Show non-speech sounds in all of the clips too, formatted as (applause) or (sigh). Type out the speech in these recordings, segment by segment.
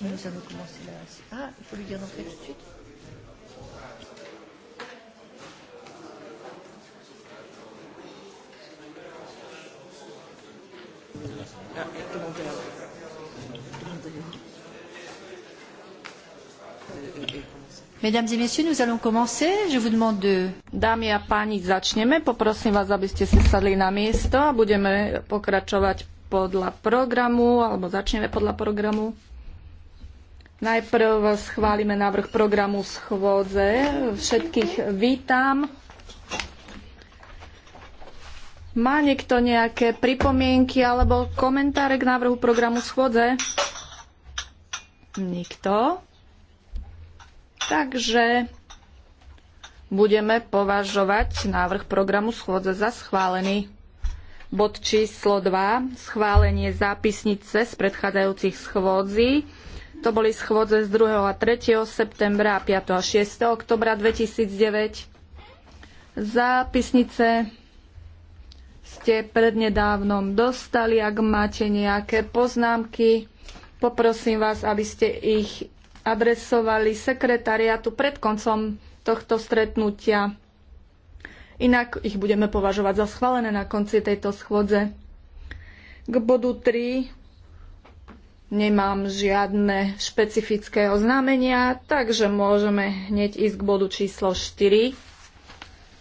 qui nous avons commencé là. Ah, il faut lui dire d'entrer tout de suite. Mesdames et messieurs, nous allons commencer. Je vous demande de... Dámy a páni, začneme. Poprosím vás, aby ste si sadli na miesto a budeme pokračovať podľa programu, alebo začneme podľa programu. Najprv schválime návrh programu schôdze. Všetkých vítam. Má niekto nejaké pripomienky alebo komentáre k návrhu programu schôdze? Nikto. Takže budeme považovať návrh programu schôdze za schválený. Bod číslo 2. Schválenie zápisnice z predchádzajúcich schôdzí. To boli schôdze z 2. a 3. septembra a 5. a 6. oktobra 2009. Zápisnice ste prednedávnom dostali. Ak máte nejaké poznámky, poprosím vás, aby ste ich adresovali sekretariatu pred koncom tohto stretnutia. Inak ich budeme považovať za schválené na konci tejto schôdze. K bodu 3 Nemám žiadne špecifické oznámenia, takže môžeme hneď ísť k bodu číslo 4.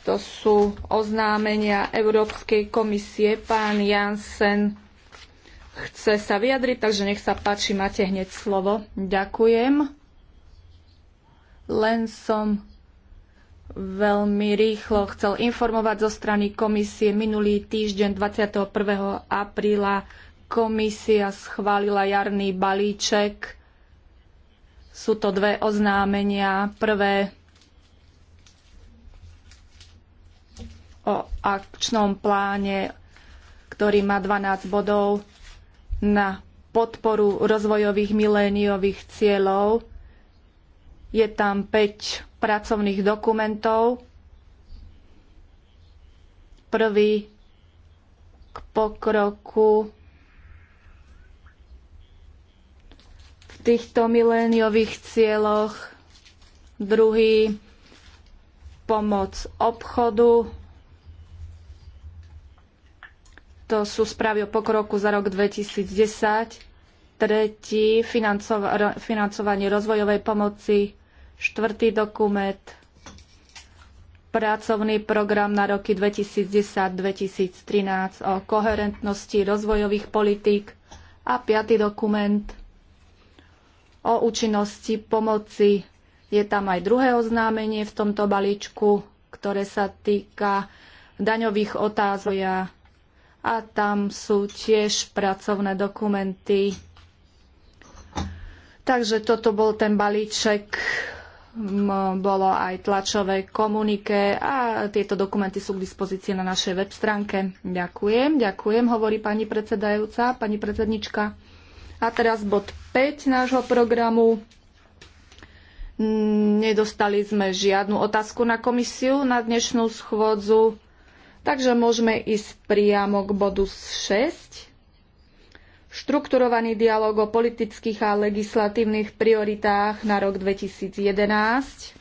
To sú oznámenia Európskej komisie. Pán Jansen chce sa vyjadriť, takže nech sa páči, máte hneď slovo. Ďakujem. Len som veľmi rýchlo chcel informovať zo strany komisie minulý týždeň 21. apríla Komisia schválila jarný balíček. Sú to dve oznámenia. Prvé o akčnom pláne, ktorý má 12 bodov na podporu rozvojových miléniových cieľov. Je tam 5 pracovných dokumentov. Prvý k pokroku týchto miléniových cieľoch. Druhý, pomoc obchodu. To sú správy o pokroku za rok 2010 tretí financovanie rozvojovej pomoci, štvrtý dokument, pracovný program na roky 2010-2013 o koherentnosti rozvojových politík a piatý dokument, o účinnosti pomoci. Je tam aj druhé oznámenie v tomto balíčku, ktoré sa týka daňových otázok a tam sú tiež pracovné dokumenty. Takže toto bol ten balíček, bolo aj tlačové komunike a tieto dokumenty sú k dispozícii na našej web stránke. Ďakujem, ďakujem, hovorí pani predsedajúca, pani predsednička. A teraz bod 5 nášho programu. Nedostali sme žiadnu otázku na komisiu na dnešnú schôdzu, takže môžeme ísť priamo k bodu 6. Štrukturovaný dialog o politických a legislatívnych prioritách na rok 2011.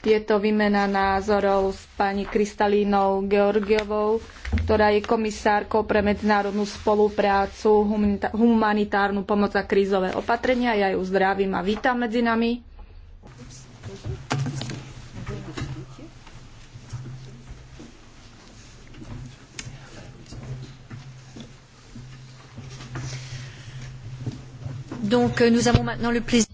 Je to výmena názorov s pani Kristalínou Georgiovou, ktorá je komisárkou pre medzinárodnú spoluprácu, humanitárnu pomoc a krízové opatrenia. Ja ju zdravím a vítam medzi nami. Donc nous avons maintenant le plaisir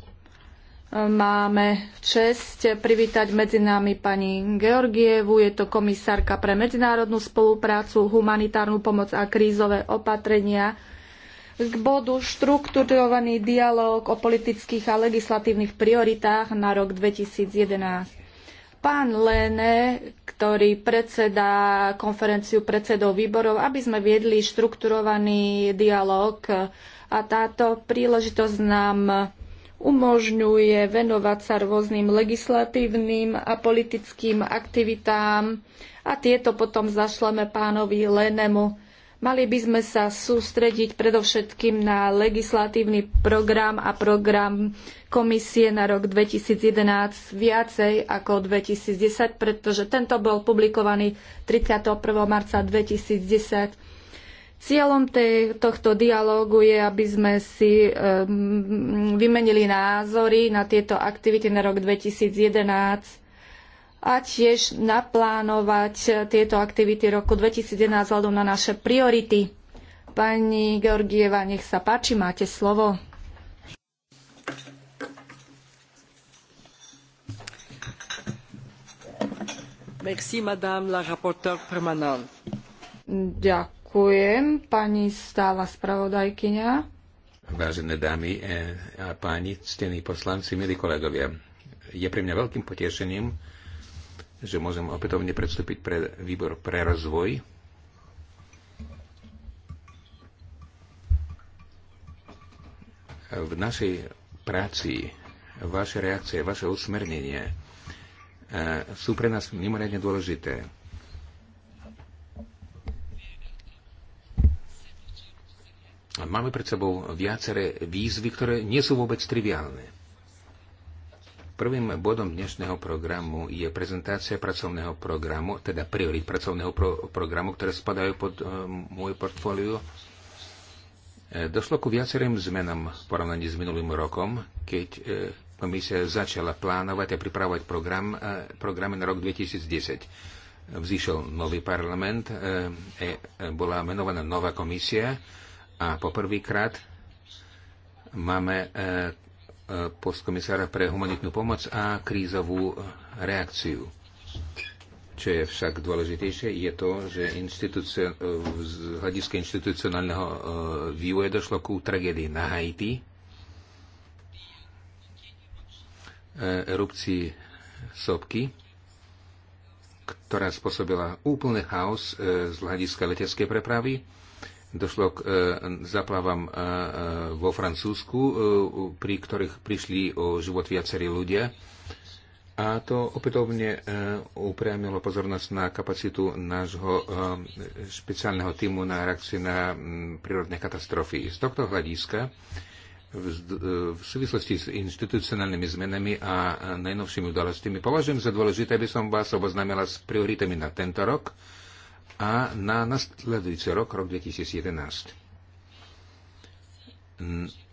Máme čest privítať medzi nami pani Georgievu, je to komisárka pre medzinárodnú spoluprácu, humanitárnu pomoc a krízové opatrenia k bodu štrukturovaný dialog o politických a legislatívnych prioritách na rok 2011. Pán Lene, ktorý predseda konferenciu predsedov výborov, aby sme viedli štrukturovaný dialog a táto príležitosť nám umožňuje venovať sa rôznym legislatívnym a politickým aktivitám a tieto potom zašleme pánovi Lenemu. Mali by sme sa sústrediť predovšetkým na legislatívny program a program komisie na rok 2011 viacej ako 2010, pretože tento bol publikovaný 31. marca 2010 Cieľom tohto dialógu je, aby sme si vymenili názory na tieto aktivity na rok 2011 a tiež naplánovať tieto aktivity roku 2011 vzhľadom na naše priority. Pani Georgieva, nech sa páči, máte slovo. Merci, madame la rapporteure permanente. Ďakujem Ďakujem, pani stála spravodajkyňa. Vážené dámy e, a páni, ctení poslanci, milí kolegovia, je pre mňa veľkým potešením, že môžem opätovne predstúpiť pre výbor pre rozvoj. V našej práci vaše reakcie, vaše usmernenie e, sú pre nás mimoriadne dôležité Máme pred sebou viaceré výzvy, ktoré nie sú vôbec triviálne. Prvým bodom dnešného programu je prezentácia pracovného programu, teda priorit pracovného pro- programu, ktoré spadajú pod e, môj portfólio. E, došlo ku viacerým zmenám v porovnaní s minulým rokom, keď e, komisia začala plánovať a pripravovať program, e, programy na rok 2010. Vzýšiel nový parlament, e, e, bola menovaná nová komisia, a poprvýkrát máme e, e, postkomisára pre humanitnú pomoc a krízovú reakciu. Čo je však dôležitejšie, je to, že z hľadiska inštitucionálneho e, vývoja došlo ku tragédii na Haiti, erupcii sopky, ktorá spôsobila úplný chaos z hľadiska leteckej prepravy Došlo k e, zaplavám e, e, vo Francúzsku, e, pri ktorých prišli o život viacerí ľudia. A to opätovne e, upriamilo pozornosť na kapacitu nášho e, špeciálneho týmu na reakcie na m, prírodné katastrofy. Z tohto hľadiska v e, v súvislosti s institucionálnymi zmenami a najnovšími udalostiami považujem za dôležité, aby som vás oboznámila s prioritami na tento rok a na nasledujúci rok, rok 2011.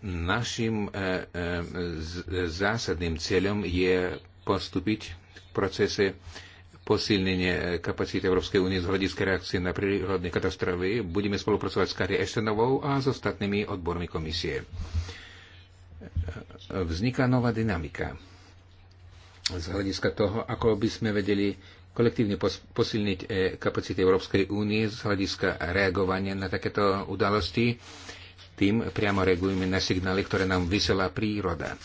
Našim e, e, zásadným cieľom je postupiť v procese posilnenie e, kapacity Európskej únie z hľadiska reakcie na prírodné katastrofy. Budeme spolupracovať s Kari Eštenovou a s ostatnými odbormi komisie. Vzniká nová dynamika z hľadiska toho, ako by sme vedeli kolektívne posilniť e, kapacity Európskej únie z hľadiska reagovania na takéto udalosti. Tým priamo reagujeme na signály, ktoré nám vysiela príroda.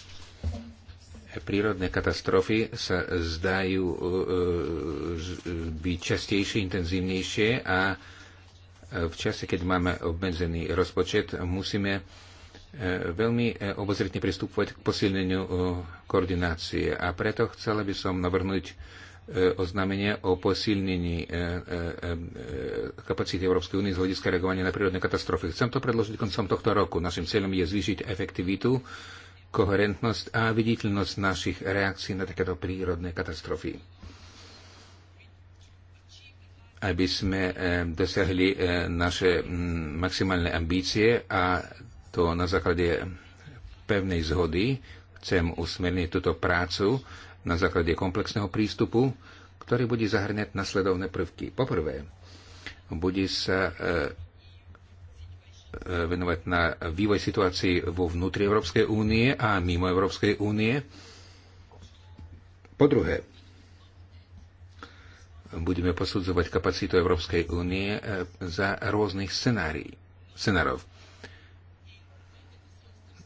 Prírodné katastrofy sa zdajú e, e, byť častejšie, intenzívnejšie a v čase, keď máme obmedzený rozpočet, musíme veľmi obozretne pristupovať k posilneniu koordinácie. A preto chcela by som navrhnúť E, oznámenie o posilnení e, e, kapacity Európskej únie z hľadiska reagovania na prírodné katastrofy. Chcem to predložiť koncom tohto roku. Našim cieľom je zvýšiť efektivitu, koherentnosť a viditeľnosť našich reakcií na takéto prírodné katastrofy. Aby sme dosiahli naše maximálne ambície a to na základe pevnej zhody chcem usmerniť túto prácu na základe komplexného prístupu, ktorý bude zahrňať nasledovné prvky. Poprvé, bude sa e, e, venovať na vývoj situácií vo vnútri Európskej únie a mimo Európskej únie. Po druhé, budeme posudzovať kapacitu Európskej únie e, za rôznych scenárií, scenárov.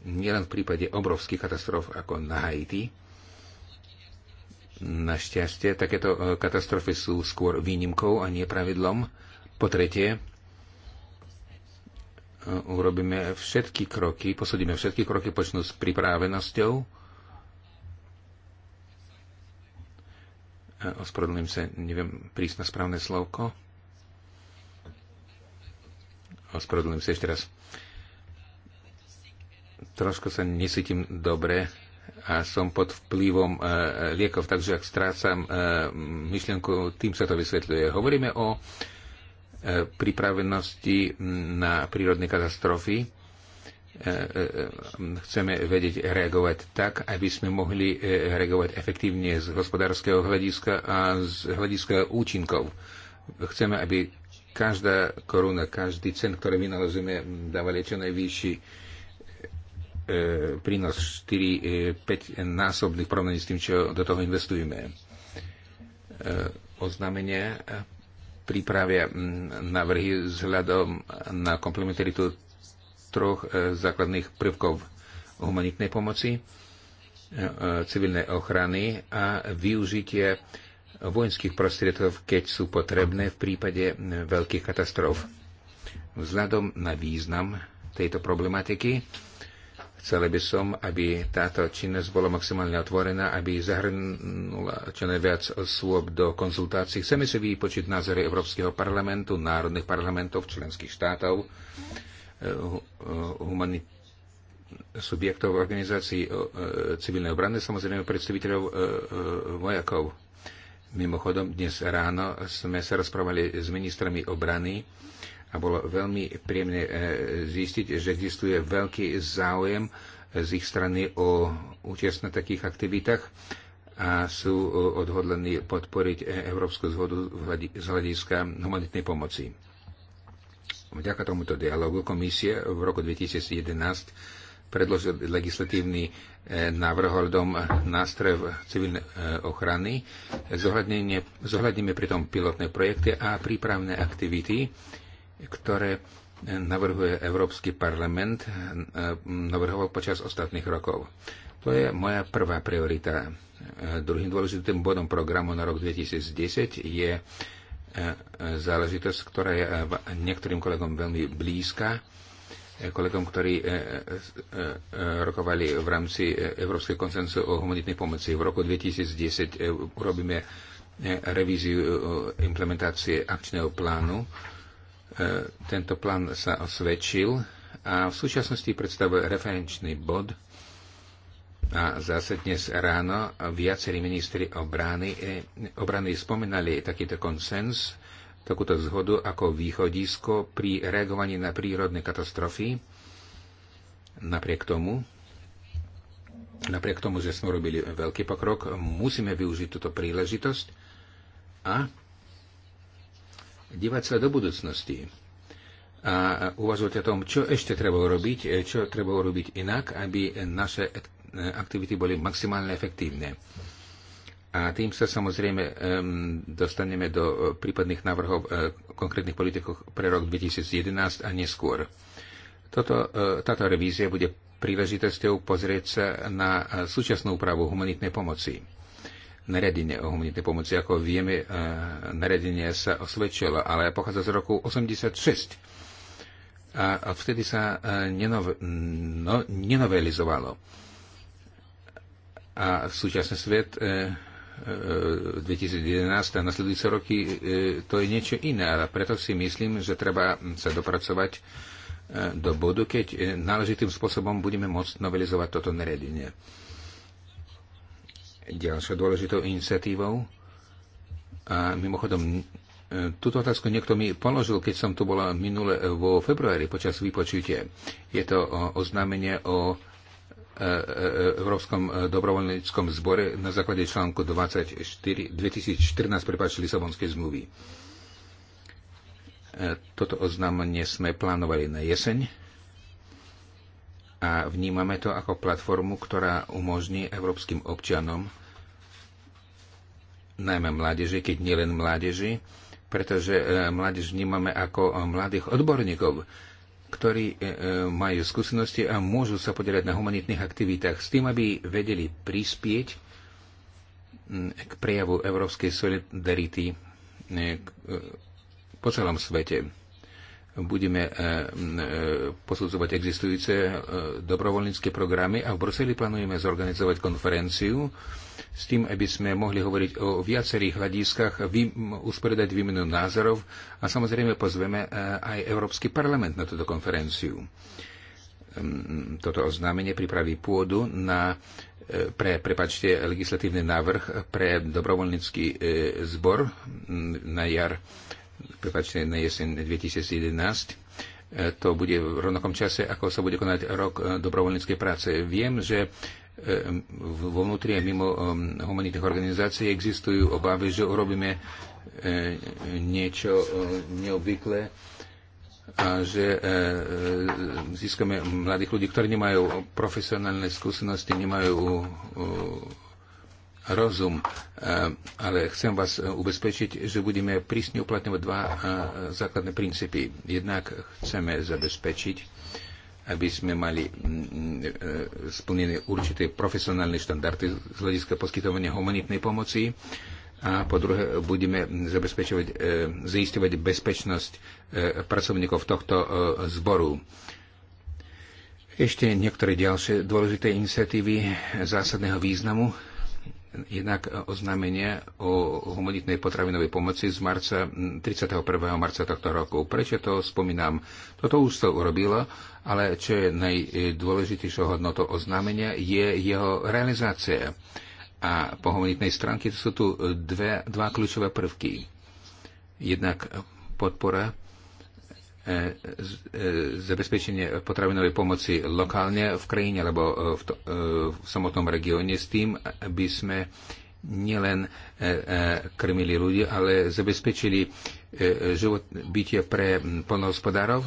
Nielen v prípade obrovských katastrof ako na Haiti, Našťastie, takéto e, katastrofy sú skôr výnimkou a nie pravidlom. Po tretie, e, urobíme všetky kroky, posúdime všetky kroky, počnú s pripravenosťou. E, ospravedlňujem sa, neviem prísť na správne slovko. Ospravedlňujem sa ešte raz. Trošku sa nesítim dobre a som pod vplyvom e, e, liekov, takže ak strácam e, myšlienku, tým sa to vysvetľuje. Hovoríme o pripravenosti na prírodné katastrofy. Chceme vedieť reagovať tak, aby sme mohli reagovať efektívne z hospodárskeho hľadiska a z hľadiska účinkov. Chceme, aby každá koruna, každý cen, ktorý my nalazíme, čo najvyšší E, prínos 4-5 e, násobných porovnaní s tým, čo do toho investujeme. E, oznámenie prípravia návrhy vzhľadom na komplementaritu troch základných prvkov humanitnej pomoci, civilnej ochrany a využitie vojenských prostriedkov, keď sú potrebné v prípade veľkých katastrof. Vzhľadom na význam tejto problematiky, Chcela by som, aby táto činnosť bola maximálne otvorená, aby zahrnula čo najviac osôb do konzultácií. Chceme si vypočiť názory Európskeho parlamentu, národných parlamentov, členských štátov, eh, humanit subjektov organizácií eh, civilnej obrany, samozrejme predstaviteľov eh, vojakov. Mimochodom, dnes ráno sme sa rozprávali s ministrami obrany a bolo veľmi príjemné e, zistiť, že existuje veľký záujem z ich strany o účasť na takých aktivitách a sú e, odhodlení podporiť e, Európsku zhodu z hľadiska humanitnej pomoci. Vďaka tomuto dialogu komisie v roku 2011 predložil legislatívny návrh hľadom nástrojov civilnej ochrany. Zohľadníme pritom pilotné projekty a prípravné aktivity, ktoré navrhuje Európsky parlament, eh, navrhoval počas ostatných rokov. To je moja prvá priorita. Eh, druhým dôležitým bodom programu na rok 2010 je eh, záležitosť, ktorá je niektorým kolegom veľmi blízka, kolegom, ktorí rokovali v rámci Európskej konsensu o humanitnej pomoci. V roku 2010 urobíme revíziu implementácie akčného plánu E, tento plán sa osvedčil a v súčasnosti predstavuje referenčný bod a zase dnes ráno viacerí ministri obrany, e, obrany spomenali takýto konsens, takúto zhodu ako východisko pri reagovaní na prírodné katastrofy. Napriek tomu, napriek tomu, že sme robili veľký pokrok, musíme využiť túto príležitosť a dívať sa do budúcnosti a uvažovať o tom, čo ešte treba urobiť, e, čo treba urobiť inak, aby naše e, aktivity boli maximálne efektívne. A tým sa samozrejme dostaneme do e, prípadných návrhov konkrétnych politikov pre rok 2011 a neskôr. Toto, táto revízia bude príležitosťou pozrieť sa na súčasnú úpravu humanitnej pomoci nariadenie o humanitnej pomoci. Ako vieme, eh, nariadenie sa osvedčilo, ale pochádza z roku 86. A vtedy sa eh, nenov, no, nenovelizovalo. A súčasný svet 2011 eh, a nasledujúce roky to je niečo iné, ale preto si myslím, že treba sa dopracovať do bodu, keď náležitým spôsobom budeme môcť novelizovať toto nariadenie. Ďalšou dôležitou iniciatívou, a mimochodom, e, túto otázku niekto mi položil, keď som tu bola minule vo februári počas vypočutia. Je to oznámenie o e, e, Európskom dobrovoľníckom zbore na základe článku 24, 2014 prepáči Lisabonskej zmluvy. Toto oznámenie sme plánovali na jeseň a vnímame to ako platformu, ktorá umožní európskym občanom, najmä mládeži, keď nielen mládeži, pretože e, mládež vnímame ako e, mladých odborníkov, ktorí e, majú skúsenosti a môžu sa podielať na humanitných aktivitách s tým, aby vedeli prispieť k prejavu európskej solidarity po celom svete budeme e, e, posudzovať existujúce e, dobrovoľnícke programy a v Bruseli plánujeme zorganizovať konferenciu s tým, aby sme mohli hovoriť o viacerých hľadiskách, vy, usporiadať výmenu názorov a samozrejme pozveme aj Európsky parlament na túto konferenciu. Toto oznámenie pripraví pôdu na pre, prepačte, legislatívny návrh pre dobrovoľnícky zbor na jar prepáčte, na jeseň 2011. E, to bude v rovnakom čase, ako sa bude konať rok e, dobrovoľníckej práce. Viem, že e, vo vnútri a mimo humanitných organizácií existujú obavy, že urobíme niečo neobvyklé a že získame mladých ľudí, ktorí nemajú profesionálne skúsenosti, nemajú rozum, eh, ale chcem vás eh, ubezpečiť, že budeme prísne uplatňovať dva eh, základné princípy. Jednak chceme zabezpečiť, aby sme mali mm, splnené určité profesionálne štandardy z hľadiska poskytovania humanitnej pomoci a po druhé budeme zabezpečovať, zaistovať bezpečnosť pracovníkov tohto zboru. Ešte niektoré ďalšie dôležité iniciatívy zásadného významu Jednak oznámenie o humanitnej potravinovej pomoci z marca, 31. marca tohto roku. Prečo to spomínam? Toto už to urobilo, ale čo je najdôležitejšou hodnotou oznámenia, je jeho realizácia. A po humanitnej stránke sú tu dve, dva kľúčové prvky. Jednak podpora E, e, zabezpečenie potravinovej pomoci lokálne v krajine alebo e, v, to, v samotnom regióne s tým, aby sme nielen krmili ľudí, ale zabezpečili život, bytie pre polnohospodárov.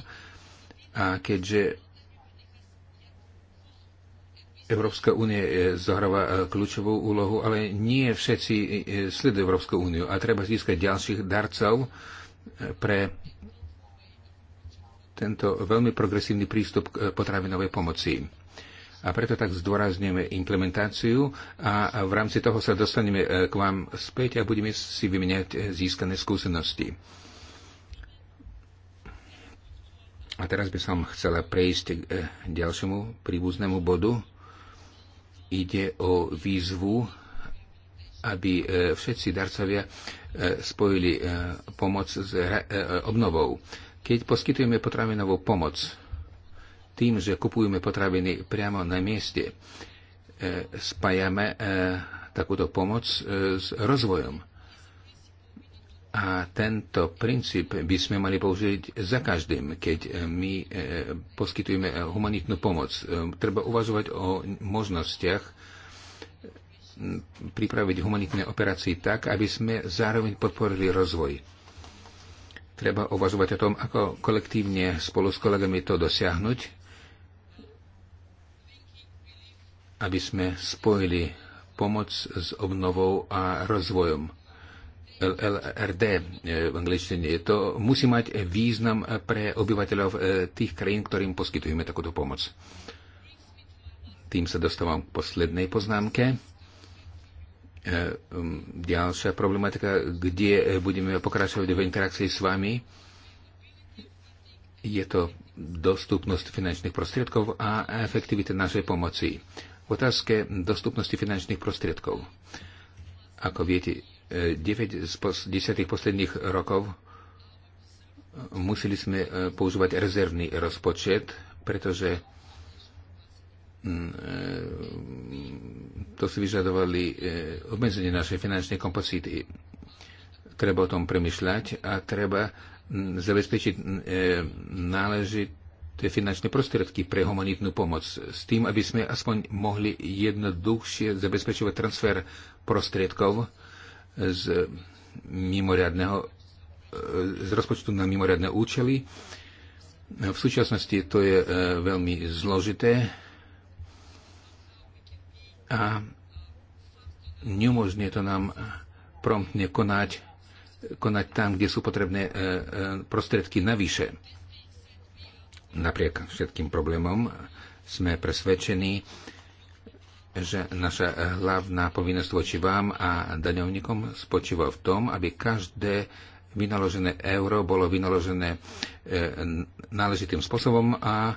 A keďže Európska únie zohráva kľúčovú úlohu, ale nie všetci sledujú Európsku úniu a treba získať ďalších darcov pre tento veľmi progresívny prístup k e, potravinovej pomoci. A preto tak zdôrazňujeme implementáciu a v rámci toho sa dostaneme e, k vám späť a budeme si vymeniať e, získané skúsenosti. A teraz by som chcela prejsť k ďalšiemu príbuznému bodu. Ide o výzvu, aby všetci darcovia spojili pomoc s obnovou. Keď poskytujeme potravinovú pomoc tým, že kupujeme potraviny priamo na mieste, e, spájame e, takúto pomoc e, s rozvojom. A tento princíp by sme mali použiť za každým, keď my poskytujeme humanitnú pomoc. Treba uvažovať o možnostiach pripraviť humanitné operácie tak, aby sme zároveň podporili rozvoj Treba uvažovať o tom, ako kolektívne spolu s kolegami to dosiahnuť, aby sme spojili pomoc s obnovou a rozvojom. LLRD e, v angličtine. To musí mať význam pre obyvateľov e, tých krajín, ktorým poskytujeme takúto pomoc. Tým sa dostávam k poslednej poznámke. E, um, ďalšia problematika, kde budeme pokračovať v interakcii s vami, je to dostupnosť finančných prostriedkov a efektivita našej pomoci. V otázke dostupnosti finančných prostriedkov. Ako viete, 9 e, z 10 posledných rokov museli sme e, používať rezervný rozpočet, pretože Mm, e, to si vyžadovali e, obmedzenie našej finančnej kompozity. Treba o tom premyšľať a treba mm, zabezpečiť mm, e, náležité finančné prostriedky pre humanitnú pomoc s tým, aby sme aspoň mohli jednoduchšie zabezpečovať transfer prostriedkov z mimoriadného z rozpočtu na mimoriadne účely. V súčasnosti to je veľmi zložité a neumožňuje to nám promptne konať, konať tam, kde sú potrebné e, e, prostriedky navyše. Napriek všetkým problémom sme presvedčení, že naša hlavná povinnosť voči vám a daňovníkom spočíva v tom, aby každé vynaložené euro bolo vynaložené e, náležitým spôsobom a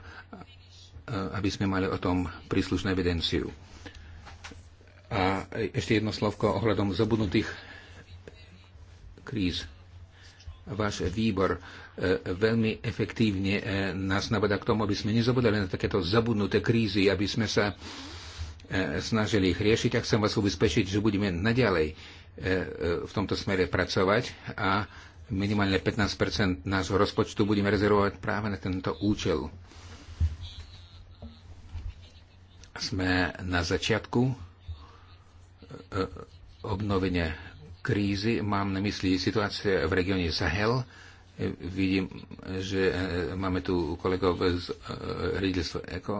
aby sme mali o tom príslušnú evidenciu. A ešte jedno slovko ohľadom zabudnutých kríz. Váš výbor e, veľmi efektívne e, nás nabada k tomu, aby sme nezabudali na takéto zabudnuté krízy, aby sme sa e, snažili ich riešiť a chcem vás ubezpečiť, že budeme naďalej v tomto smere pracovať a minimálne 15 nášho rozpočtu budeme rezervovať práve na tento účel. Sme na začiatku Eh, obnovenie krízy, mám na mysli situácie v regióne Sahel. Eh, vidím, že eh, máme tu kolegov z riaditeľstva ECO.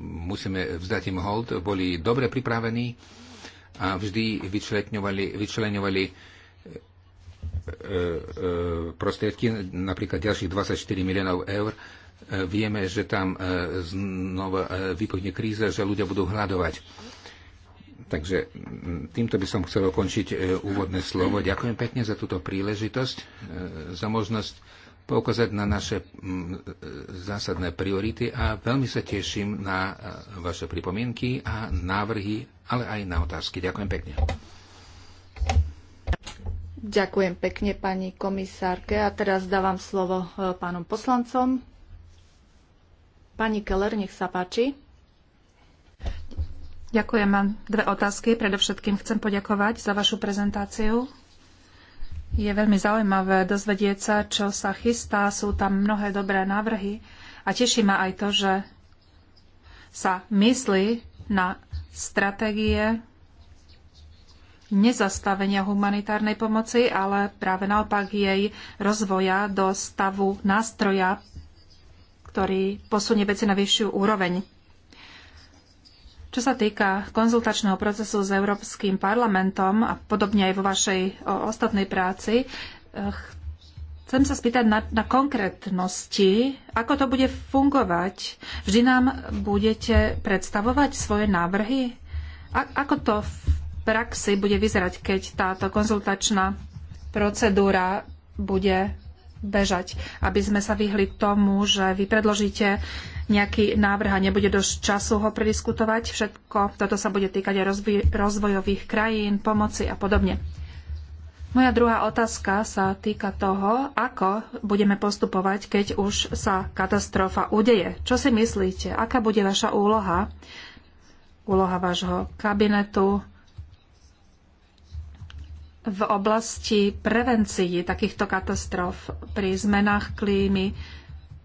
Musíme vzdať im hold. Boli dobre pripravení a vždy vyčleňovali, vyčleňovali prostriedky, napríklad ďalších 24 miliónov eur. Vieme, že tam znova vypohne kríza, že ľudia budú hľadovať Takže týmto by som chcel ukončiť e, úvodné slovo. Ďakujem pekne za túto príležitosť, e, za možnosť poukázať na naše e, zásadné priority a veľmi sa teším na vaše pripomienky a návrhy, ale aj na otázky. Ďakujem pekne. Ďakujem pekne pani komisárke a teraz dávam slovo pánom poslancom. Pani Keller, nech sa páči. Ďakujem. Mám dve otázky. Predovšetkým chcem poďakovať za vašu prezentáciu. Je veľmi zaujímavé dozvedieť sa, čo sa chystá. Sú tam mnohé dobré návrhy. A teší ma aj to, že sa myslí na stratégie nezastavenia humanitárnej pomoci, ale práve naopak jej rozvoja do stavu nástroja, ktorý posunie veci na vyššiu úroveň. Čo sa týka konzultačného procesu s Európskym parlamentom a podobne aj vo vašej o, ostatnej práci, e, chcem sa spýtať na, na konkrétnosti, ako to bude fungovať. Vždy nám budete predstavovať svoje návrhy? A, ako to v praxi bude vyzerať, keď táto konzultačná procedúra bude bežať, aby sme sa vyhli tomu, že vy predložíte nejaký návrh a nebude dosť času ho prediskutovať. Všetko toto sa bude týkať aj rozvojových krajín, pomoci a podobne. Moja druhá otázka sa týka toho, ako budeme postupovať, keď už sa katastrofa udeje. Čo si myslíte? Aká bude vaša úloha? Úloha vášho kabinetu, v oblasti prevencií takýchto katastrof pri zmenách klímy,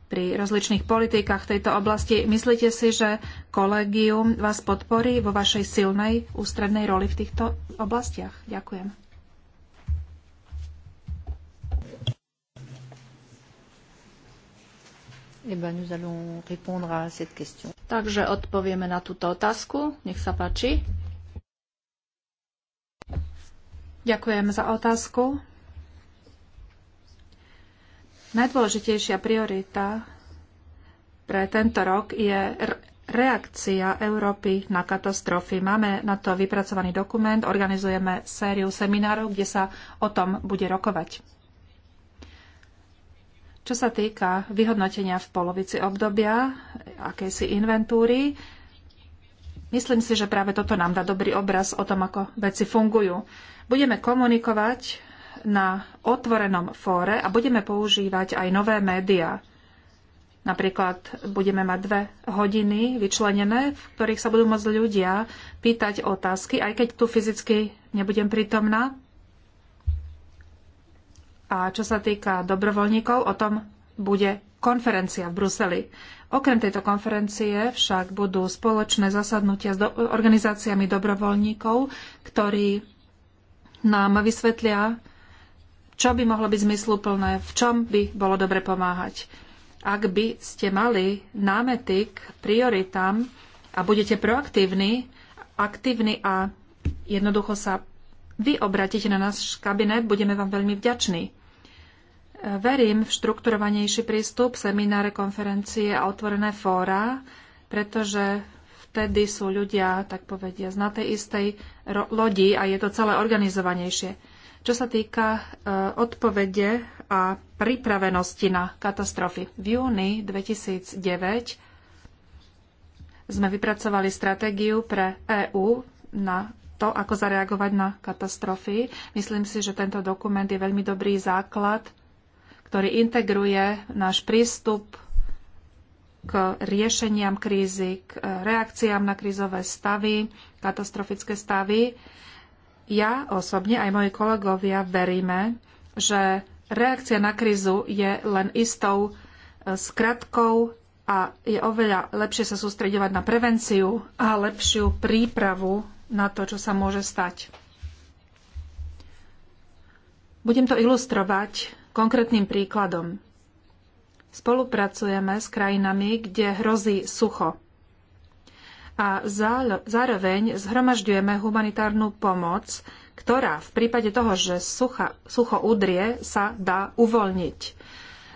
pri rozličných politikách v tejto oblasti. Myslíte si, že kolegium vás podporí vo vašej silnej ústrednej roli v týchto oblastiach? Ďakujem. Eh Takže odpovieme na túto otázku. Nech sa páči. Ďakujem za otázku. Najdôležitejšia priorita pre tento rok je reakcia Európy na katastrofy. Máme na to vypracovaný dokument, organizujeme sériu seminárov, kde sa o tom bude rokovať. Čo sa týka vyhodnotenia v polovici obdobia, akejsi inventúry, Myslím si, že práve toto nám dá dobrý obraz o tom, ako veci fungujú. Budeme komunikovať na otvorenom fóre a budeme používať aj nové médiá. Napríklad budeme mať dve hodiny vyčlenené, v ktorých sa budú môcť ľudia pýtať otázky, aj keď tu fyzicky nebudem prítomná. A čo sa týka dobrovoľníkov, o tom bude konferencia v Bruseli. Okrem tejto konferencie však budú spoločné zasadnutia s do- organizáciami dobrovoľníkov, ktorí nám vysvetlia, čo by mohlo byť zmysluplné, v čom by bolo dobre pomáhať. Ak by ste mali námety k prioritám a budete proaktívni, aktívni a jednoducho sa vy obratíte na náš kabinet, budeme vám veľmi vďační. Verím v štrukturovanejší prístup, semináre, konferencie a otvorené fóra, pretože vtedy sú ľudia, tak povedia, na tej istej lodi a je to celé organizovanejšie. Čo sa týka e, odpovede a pripravenosti na katastrofy. V júni 2009 sme vypracovali stratégiu pre EÚ na to, ako zareagovať na katastrofy. Myslím si, že tento dokument je veľmi dobrý základ ktorý integruje náš prístup k riešeniam krízy, k reakciám na krízové stavy, katastrofické stavy. Ja osobne aj moji kolegovia veríme, že reakcia na krízu je len istou e, skratkou a je oveľa lepšie sa sústredovať na prevenciu a lepšiu prípravu na to, čo sa môže stať. Budem to ilustrovať konkrétnym príkladom. Spolupracujeme s krajinami, kde hrozí sucho a zároveň zhromažďujeme humanitárnu pomoc, ktorá v prípade toho, že sucha, sucho udrie, sa dá uvoľniť.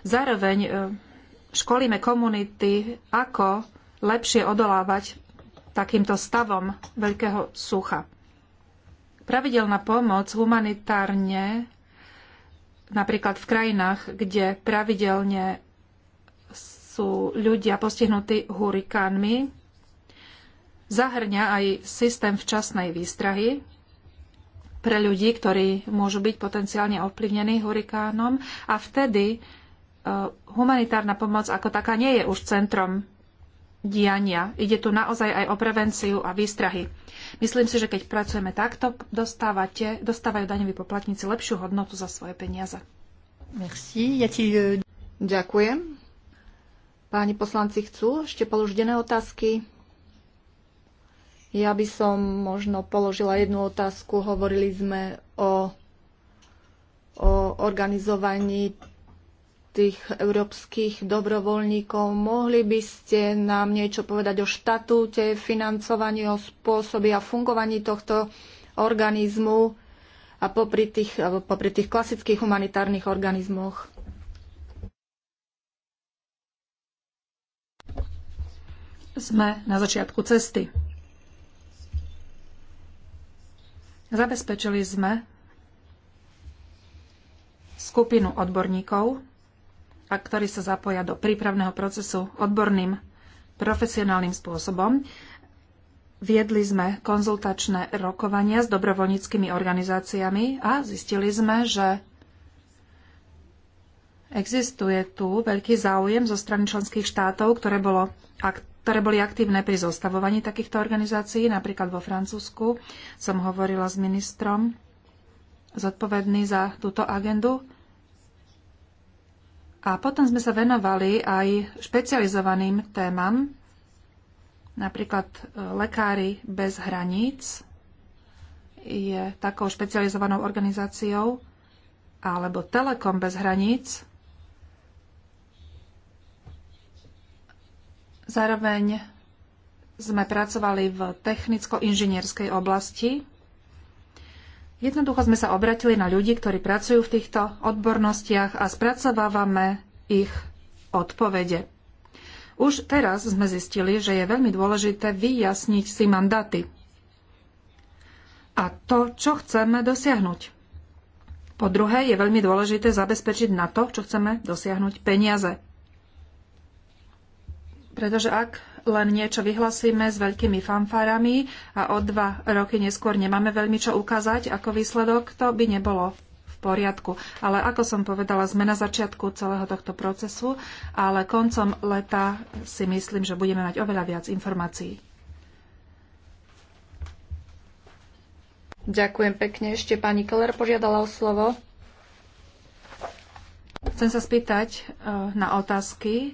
Zároveň e, školíme komunity, ako lepšie odolávať takýmto stavom veľkého sucha. Pravidelná pomoc humanitárne napríklad v krajinách, kde pravidelne sú ľudia postihnutí hurikánmi, zahrňa aj systém včasnej výstrahy pre ľudí, ktorí môžu byť potenciálne ovplyvnení hurikánom a vtedy e, humanitárna pomoc ako taká nie je už centrom diania. Ide tu naozaj aj o prevenciu a výstrahy. Myslím si, že keď pracujeme takto, dostávate, dostávajú daňoví poplatníci lepšiu hodnotu za svoje peniaze. Merci. Ja ti e, ďakujem. Páni poslanci chcú ešte položdené otázky? Ja by som možno položila jednu otázku. Hovorili sme o, o organizovaní tých európskych dobrovoľníkov. Mohli by ste nám niečo povedať o štatúte, financovaní, o spôsobe a fungovaní tohto organizmu a popri tých, popri tých klasických humanitárnych organizmoch? Sme na začiatku cesty. Zabezpečili sme skupinu odborníkov, a ktorí sa zapoja do prípravného procesu odborným, profesionálnym spôsobom. Viedli sme konzultačné rokovania s dobrovoľníckými organizáciami a zistili sme, že existuje tu veľký záujem zo strany členských štátov, ktoré, bolo, ktoré boli aktívne pri zostavovaní takýchto organizácií. Napríklad vo Francúzsku som hovorila s ministrom zodpovedný za túto agendu a potom sme sa venovali aj špecializovaným témam, napríklad e, Lekári bez hraníc je takou špecializovanou organizáciou, alebo Telekom bez hraníc. Zároveň sme pracovali v technicko-inžinierskej oblasti Jednoducho sme sa obratili na ľudí, ktorí pracujú v týchto odbornostiach a spracovávame ich odpovede. Už teraz sme zistili, že je veľmi dôležité vyjasniť si mandáty a to, čo chceme dosiahnuť. Po druhé, je veľmi dôležité zabezpečiť na to, čo chceme dosiahnuť peniaze. Pretože ak len niečo vyhlasíme s veľkými fanfárami a o dva roky neskôr nemáme veľmi čo ukázať ako výsledok, to by nebolo v poriadku. Ale ako som povedala, sme na začiatku celého tohto procesu, ale koncom leta si myslím, že budeme mať oveľa viac informácií. Ďakujem pekne. Ešte pani Keller požiadala o slovo. Chcem sa spýtať eh, na otázky,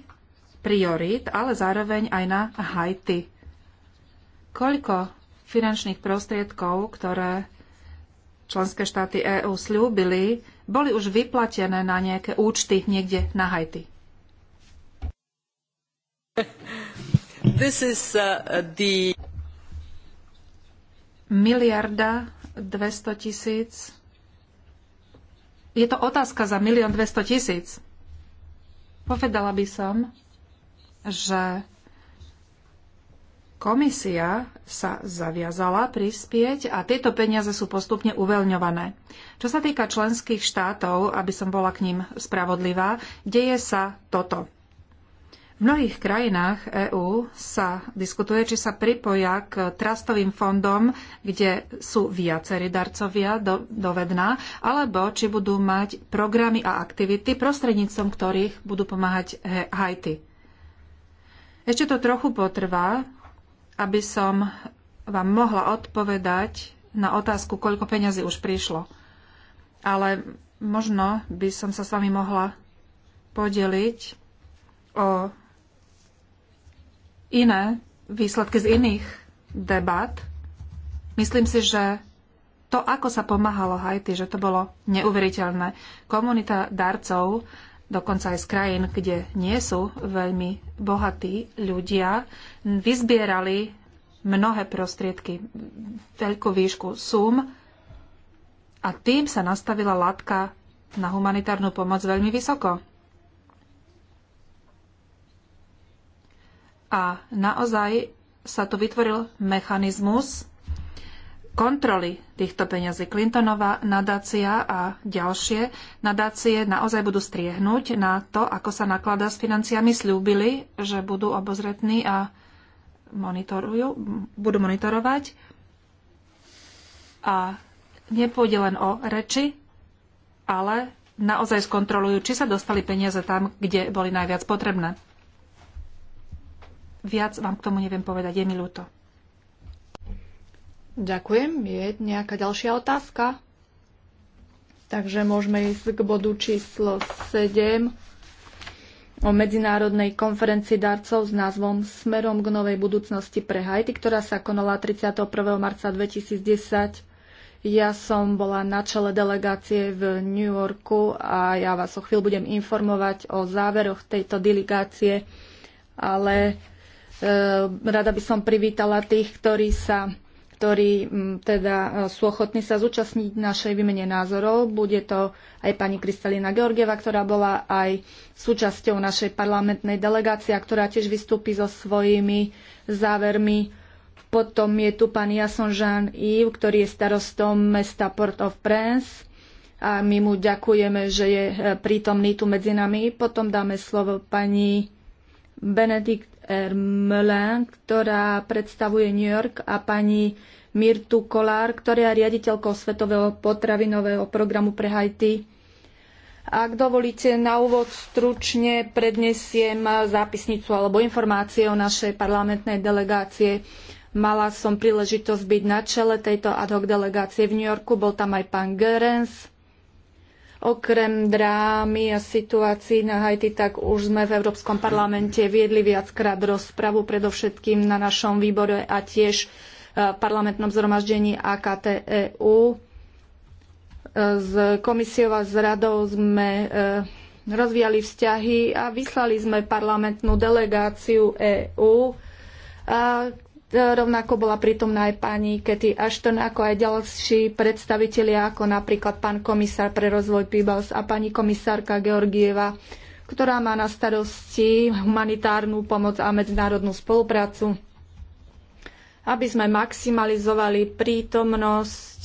priorít, ale zároveň aj na Haiti. Koľko finančných prostriedkov, ktoré členské štáty EÚ slúbili, boli už vyplatené na nejaké účty niekde na Haiti? (laughs) This is, uh, the... Miliarda 200 tisíc. Je to otázka za milión 200 tisíc. Povedala by som, že Komisia sa zaviazala prispieť a tieto peniaze sú postupne uveľňované. Čo sa týka členských štátov, aby som bola k ním spravodlivá, deje sa toto. V mnohých krajinách EÚ sa diskutuje, či sa pripoja k trastovým fondom, kde sú viacerí darcovia do, dovedná, alebo či budú mať programy a aktivity, prostredníctvom ktorých budú pomáhať Haiti. Ešte to trochu potrvá, aby som vám mohla odpovedať na otázku, koľko peňazí už prišlo. Ale možno by som sa s vami mohla podeliť o iné výsledky z iných debat. Myslím si, že to, ako sa pomáhalo Haiti, že to bolo neuveriteľné. Komunita darcov dokonca aj z krajín, kde nie sú veľmi bohatí ľudia, vyzbierali mnohé prostriedky, veľkú výšku sum a tým sa nastavila látka na humanitárnu pomoc veľmi vysoko. A naozaj sa tu vytvoril mechanizmus, kontroly týchto peňazí. Clintonová nadácia a ďalšie nadácie naozaj budú striehnúť na to, ako sa nakladá s financiami. Sľúbili, že budú obozretní a monitorujú, budú monitorovať. A nepôjde len o reči, ale naozaj skontrolujú, či sa dostali peniaze tam, kde boli najviac potrebné. Viac vám k tomu neviem povedať, je mi ľúto. Ďakujem. Je nejaká ďalšia otázka? Takže môžeme ísť k bodu číslo 7 o medzinárodnej konferencii darcov s názvom Smerom k novej budúcnosti pre Haiti, ktorá sa konala 31. marca 2010. Ja som bola na čele delegácie v New Yorku a ja vás o chvíľu budem informovať o záveroch tejto delegácie, ale e, rada by som privítala tých, ktorí sa ktorí teda e, sú ochotní sa zúčastniť našej výmene názorov. Bude to aj pani Kristalina Georgieva, ktorá bola aj súčasťou našej parlamentnej delegácie, ktorá tiež vystúpi so svojimi závermi. Potom je tu pán Jason Jean Yves, ktorý je starostom mesta Port-au-Prince a my mu ďakujeme, že je e, prítomný tu medzi nami. Potom dáme slovo pani Benedikt Ermelen, ktorá predstavuje New York a pani Mirtu Kolár, ktorá je riaditeľkou Svetového potravinového programu pre Haiti. Ak dovolíte, na úvod stručne prednesiem zápisnicu alebo informácie o našej parlamentnej delegácie. Mala som príležitosť byť na čele tejto ad hoc delegácie v New Yorku, bol tam aj pán Gerens, Okrem drámy a situácií na Haiti, tak už sme v Európskom parlamente viedli viackrát rozpravu, predovšetkým na našom výbore a tiež e, parlamentnom zhromaždení AKTEU. E, s komisiou a s radou sme e, rozvíjali vzťahy a vyslali sme parlamentnú delegáciu EÚ, Rovnako bola pritomná aj pani Kety Ashton, ako aj ďalší predstavitelia, ako napríklad pán komisár pre rozvoj PIBALS a pani komisárka Georgieva, ktorá má na starosti humanitárnu pomoc a medzinárodnú spoluprácu. Aby sme maximalizovali prítomnosť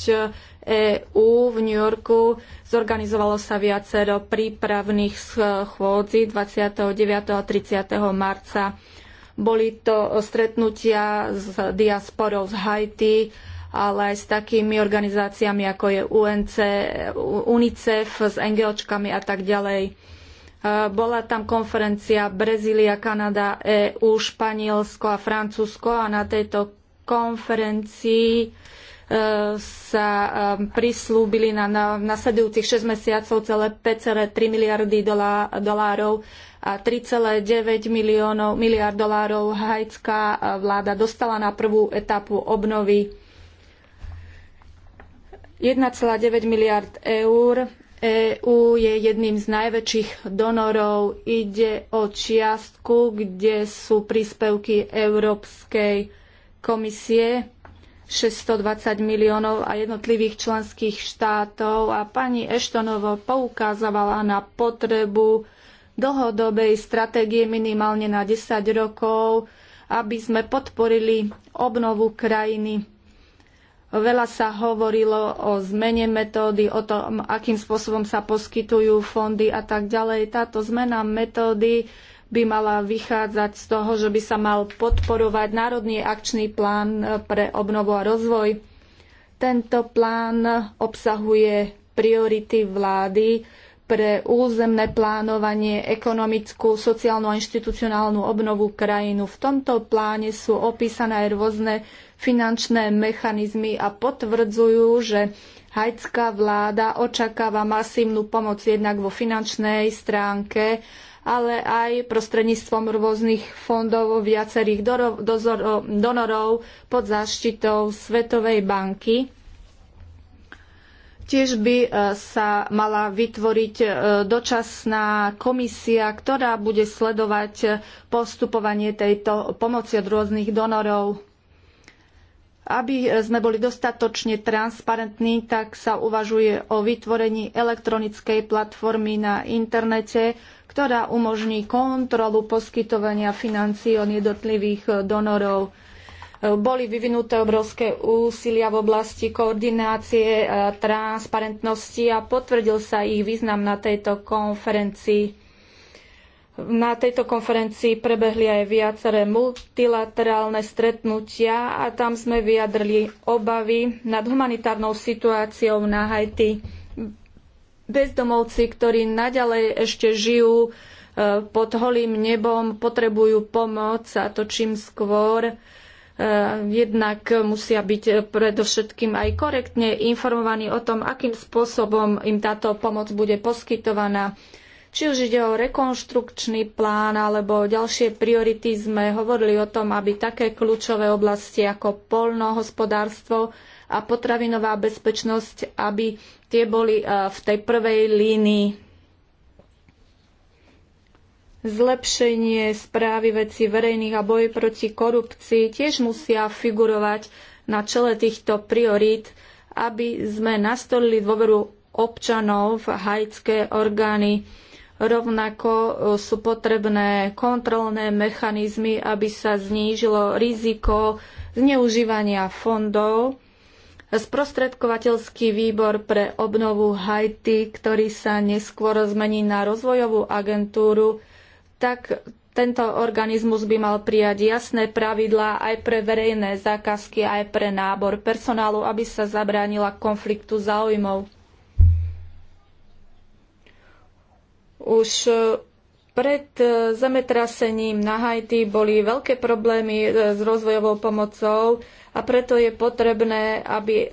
EÚ v New Yorku, zorganizovalo sa viacero prípravných schôdzi 29. a 30. marca boli to stretnutia s diasporou z Haiti, ale aj s takými organizáciami, ako je UNC, UNICEF, s NGOčkami a tak ďalej. E, bola tam konferencia Brazília, Kanada, EU, Španielsko a Francúzsko a na tejto konferencii e, sa e, prislúbili na nasledujúcich 6 mesiacov celé 5,3 miliardy dolárov a 3,9 miliónov, miliard dolárov haitská e, vláda dostala na prvú etapu obnovy 1,9 miliard eur. EÚ je jedným z najväčších donorov. Ide o čiastku, kde sú príspevky Európskej komisie 620 miliónov a jednotlivých členských štátov a pani Eštonovo poukázovala na potrebu dlhodobej stratégie minimálne na 10 rokov, aby sme podporili obnovu krajiny. Veľa sa hovorilo o zmene metódy, o tom, akým spôsobom sa poskytujú fondy a tak ďalej. Táto zmena metódy by mala vychádzať z toho, že by sa mal podporovať Národný akčný plán pre obnovu a rozvoj. Tento plán obsahuje priority vlády, pre územné plánovanie, ekonomickú, sociálnu a inštitucionálnu obnovu krajinu. V tomto pláne sú opísané aj rôzne finančné mechanizmy a potvrdzujú, že haitská vláda očakáva masívnu pomoc jednak vo finančnej stránke, ale aj prostredníctvom rôznych fondov viacerých donorov pod záštitou Svetovej banky Tiež by e, sa mala vytvoriť e, dočasná komisia, ktorá bude sledovať e, postupovanie tejto pomoci od rôznych donorov. Aby sme boli dostatočne transparentní, tak sa uvažuje o vytvorení elektronickej platformy na internete, ktorá umožní kontrolu poskytovania financií od jednotlivých donorov. Boli vyvinuté obrovské úsilia v oblasti koordinácie, e, transparentnosti a potvrdil sa ich význam na tejto konferencii. Na tejto konferencii prebehli aj viaceré multilaterálne stretnutia a tam sme vyjadrili obavy nad humanitárnou situáciou na Haiti. Bezdomovci, ktorí naďalej ešte žijú e, pod holým nebom, potrebujú pomoc a to čím skôr. Eh, jednak musia byť predovšetkým aj korektne informovaní o tom, akým spôsobom im táto pomoc bude poskytovaná. Či už ide o rekonštrukčný plán alebo ďalšie priority, sme hovorili o tom, aby také kľúčové oblasti ako polnohospodárstvo a potravinová bezpečnosť, aby tie boli eh, v tej prvej línii zlepšenie správy veci verejných a boj proti korupcii tiež musia figurovať na čele týchto priorít, aby sme nastolili dôveru občanov v haitské orgány. Rovnako e, sú potrebné kontrolné mechanizmy, aby sa znížilo riziko zneužívania fondov. Sprostredkovateľský výbor pre obnovu Haiti, ktorý sa neskôr zmení na rozvojovú agentúru, tak tento organizmus by mal prijať jasné pravidlá aj pre verejné zákazky, aj pre nábor personálu, aby sa zabránila konfliktu záujmov. Už e, pred e, zemetrasením na Haiti boli veľké problémy e, s rozvojovou pomocou a preto je potrebné, aby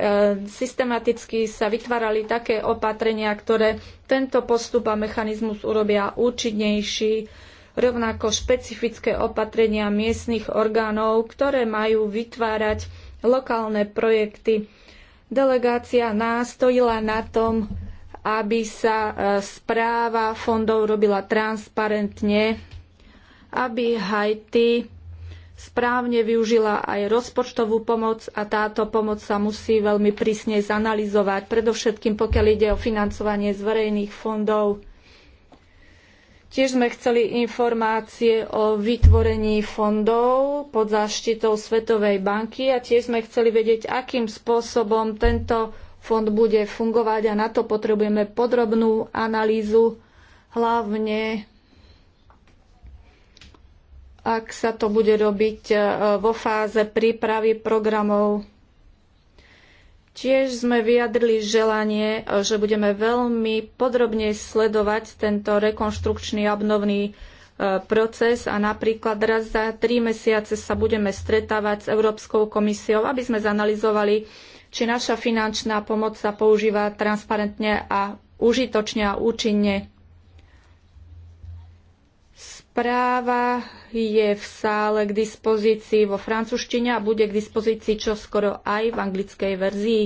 systematicky sa vytvárali také opatrenia, ktoré tento postup a mechanizmus urobia účinnejší rovnako špecifické opatrenia miestnych orgánov, ktoré majú vytvárať lokálne projekty. Delegácia nástojila na tom, aby sa e, správa fondov robila transparentne, aby Haiti správne využila aj rozpočtovú pomoc a táto pomoc sa musí veľmi prísne zanalizovať, predovšetkým pokiaľ ide o financovanie z verejných fondov. Tiež sme chceli informácie o vytvorení fondov pod záštitou Svetovej banky a tiež sme chceli vedieť, akým spôsobom tento fond bude fungovať a na to potrebujeme podrobnú analýzu, hlavne ak sa to bude robiť eh, vo fáze prípravy programov Tiež sme vyjadrili želanie, e, že budeme veľmi podrobne sledovať tento rekonštrukčný obnovný e, proces a napríklad raz za tri mesiace sa budeme stretávať s Európskou komisiou, aby sme zanalizovali, či naša finančná pomoc sa používa transparentne a užitočne a účinne správa je v sále k dispozícii vo francúzštine a bude k dispozícii čoskoro aj v anglickej verzii.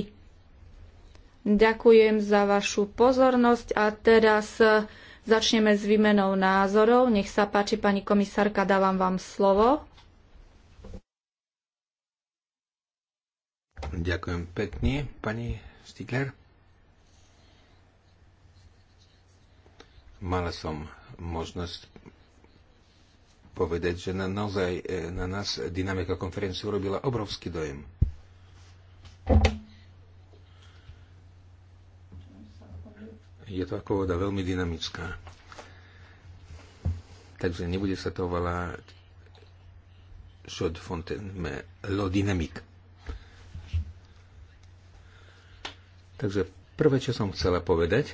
Ďakujem za vašu pozornosť a teraz e, začneme s výmenou názorov. Nech sa páči, pani komisárka, dávam vám slovo. Ďakujem pekne, pani Stigler. Mala som možnosť povedať, že na, naozaj e, na nás dynamika konferencie urobila obrovský dojem. Je to ako voda veľmi dynamická. Takže nebude sa to volať Chod Fontaine, me, lo dynamique. Takže prvé, čo som chcela povedať,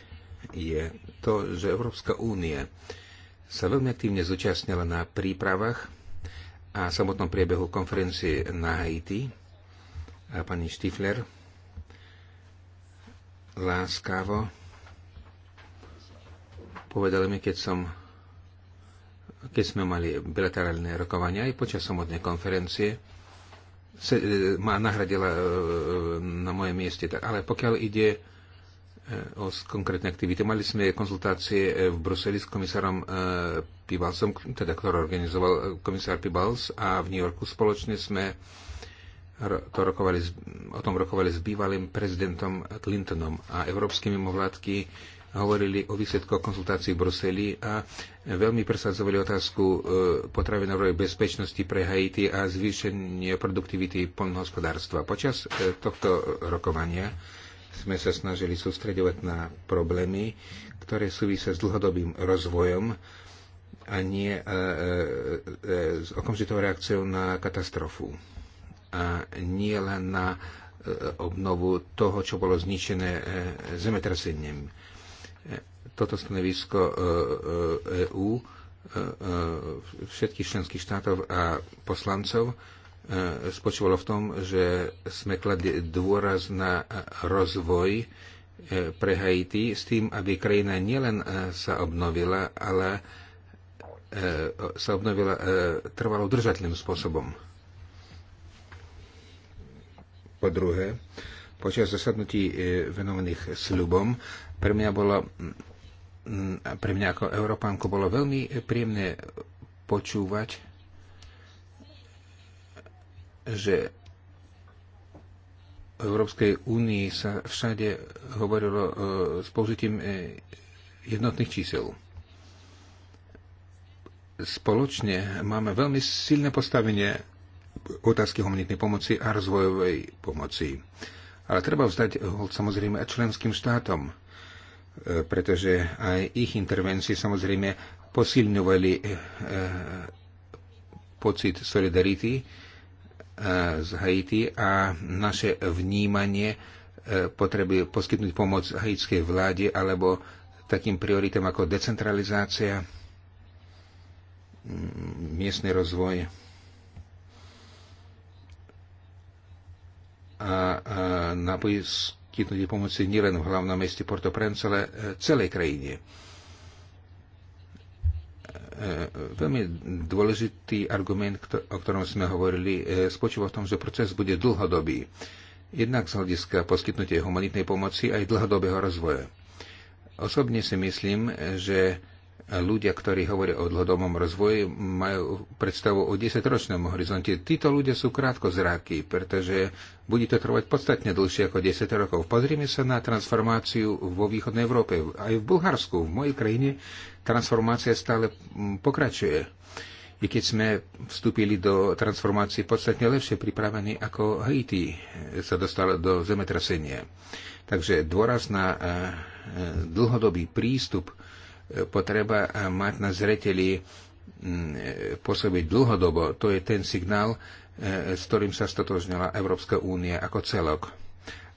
je to, že Európska únia sa veľmi aktívne zúčastnila na prípravách a samotnom priebehu konferencie na Haiti. A pani Štifler láskavo povedala mi, keď som keď sme mali bilaterálne rokovania aj počas samotnej konferencie, se, e, ma nahradila e, na moje mieste. Ale pokiaľ ide o konkrétne aktivity. Mali sme konzultácie e, v Bruseli s komisárom e, Pibalsom, teda ktorý organizoval e, komisár Pibals a v New Yorku spoločne sme to rokovali, o tom rokovali s bývalým prezidentom Clintonom a európsky mimovládky hovorili o výsledkoch konzultácií v Bruseli a veľmi presadzovali otázku potravinovej bezpečnosti pre Haiti a zvýšenie produktivity polnohospodárstva. Počas tohto rokovania sme sa snažili sústredovať na problémy, ktoré súvisia s dlhodobým rozvojom a nie e, e, e, s okamžitou reakciou na katastrofu. A nie len na e, obnovu toho, čo bolo zničené e, zemetrasením. E, toto stanovisko EU, e e, e, e, všetkých členských štátov a poslancov e, E, spočívalo v tom, že sme kladli dôraz na rozvoj e, pre Haiti s tým, aby krajina nielen e, sa obnovila, ale sa obnovila trvalo držateľným spôsobom. Po druhé, počas zasadnutí venovaných sľubom pre mňa bolo pre mňa ako Európanku bolo veľmi príjemné počúvať že v Európskej únii sa všade hovorilo e, s použitím e, jednotných čísel. Spoločne máme veľmi silné postavenie otázky humanitnej pomoci a rozvojovej pomoci. Ale treba vzdať hold samozrejme aj členským štátom, e, pretože aj ich intervencie samozrejme posilňovali pocit solidarity z Haiti a naše vnímanie e, potreby poskytnúť pomoc haitskej vláde alebo takým prioritám ako decentralizácia, mm, miestny rozvoj a, a na poskytnutie pomoci nielen v hlavnom meste Porto Prince, ale e, celej krajine. E, veľmi dôležitý argument, o ktorom sme hovorili, e, spočíva v tom, že proces bude dlhodobý. Jednak z hľadiska poskytnutia humanitnej pomoci aj dlhodobého rozvoja. Osobne si myslím, že ľudia, ktorí hovoria o dlhodobom rozvoji, majú predstavu o 10-ročnom horizonte. Títo ľudia sú krátko zráky, pretože bude to trvať podstatne dlhšie ako 10 rokov. Pozrime sa na transformáciu vo východnej Európe. Aj v Bulharsku, v mojej krajine, transformácia stále mm, pokračuje. I keď sme vstúpili do transformácie podstatne lepšie pripravení ako Haiti eh, sa dostalo do zemetrasenia. Takže dôraz na eh, eh, dlhodobý prístup potreba mať na zreteli mm, pôsobiť dlhodobo. To je ten signál, s ktorým sa stotožnila Európska únia ako celok.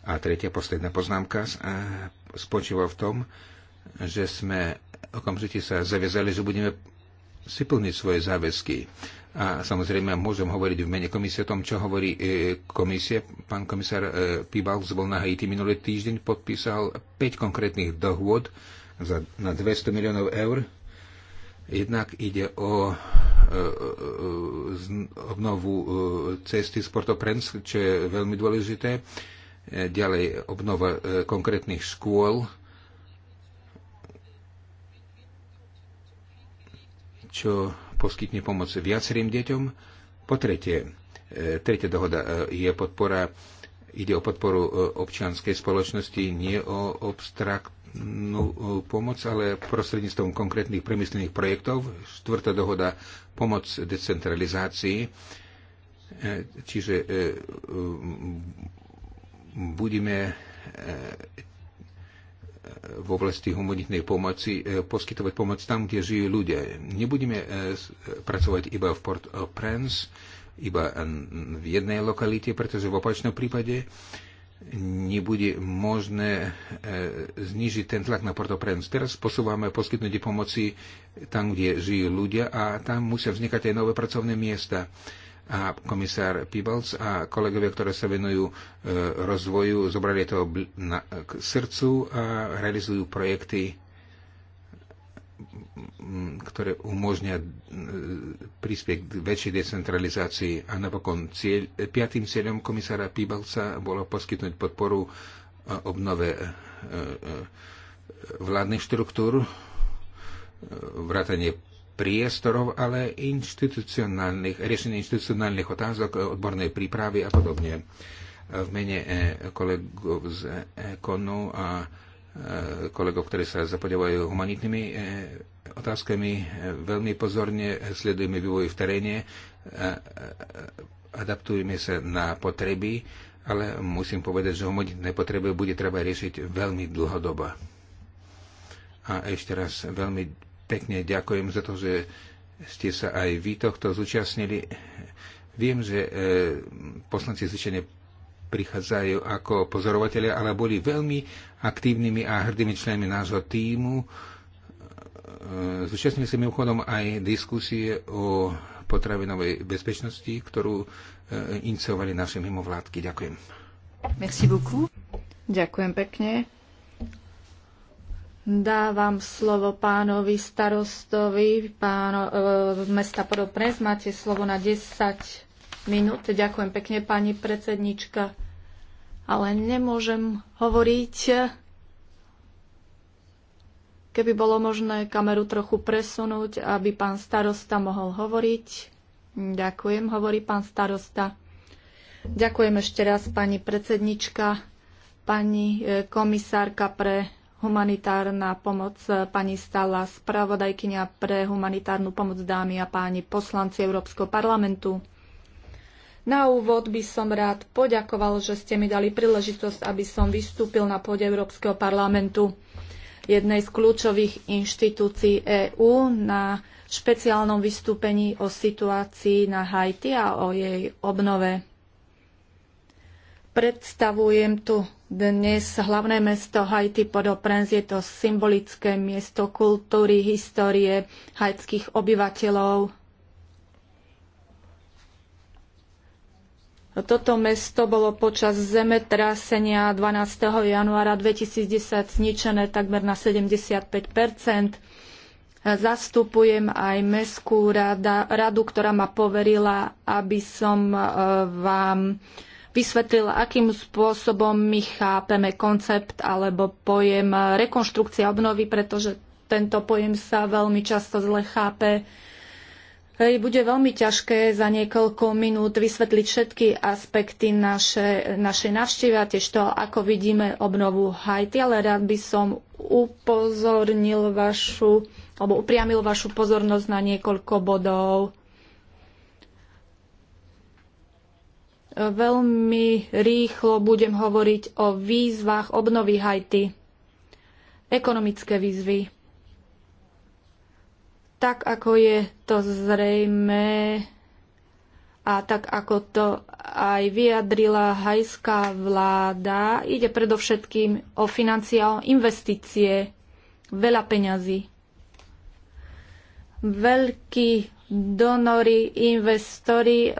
A tretia posledná poznámka spočíva v tom, že sme okamžite sa zaviazali, že budeme si plniť svoje záväzky. A samozrejme môžem hovoriť v mene komisie o tom, čo hovorí e, komisie. Pán komisár e, Pibal bol na Haiti minulý týždeň, podpísal 5 konkrétnych dohôd za, na 200 miliónov eur. Jednak ide o e, e, obnovu e, cesty z port čo je veľmi dôležité. E, ďalej obnova e, konkrétnych škôl, čo poskytne pomoc viacerým deťom. Po tretie, e, tretia dohoda e, je podpora, ide o podporu e, občianskej spoločnosti, nie o abstraktnú pomoc, ale prostredníctvom konkrétnych premyslených projektov. Štvrtá dohoda, pomoc decentralizácii, čiže budeme v oblasti humanitnej pomoci e, poskytovať pomoc tam, kde žijú ľudia. Nebudeme e, pracovať iba v Port-au-Prince, iba v jednej lokalite, pretože v opačnom prípade nebude možné e, znižiť ten tlak na Port-au-Prince. Teraz posúvame poskytnutie pomoci tam, kde žijú ľudia a tam musia vznikať aj nové pracovné miesta a komisár Peebles a kolegovia, ktoré sa venujú e, rozvoju, zobrali to k srdcu a realizujú projekty, mm, ktoré umožňa e, prispieť k väčšej decentralizácii. A napokon cieľ, piatým cieľom komisára Peeblesa bolo poskytnúť podporu obnove e, vládnych štruktúr, vrátanie priestorov, ale inštitucionálnych, riešenie inštitucionálnych otázok, odbornej prípravy a podobne. V mene e, kolegov z Ekonu a e, kolegov, ktorí sa zapodávajú humanitnými e, otázkami, veľmi pozorne sledujeme vývoj v teréne, adaptujeme sa na potreby, ale musím povedať, že humanitné potreby bude treba riešiť veľmi dlhodobo. A ešte raz veľmi pekne ďakujem za to, že ste sa aj vy tohto zúčastnili. Viem, že e, poslanci zvyčajne prichádzajú ako pozorovateľe, ale boli veľmi aktívnymi a hrdými členmi nášho týmu. E, zúčastnili sa mimochodom aj diskusie o potravinovej bezpečnosti, ktorú e, iniciovali naše mimovládky. Ďakujem. Merci beaucoup. Ďakujem pekne. Dávam slovo pánovi starostovi páno, e, mesta Podoprez. Máte slovo na 10 minút. Ďakujem pekne, pani predsednička. Ale nemôžem hovoriť. Keby bolo možné kameru trochu presunúť, aby pán starosta mohol hovoriť. Ďakujem, hovorí pán starosta. Ďakujem ešte raz, pani predsednička, pani e, komisárka pre humanitárna pomoc. Pani Stala, spravodajkynia pre humanitárnu pomoc dámy a páni poslanci Európskeho parlamentu. Na úvod by som rád poďakoval, že ste mi dali príležitosť, aby som vystúpil na pôde Európskeho parlamentu jednej z kľúčových inštitúcií EÚ na špeciálnom vystúpení o situácii na Haiti a o jej obnove. Predstavujem tu dnes hlavné mesto Haiti pod Oprens. Je to symbolické miesto kultúry, histórie haitských obyvateľov. Toto mesto bolo počas zemetrasenia 12. januára 2010 zničené takmer na 75 zastupujem aj Mestskú rada, radu, ktorá ma poverila, aby som e, vám vysvetlila, akým spôsobom my chápeme koncept alebo pojem rekonštrukcia obnovy, pretože tento pojem sa veľmi často zle chápe. Hej, bude veľmi ťažké za niekoľko minút vysvetliť všetky aspekty naše, našej navštívy a tiež to, ako vidíme obnovu Haiti, ale rád by som upozornil vašu, alebo upriamil vašu pozornosť na niekoľko bodov. Veľmi rýchlo budem hovoriť o výzvach obnovy Haiti. Ekonomické výzvy. Tak ako je to zrejme a tak ako to aj vyjadrila hajská vláda, ide predovšetkým o financiál investície, veľa peňazí. Veľký donory, investori e,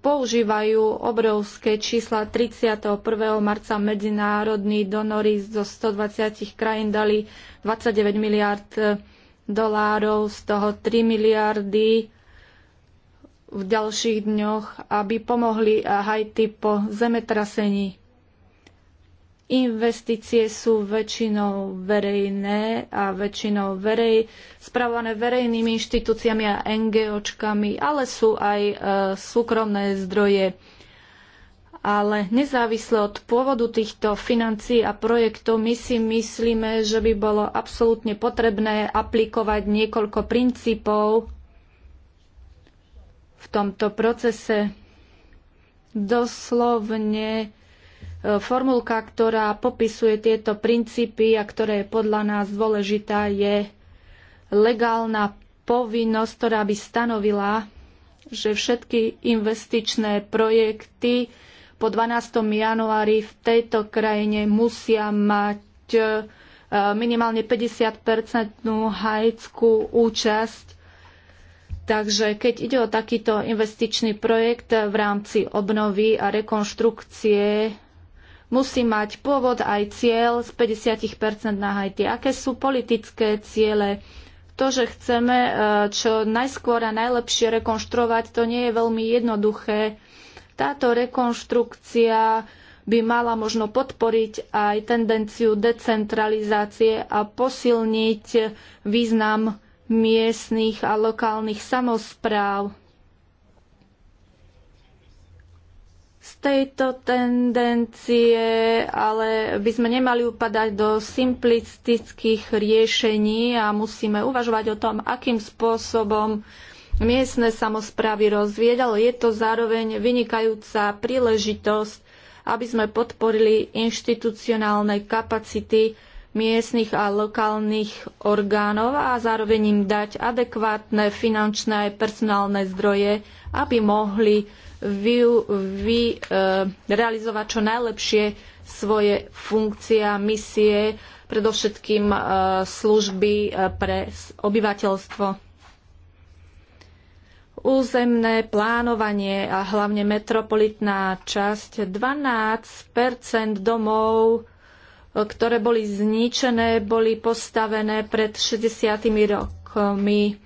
používajú obrovské čísla. 31. marca medzinárodní donory zo 120 krajín dali 29 miliard e, dolárov, z toho 3 miliardy v ďalších dňoch, aby pomohli Haiti po zemetrasení. Investície sú väčšinou verejné a väčšinou verej, spravované verejnými inštitúciami a NGOčkami, ale sú aj e, súkromné zdroje. Ale nezávisle od pôvodu týchto financií a projektov my si myslíme, že by bolo absolútne potrebné aplikovať niekoľko princípov v tomto procese. Doslovne Formulka, ktorá popisuje tieto princípy a ktorá je podľa nás dôležitá, je legálna povinnosť, ktorá by stanovila, že všetky investičné projekty po 12. januári v tejto krajine musia mať e, minimálne 50-percentnú hajckú účasť. Takže keď ide o takýto investičný projekt v rámci obnovy a rekonštrukcie musí mať pôvod aj cieľ z 50% na Haiti. Aké sú politické ciele? To, že chceme e, čo najskôr a najlepšie rekonštruovať, to nie je veľmi jednoduché. Táto rekonštrukcia by mala možno podporiť aj tendenciu decentralizácie a posilniť význam miestnych a lokálnych samospráv. tejto tendencie, ale by sme nemali upadať do simplistických riešení a musíme uvažovať o tom, akým spôsobom miestne samozprávy rozvieť, ale je to zároveň vynikajúca príležitosť, aby sme podporili inštitucionálne kapacity miestnych a lokálnych orgánov a zároveň im dať adekvátne finančné aj personálne zdroje, aby mohli vy, vy e, realizovať čo najlepšie svoje funkcie a misie, predovšetkým e, služby e, pre obyvateľstvo. Územné plánovanie a hlavne metropolitná časť 12 domov e, ktoré boli zničené, boli postavené pred 60 rokmi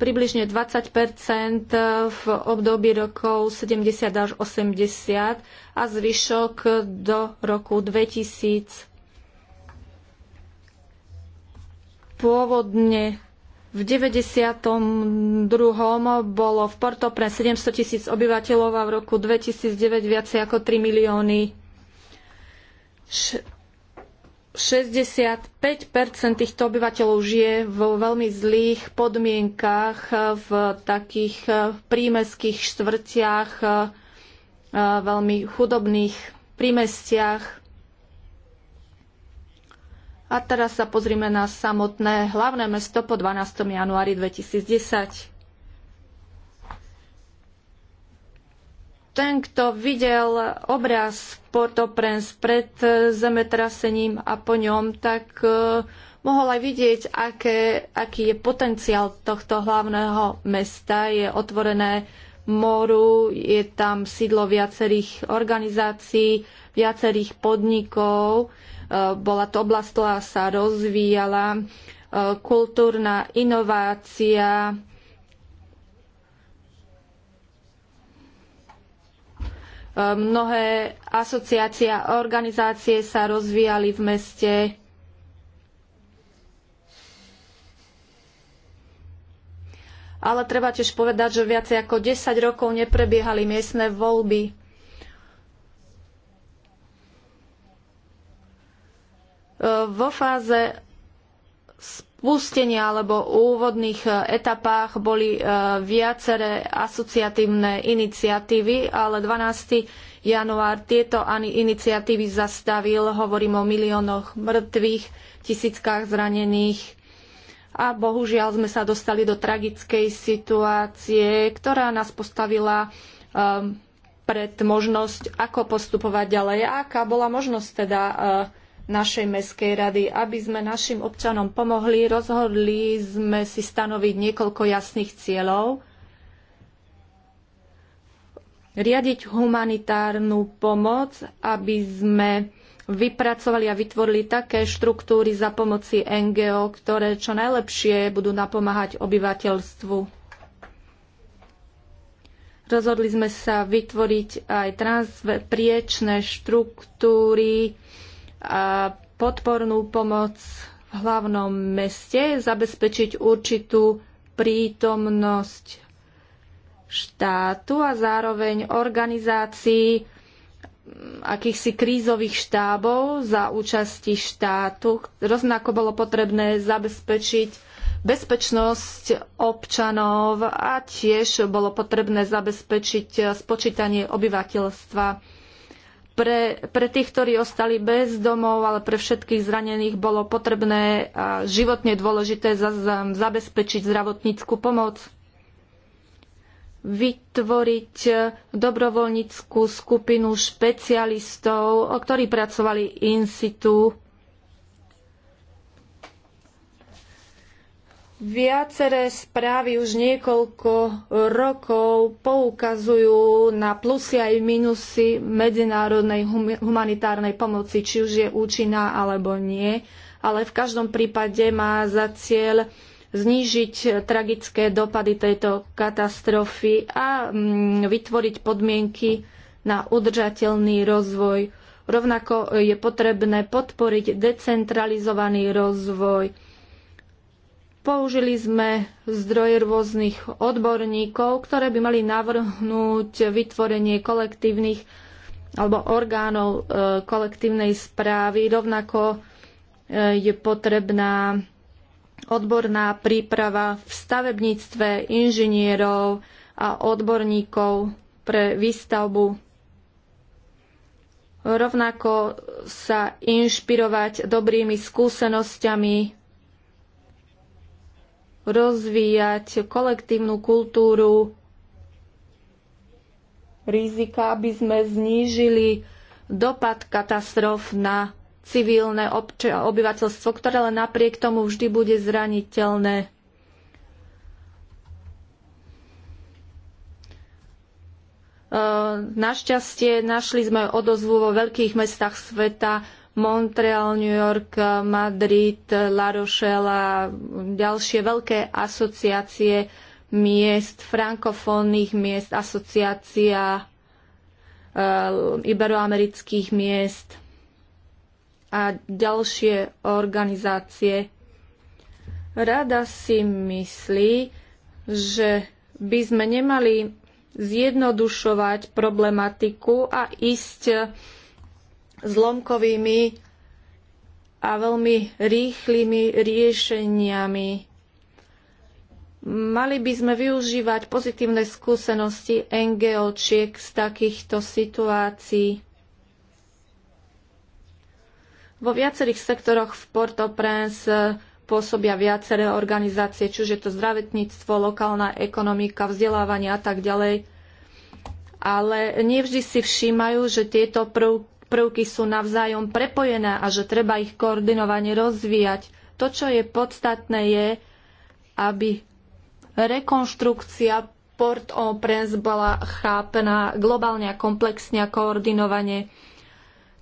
približne 20 v období rokov 70 až 80 a zvyšok do roku 2000. Pôvodne v 92. bolo v Porto pre 700 tisíc obyvateľov a v roku 2009 viacej ako 3 milióny. 65 týchto obyvateľov žije vo veľmi zlých podmienkach v takých eh, prímeských štvrtiach, eh, eh, veľmi chudobných prímestiach. A teraz sa pozrime na samotné hlavné mesto po 12. januári 2010. ten, kto videl obraz au Prince pred eh, zemetrasením a po ňom, tak eh, mohol aj vidieť, aké, aký je potenciál tohto hlavného mesta. Je otvorené moru, je tam sídlo viacerých organizácií, viacerých podnikov. Eh, bola to oblasť, ktorá sa rozvíjala, kultúrna inovácia, Mnohé asociácie a organizácie sa rozvíjali v meste. Ale treba tiež povedať, že viacej ako 10 rokov neprebiehali miestne voľby. Vo fáze v ústení alebo úvodných e, etapách boli e, viaceré asociatívne iniciatívy, ale 12. január tieto ani iniciatívy zastavil. Hovorím o miliónoch mŕtvych, tisíckách zranených a bohužiaľ sme sa dostali do tragickej situácie, ktorá nás postavila e, pred možnosť, ako postupovať ďalej. Aká bola možnosť teda našej Mestskej rady. Aby sme našim občanom pomohli, rozhodli sme si stanoviť niekoľko jasných cieľov. Riadiť humanitárnu pomoc, aby sme vypracovali a vytvorili také štruktúry za pomoci NGO, ktoré čo najlepšie budú napomáhať obyvateľstvu. Rozhodli sme sa vytvoriť aj transpriečné štruktúry podpornú pomoc v hlavnom meste, zabezpečiť určitú prítomnosť štátu a zároveň organizácií akýchsi krízových štábov za účasti štátu. Rovnako bolo potrebné zabezpečiť bezpečnosť občanov a tiež bolo potrebné zabezpečiť spočítanie obyvateľstva pre, pre tých, ktorí ostali bez domov, ale pre všetkých zranených bolo potrebné a životne dôležité za, za, zabezpečiť zdravotníckú pomoc vytvoriť e, dobrovoľníckú skupinu špecialistov, ktorí pracovali in situ Viaceré správy už niekoľko rokov poukazujú na plusy aj minusy medzinárodnej humanitárnej pomoci, či už je účinná alebo nie, ale v každom prípade má za cieľ znížiť tragické dopady tejto katastrofy a mm, vytvoriť podmienky na udržateľný rozvoj. Rovnako je potrebné podporiť decentralizovaný rozvoj Použili sme zdroje rôznych odborníkov, ktoré by mali navrhnúť vytvorenie kolektívnych alebo orgánov e, kolektívnej správy. Rovnako e, je potrebná odborná príprava v stavebníctve inžinierov a odborníkov pre výstavbu. Rovnako sa inšpirovať dobrými skúsenosťami rozvíjať kolektívnu kultúru rizika, aby sme znížili dopad katastrof na civilné obyvateľstvo, ktoré len napriek tomu vždy bude zraniteľné. E, našťastie našli sme odozvu vo veľkých mestách sveta, Montreal, New York, Madrid, La Rochelle a ďalšie veľké asociácie miest, frankofónnych miest, asociácia e, iberoamerických miest a ďalšie organizácie. Rada si myslí, že by sme nemali zjednodušovať problematiku a ísť zlomkovými a veľmi rýchlymi riešeniami. Mali by sme využívať pozitívne skúsenosti NGOčiek z takýchto situácií. Vo viacerých sektoroch v Port-au-Prince pôsobia viaceré organizácie, či už je to zdravotníctvo, lokálna ekonomika, vzdelávanie a tak ďalej. Ale nevždy si všímajú, že tieto prvky prvky sú navzájom prepojené a že treba ich koordinovane rozvíjať. To, čo je podstatné, je, aby rekonštrukcia Port o Prince bola chápená globálne a komplexne a koordinovane.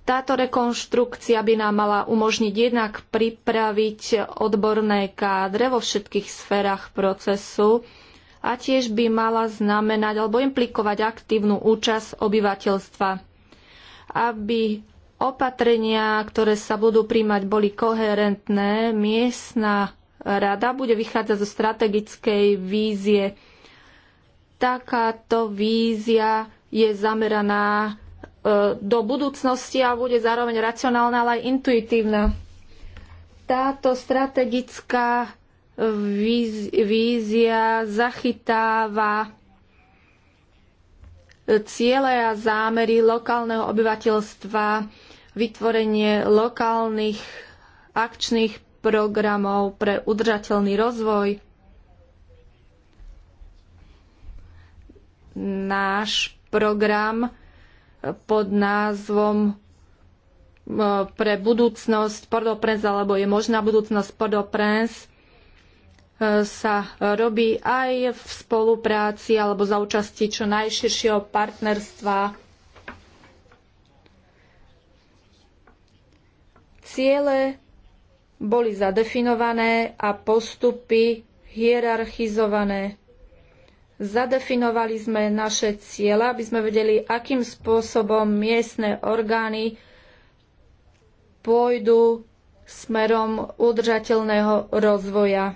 Táto rekonštrukcia by nám mala umožniť jednak pripraviť odborné kádre vo všetkých sférach procesu a tiež by mala znamenať alebo implikovať aktívnu účasť obyvateľstva aby opatrenia, ktoré sa budú príjmať, boli koherentné. Miestna rada bude vychádzať zo strategickej vízie. Takáto vízia je zameraná e, do budúcnosti a bude zároveň racionálna, ale aj intuitívna. Táto strategická vízia zachytáva ciele a zámery lokálneho obyvateľstva, vytvorenie lokálnych akčných programov pre udržateľný rozvoj. Náš program pod názvom e, pre budúcnosť Port-au-Prince, alebo je možná budúcnosť Port-au-Prince, sa robí aj v spolupráci alebo za účasti čo najširšieho partnerstva. Ciele boli zadefinované a postupy hierarchizované. Zadefinovali sme naše ciele, aby sme vedeli, akým spôsobom miestne orgány pôjdu smerom udržateľného rozvoja.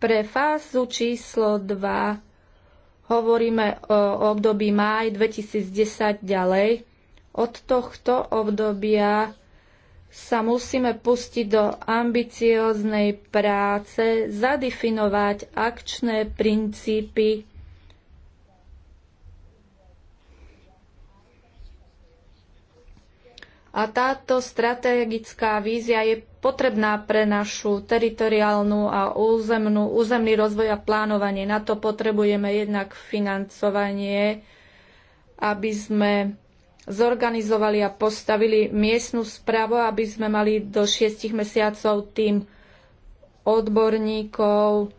Pre fázu číslo 2 hovoríme o období máj 2010 ďalej. Od tohto obdobia sa musíme pustiť do ambicioznej práce, zadefinovať akčné princípy A táto strategická vízia je potrebná pre našu teritoriálnu a územnú, územný rozvoj a plánovanie. Na to potrebujeme jednak financovanie, aby sme zorganizovali a postavili miestnu správu, aby sme mali do šiestich mesiacov tým odborníkov.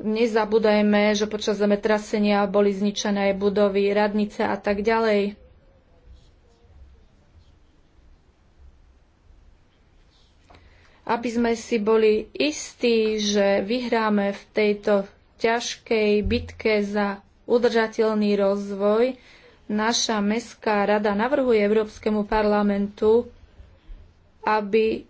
Nezabúdajme, že počas zemetrasenia boli zničené budovy, radnice a tak ďalej. aby sme si boli istí, že vyhráme v tejto ťažkej bitke za udržateľný rozvoj, naša mestská rada navrhuje Európskemu parlamentu, aby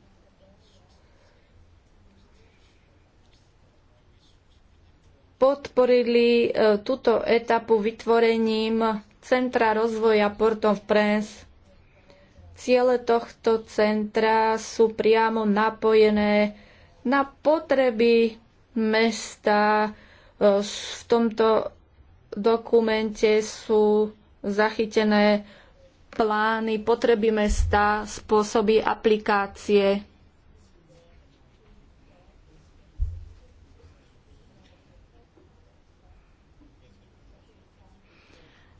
podporili e, túto etapu vytvorením Centra rozvoja Portom v Prens Ciele tohto centra sú priamo napojené na potreby mesta. E, v tomto dokumente sú zachytené plány, potreby mesta, spôsoby aplikácie.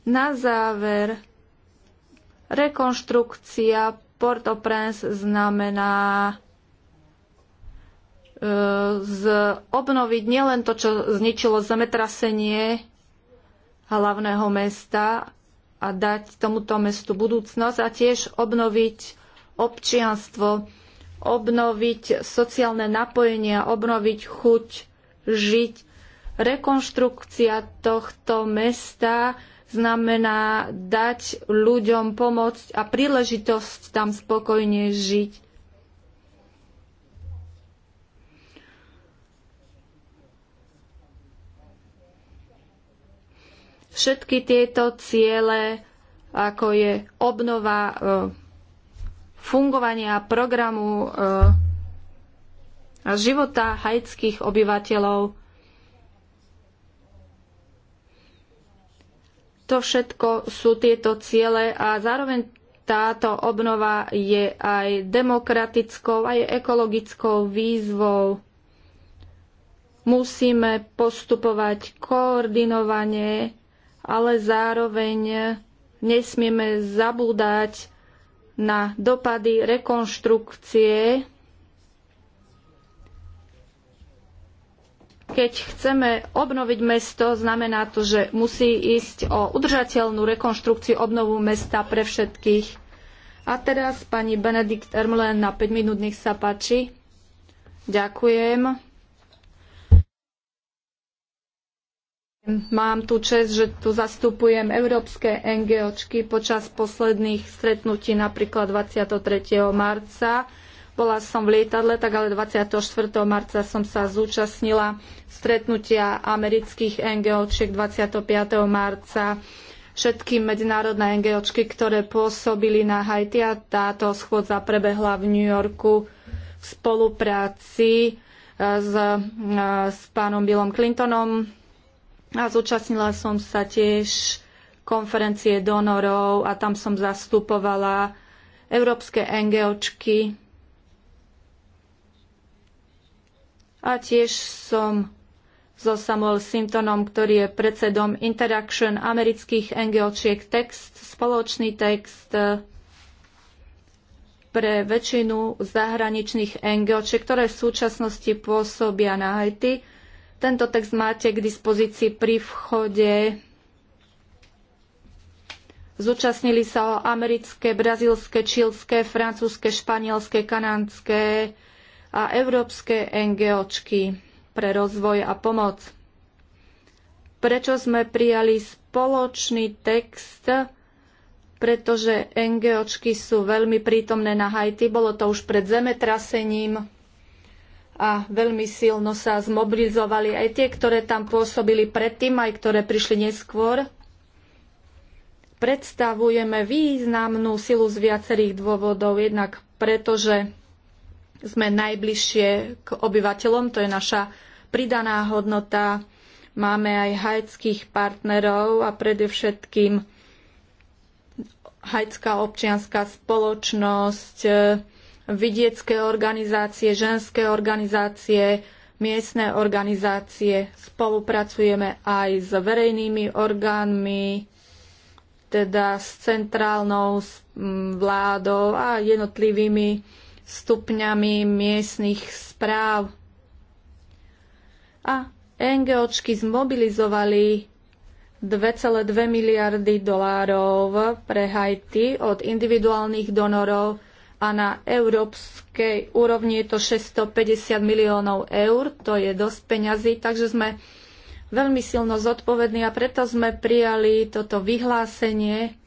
Na záver Rekonštrukcia Port-au-Prince znamená e, z, obnoviť nielen to, čo zničilo zemetrasenie hlavného mesta a dať tomuto mestu budúcnosť a tiež obnoviť občianstvo, obnoviť sociálne napojenia, obnoviť chuť žiť. Rekonštrukcia tohto mesta znamená dať ľuďom pomoc a príležitosť tam spokojne žiť. Všetky tieto ciele, ako je obnova e, fungovania programu e, a života haitských obyvateľov, To všetko sú tieto ciele a zároveň táto obnova je aj demokratickou, aj ekologickou výzvou. Musíme postupovať koordinovane, ale zároveň nesmieme zabúdať na dopady rekonštrukcie Keď chceme obnoviť mesto, znamená to, že musí ísť o udržateľnú rekonštrukciu, obnovu mesta pre všetkých. A teraz pani Benedikt Ermlen na 5 minút, nech sa páči. Ďakujem. Mám tu čest, že tu zastupujem európske NGOčky počas posledných stretnutí, napríklad 23. marca bola som v lietadle, tak ale 24. marca som sa zúčastnila stretnutia amerických NGOčiek 25. marca všetky medzinárodné NGOčky, ktoré pôsobili na Haiti a táto schôdza prebehla v New Yorku v spolupráci e, s, e, s pánom Billom Clintonom a zúčastnila som sa tiež konferencie donorov a tam som zastupovala európske NGOčky A tiež som so Samuel Simptonom, ktorý je predsedom Interaction amerických NGOčiek text, spoločný text eh, pre väčšinu zahraničných NGOčiek, ktoré v súčasnosti pôsobia na Haiti. Tento text máte k dispozícii pri vchode. Zúčastnili sa o americké, brazílske, čilské, francúzske, španielske, kanánske, a európske NGOčky pre rozvoj a pomoc. Prečo sme prijali spoločný text, pretože NGOčky sú veľmi prítomné na Haiti. Bolo to už pred zemetrasením a veľmi silno sa zmobilizovali aj tie, ktoré tam pôsobili predtým, aj ktoré prišli neskôr. Predstavujeme významnú silu z viacerých dôvodov, jednak pretože sme najbližšie k obyvateľom, to je naša pridaná hodnota. Máme aj haitských partnerov a predovšetkým haitská občianská spoločnosť, e, vidiecké organizácie, ženské organizácie, miestne organizácie. Spolupracujeme aj s verejnými orgánmi, teda s centrálnou vládou a jednotlivými stupňami miestnych správ. A NGOčky zmobilizovali 2,2 miliardy dolárov pre Haiti od individuálnych donorov a na európskej úrovni je to 650 miliónov eur, to je dosť peňazí, takže sme veľmi silno zodpovední a preto sme prijali toto vyhlásenie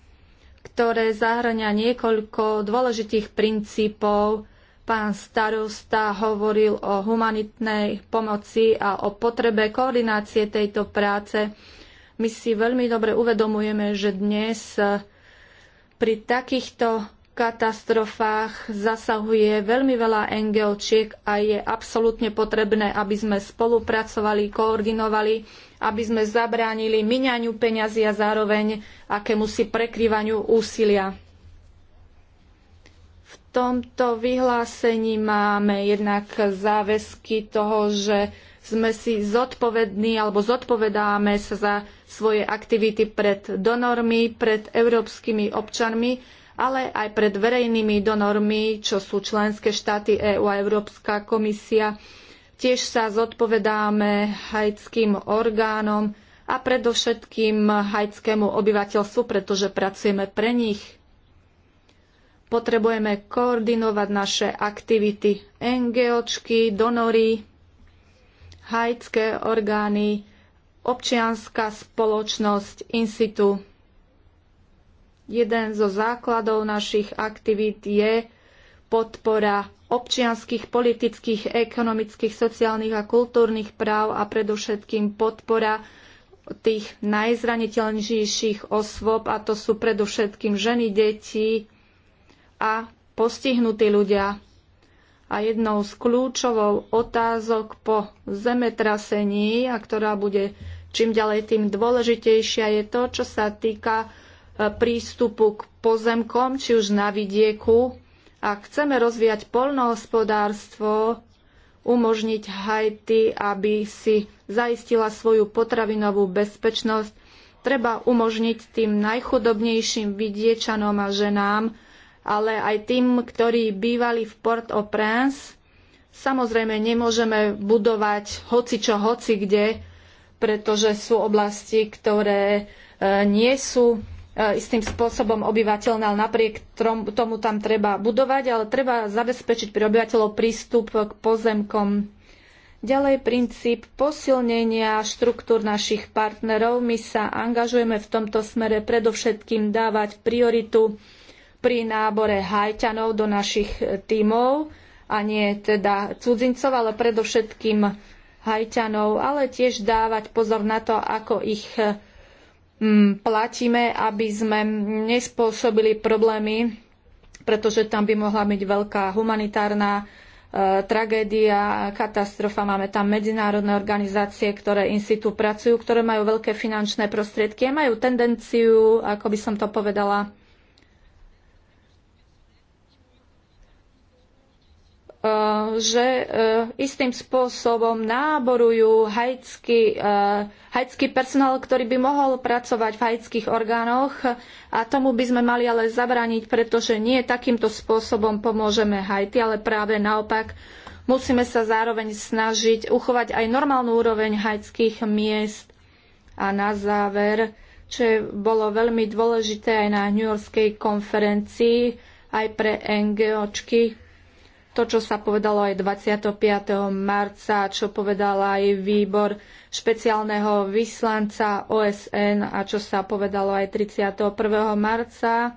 ktoré zahrania niekoľko dôležitých princípov. Pán starosta hovoril o humanitnej pomoci a o potrebe koordinácie tejto práce. My si veľmi dobre uvedomujeme, že dnes pri takýchto katastrofách zasahuje veľmi veľa NGOčiek a je absolútne potrebné, aby sme spolupracovali, koordinovali, aby sme zabránili miňaniu peňazí a zároveň akémusi prekrývaniu úsilia. V tomto vyhlásení máme jednak záväzky toho, že sme si zodpovední alebo zodpovedáme sa za svoje aktivity pred donormi, pred európskymi občanmi ale aj pred verejnými donormi, čo sú členské štáty EÚ a Európska komisia. Tiež sa zodpovedáme haitským orgánom a predovšetkým haitskému obyvateľstvu, pretože pracujeme pre nich. Potrebujeme koordinovať naše aktivity NGOčky, donory, haitské orgány, občianská spoločnosť, institú jeden zo základov našich aktivít je podpora občianských, politických, ekonomických, sociálnych a kultúrnych práv a predovšetkým podpora tých najzraniteľnejších osôb, a to sú predovšetkým ženy, deti a postihnutí ľudia. A jednou z kľúčovou otázok po zemetrasení, a ktorá bude čím ďalej tým dôležitejšia, je to, čo sa týka prístupu k pozemkom, či už na vidieku. Ak chceme rozvíjať polnohospodárstvo, umožniť Haiti, aby si zaistila svoju potravinovú bezpečnosť, treba umožniť tým najchudobnejším vidiečanom a ženám, ale aj tým, ktorí bývali v Port-au-Prince. Samozrejme, nemôžeme budovať hoci čo, hoci kde, pretože sú oblasti, ktoré e, nie sú E, istým spôsobom obyvateľné, ale napriek tomu tam treba budovať, ale treba zabezpečiť pre obyvateľov prístup k pozemkom. Ďalej princíp posilnenia štruktúr našich partnerov. My sa angažujeme v tomto smere predovšetkým dávať prioritu pri nábore hajťanov do našich tímov a nie teda cudzincov, ale predovšetkým hajťanov, ale tiež dávať pozor na to, ako ich Mm, platíme, aby sme nespôsobili problémy, pretože tam by mohla byť veľká humanitárna e, tragédia, katastrofa. Máme tam medzinárodné organizácie, ktoré in situ pracujú, ktoré majú veľké finančné prostriedky a majú tendenciu, ako by som to povedala, E, že e, istým spôsobom náborujú haitský, e, haitský personál, ktorý by mohol pracovať v haitských orgánoch a tomu by sme mali ale zabrániť, pretože nie takýmto spôsobom pomôžeme Haiti, ale práve naopak musíme sa zároveň snažiť uchovať aj normálnu úroveň haitských miest. A na záver, čo bolo veľmi dôležité aj na New Yorkskej konferencii, aj pre NGOčky, to, čo sa povedalo aj 25. marca, čo povedal aj výbor špeciálneho vyslanca OSN a čo sa povedalo aj 31. marca.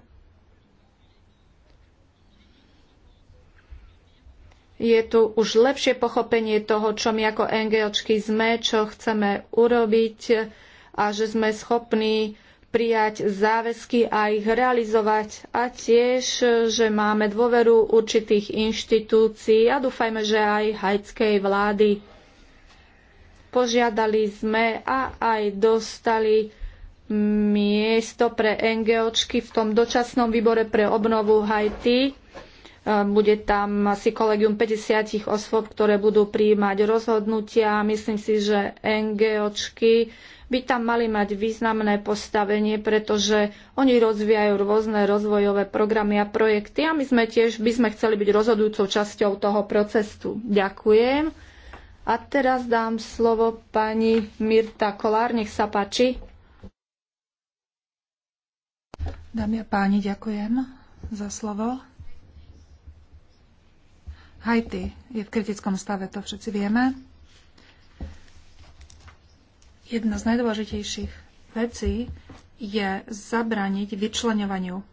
je tu už lepšie pochopenie toho, čo my ako NGOčky sme, čo chceme urobiť a že sme schopní prijať záväzky a ich realizovať a tiež, že máme dôveru určitých inštitúcií a dúfajme, že aj hajckej vlády. Požiadali sme a aj dostali miesto pre NGOčky v tom dočasnom výbore pre obnovu Haiti Ehm, bude tam asi kolegium 50 osôb, ktoré budú prijímať rozhodnutia. Myslím si, že NGOčky by tam mali mať významné postavenie, pretože oni rozvíjajú rôzne rozvojové programy a projekty a my sme tiež by sme chceli byť rozhodujúcou časťou toho procesu. Ďakujem. A teraz dám slovo pani Mirta Kolár, nech sa páči. Dámy a páni, ďakujem za slovo. Haiti je v kritickom stave, to všetci vieme. Jedna z najdôležitejších vecí je zabraniť vyčlenovaniu.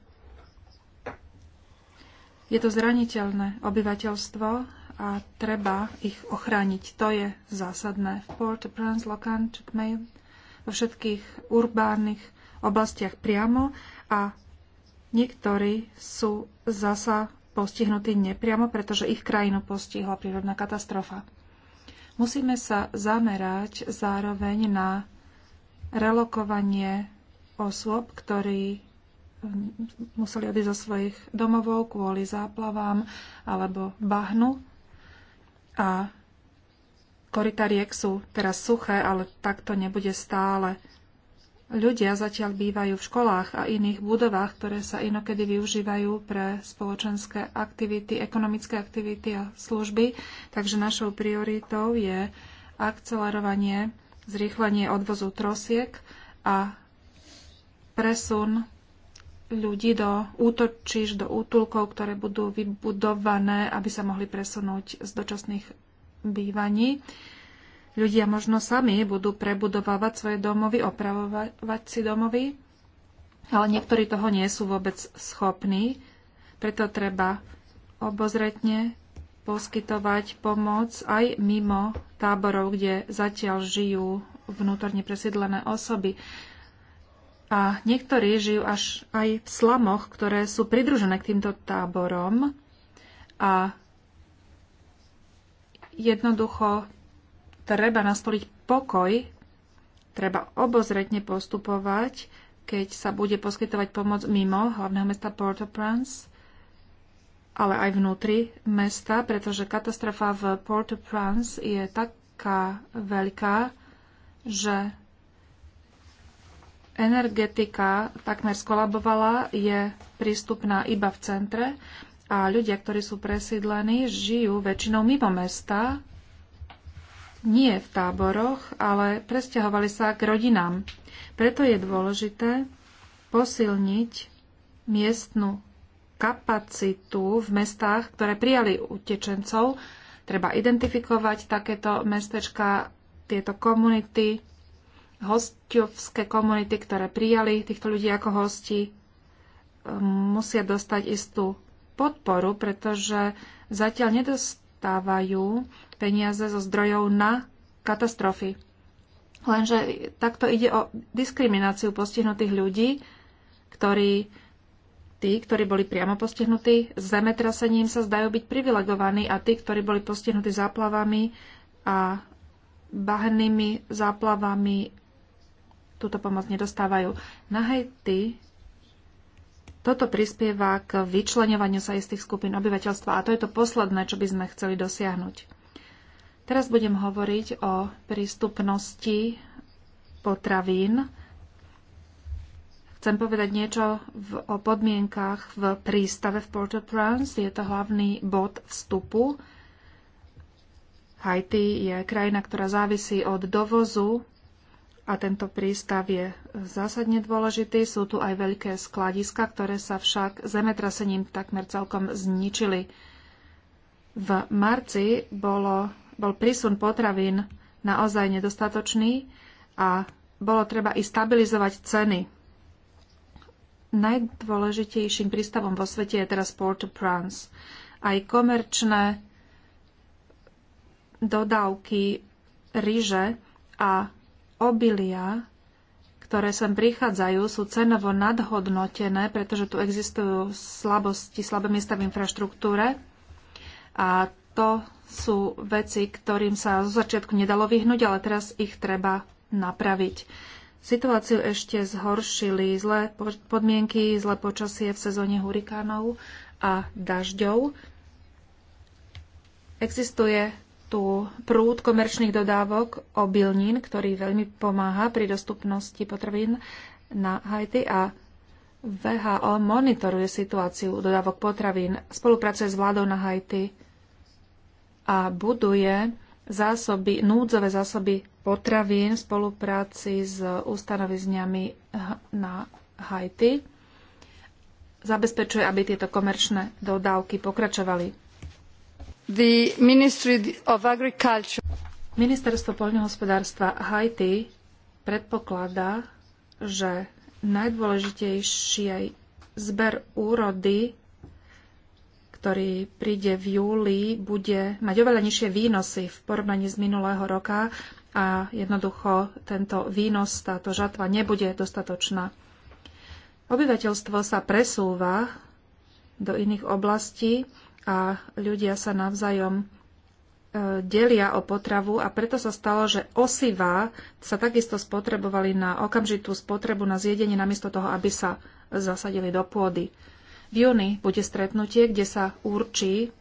Je to zraniteľné obyvateľstvo a treba ich ochrániť. To je zásadné. V Port-au-Prince, Locan, Čekmej, vo všetkých urbánnych oblastiach priamo a niektorí sú zasa postihnutí nepriamo, pretože ich krajinu postihla prírodná katastrofa. Musíme sa zamerať zároveň na relokovanie osôb, ktorí mm, museli odísť zo svojich domovov kvôli záplavám alebo bahnu. A korita riek sú teraz suché, ale takto nebude stále ľudia zatiaľ bývajú v školách a iných budovách, ktoré sa inokedy využívajú pre spoločenské aktivity, ekonomické aktivity a služby. Takže našou prioritou je akcelerovanie, zrýchlenie odvozu trosiek a presun ľudí do útočíš, do útulkov, ktoré budú vybudované, aby sa mohli presunúť z dočasných bývaní ľudia možno sami budú prebudovávať svoje domovy, opravovať si domovy, ale niektorí toho nie sú vôbec schopní, preto treba obozretne poskytovať pomoc aj mimo táborov, kde zatiaľ žijú vnútorne presídlené osoby. A niektorí žijú až aj v slamoch, ktoré sú pridružené k týmto táborom a jednoducho treba nastoliť pokoj, treba obozretne postupovať, keď sa bude poskytovať pomoc mimo hlavného mesta Port-au-Prince, ale aj vnútri mesta, pretože katastrofa v Port-au-Prince je taká veľká, že energetika takmer skolabovala, je prístupná iba v centre a ľudia, ktorí sú presídlení, žijú väčšinou mimo mesta, nie v táboroch, ale presťahovali sa k rodinám. Preto je dôležité posilniť miestnu kapacitu v mestách, ktoré prijali utečencov. Treba identifikovať takéto mestečka, tieto komunity, hostovské komunity, ktoré prijali týchto ľudí ako hosti, musia dostať istú podporu, pretože zatiaľ nedostali dostávajú peniaze zo zdrojov na katastrofy. Lenže takto ide o diskrimináciu postihnutých ľudí, ktorí tí, ktorí boli priamo postihnutí zemetrasením, sa zdajú byť privilegovaní a tí, ktorí boli postihnutí záplavami a bahennými záplavami, túto pomoc nedostávajú. Na Haiti toto prispieva k vyčlenovaniu sa istých skupín obyvateľstva a to je to posledné, čo by sme chceli dosiahnuť. Teraz budem hovoriť o prístupnosti potravín. Chcem povedať niečo v, o podmienkach v prístave v Port-au-Prince. Je to hlavný bod vstupu. Haiti je krajina, ktorá závisí od dovozu a tento prístav je e, zásadne dôležitý. Sú tu aj veľké skladiska, ktoré sa však zemetrasením takmer celkom zničili. V marci bolo, bol prísun potravín naozaj nedostatočný a bolo treba i stabilizovať ceny. Najdôležitejším prístavom vo svete je teraz Port-au-Prince. Aj komerčné dodávky ryže a obilia, ktoré sem prichádzajú, sú cenovo nadhodnotené, pretože tu existujú slabosti, slabé miesta v infraštruktúre a to sú veci, ktorým sa zo začiatku nedalo vyhnúť, ale teraz ich treba napraviť. Situáciu ešte zhoršili zlé podmienky, zlé počasie v sezóne hurikánov a dažďov. Existuje tu prúd komerčných dodávok obilnín, ktorý veľmi pomáha pri dostupnosti potravín na Haiti a VHO monitoruje situáciu dodávok potravín, spolupracuje s vládou na Haiti a buduje zásoby, núdzové zásoby potravín v spolupráci s ustanovizňami na Haiti. Zabezpečuje, aby tieto komerčné dodávky pokračovali. Ministerstvo poľnohospodárstva Haiti predpokladá, že najdôležitejší zber úrody, ktorý príde v júli, bude mať oveľa nižšie výnosy v porovnaní z minulého roka a jednoducho tento výnos, táto žatva nebude dostatočná. Obyvateľstvo sa presúva do iných oblastí a ľudia sa navzájom e, delia o potravu a preto sa stalo, že osiva sa takisto spotrebovali na okamžitú spotrebu na zjedenie namiesto toho, aby sa zasadili do pôdy. V júni bude stretnutie, kde sa určí,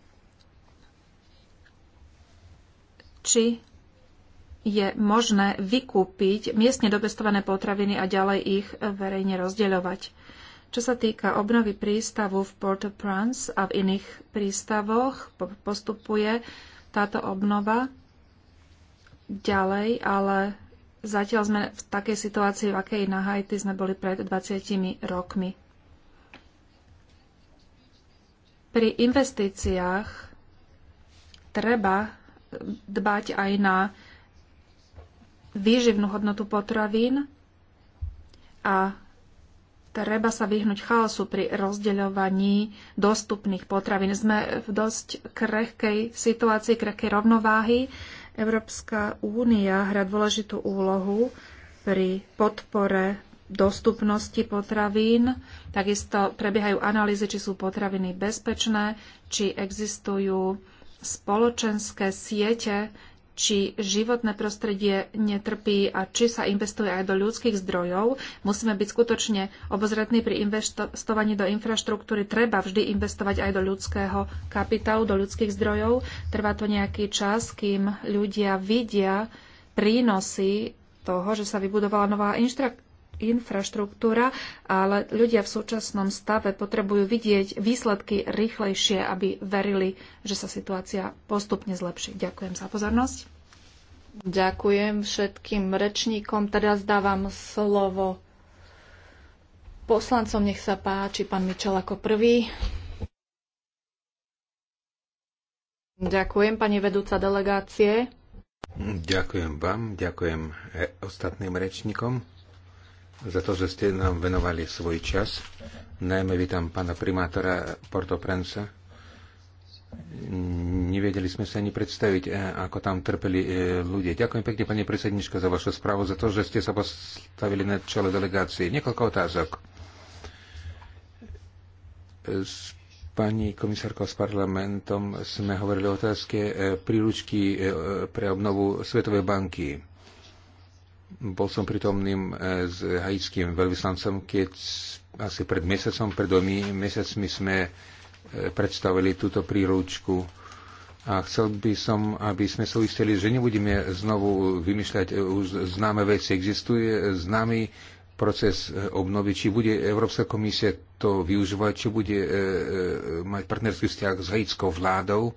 či je možné vykúpiť miestne dopestované potraviny a ďalej ich verejne rozdeľovať. Čo sa týka obnovy prístavu v Port-au-Prince a v iných prístavoch, postupuje táto obnova ďalej, ale zatiaľ sme v takej situácii, v akej na Haiti sme boli pred 20 rokmi. Pri investíciách treba dbať aj na výživnú hodnotu potravín a Treba sa vyhnúť chaosu pri rozdeľovaní dostupných potravín. Sme v dosť krehkej situácii, krehkej rovnováhy. Európska únia hrá dôležitú úlohu pri podpore dostupnosti potravín. Takisto prebiehajú analýzy, či sú potraviny bezpečné, či existujú spoločenské siete či životné prostredie netrpí a či sa investuje aj do ľudských zdrojov. Musíme byť skutočne obozretní pri investovaní do infraštruktúry. Treba vždy investovať aj do ľudského kapitálu, do ľudských zdrojov. Trvá to nejaký čas, kým ľudia vidia prínosy toho, že sa vybudovala nová infra- infraštruktúra, ale ľudia v súčasnom stave potrebujú vidieť výsledky rýchlejšie, aby verili, že sa situácia postupne zlepší. Ďakujem za pozornosť. Ďakujem všetkým rečníkom. Teraz dávam slovo poslancom. Nech sa páči, pán Mičel ako prvý. Ďakujem, pani vedúca delegácie. Ďakujem vám, ďakujem e- ostatným rečníkom za to, že ste nám venovali svoj čas. Najmä vítam pána primátora Prensa. Nevedeli sme sa ani predstaviť, eh, ako tam trpeli eh, ľudia. Ďakujem pekne, pani predsednička, za vašu správu, za to, že ste sa postavili na čele delegácie. Niekoľko otázok. S pani komisárkou s parlamentom sme hovorili o otázke eh, príručky pre obnovu Svetovej banky bol som pritomným e, s haitským veľvyslancom, keď asi pred mesiacom, pred dvomi mesiacmi sme e, predstavili túto príručku a chcel by som, aby sme sa uistili, že nebudeme znovu vymýšľať e, už známe veci. Existuje známy proces obnovy, či bude Európska komisia to využívať, či bude mať partnerský vzťah s haitskou vládou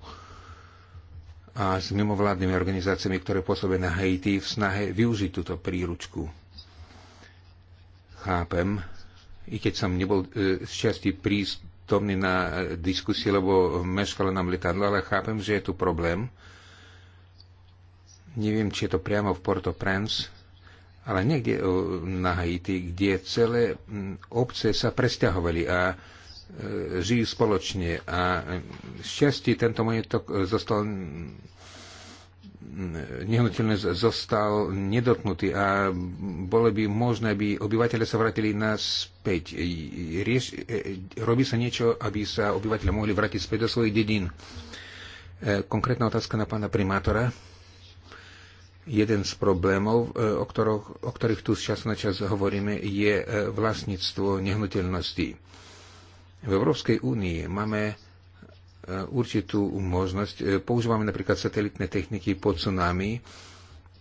a s mimovládnymi organizáciami, ktoré pôsobia na Haiti v snahe využiť túto príručku. Chápem, i keď som nebol e, z časti prístomný na e, lebo meškalo nám letadlo, ale chápem, že je tu problém. Neviem, či je to priamo v Port-au-Prince, ale niekde e, na Haiti, kde celé obce sa presťahovali a e, E, žijú spoločne a šťastie tento majetok e, zostal nehnuteľne zostal nedotknutý a bolo by možné, aby obyvateľe sa vrátili naspäť. E, rieš, robí sa niečo, aby sa obyvateľe mohli vrátiť späť do svojich dedín. Konkrétna otázka na pána primátora. Jeden z problémov, o, ktorých, o ktorých tu z času na čas hovoríme, je vlastníctvo nehnuteľností v Európskej únii máme e, určitú možnosť. E, používame napríklad satelitné techniky po tsunami.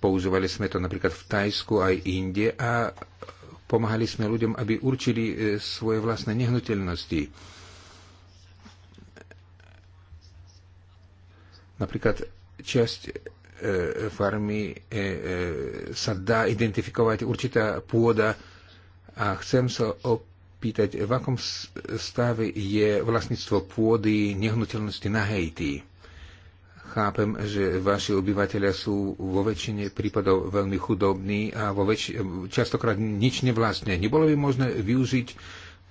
Používali sme to napríklad v Tajsku aj inde a pomáhali sme ľuďom, aby určili e, svoje vlastné nehnuteľnosti. Napríklad časť farmy sa dá identifikovať určitá pôda a chcem sa op- spýtať, v akom stave je vlastníctvo pôdy nehnuteľnosti na Haiti. Chápem, že vaši obyvateľia sú vo väčšine prípadov veľmi chudobní a vo väč- častokrát nič nevlastne. Nebolo by možné využiť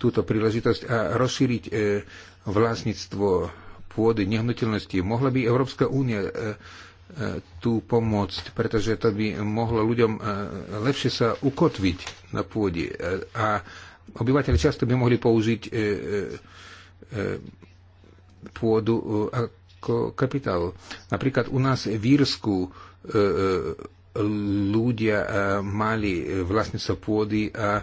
túto príležitosť a rozšíriť e, vlastníctvo pôdy nehnuteľnosti. Mohla by Európska únia e, e tu pomôcť, pretože to by mohlo ľuďom e, lepšie sa ukotviť na pôde. E, a obyvateľe často by mohli použiť e, e, e, pôdu e, ako kapitál. Napríklad u nás v Írsku e, e, ľudia e, mali vlastníctvo pôdy a e,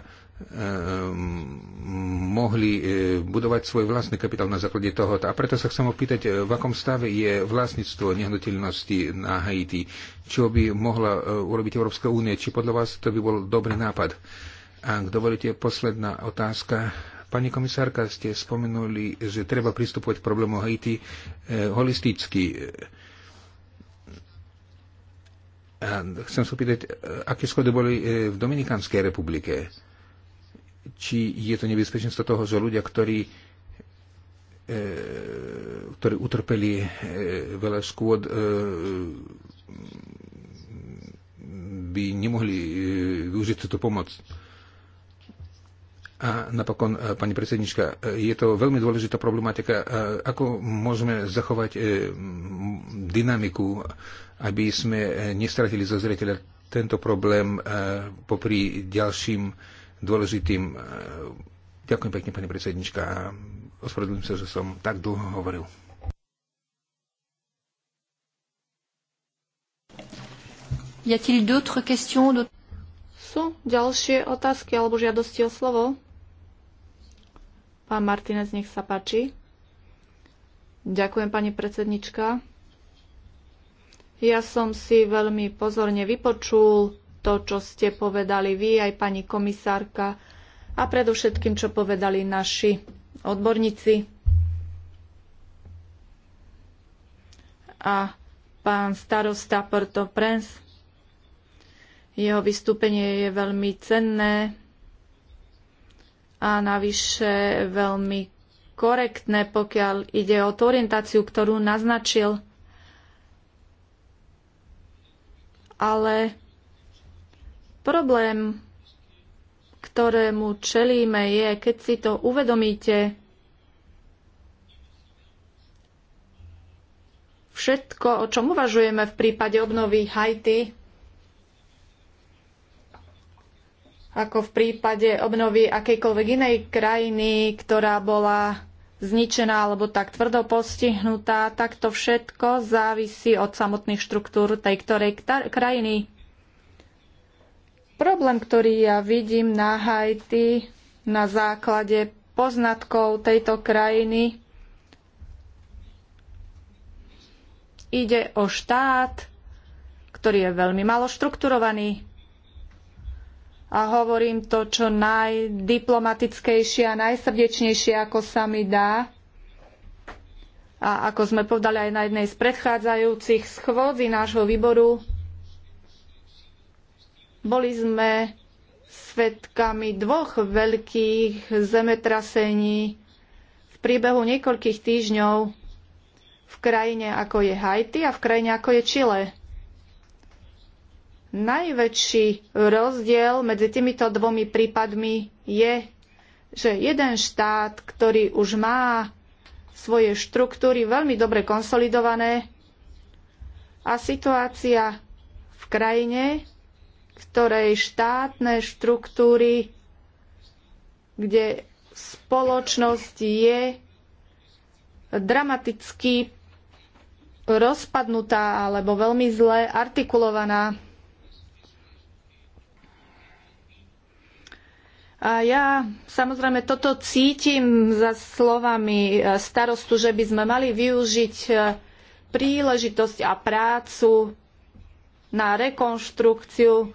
mohli e, budovať svoj vlastný kapitál na základe toho. A preto sa chcem opýtať, e, v akom stave je vlastníctvo nehnuteľnosti na Haiti? Čo by mohla e, urobiť Európska únia? Či podľa vás to by bol dobrý nápad? E, ak dovolíte, posledná otázka. Pani komisárka, ste spomenuli, že treba pristupovať k problému Haiti eh, holisticky. A chcem sa pýtať, eh, aké schody boli eh, v Dominikánskej republike? Či je to nebezpečenstvo toho, že ľudia, ktorí ktorí utrpeli veľa škôd, by nemohli využiť túto pomoc. A napokon, e, pani predsednička, e, je to veľmi dôležitá problematika, e, ako môžeme zachovať dynamiku, aby sme nestratili zo zreteľa tento problém popri ďalším dôležitým. Ďakujem pekne, pani predsednička, a ospravedlňujem sa, že som tak dlho hovoril. Y a-t-il d'autres questions? Sú ďalšie otázky alebo žiadosti o slovo? Pán Martinec, nech sa páči. Ďakujem, pani predsednička. Ja som si veľmi pozorne vypočul to, čo ste povedali vy, aj pani komisárka a predovšetkým, čo povedali naši odborníci. A pán starosta Porto Prens. Jeho vystúpenie je veľmi cenné a navyše veľmi korektné, pokiaľ ide o tú orientáciu, ktorú naznačil. Ale problém, ktorému čelíme, je, keď si to uvedomíte, všetko, o čom uvažujeme v prípade obnovy Haiti, ako v prípade obnovy akejkoľvek inej krajiny, ktorá bola zničená alebo tak tvrdo postihnutá, tak to všetko závisí od samotných štruktúr tej ktorej krajiny. Problém, ktorý ja vidím na Haiti na základe poznatkov tejto krajiny, ide o štát, ktorý je veľmi malo štrukturovaný a hovorím to čo najdiplomatickejšie a najsrdečnejšie, ako sa mi dá. A ako sme povedali aj na jednej z predchádzajúcich schôdzi nášho výboru, boli sme svetkami dvoch veľkých zemetrasení v priebehu niekoľkých týždňov v krajine ako je Haiti a v krajine ako je Chile. Najväčší rozdiel medzi týmito dvomi prípadmi je, že jeden štát, ktorý už má svoje štruktúry veľmi dobre konsolidované a situácia v krajine, ktorej štátne štruktúry, kde spoločnosť je dramaticky rozpadnutá alebo veľmi zle artikulovaná A ja samozrejme toto cítim za slovami e, starostu, že by sme mali využiť e, príležitosť a prácu na rekonštrukciu.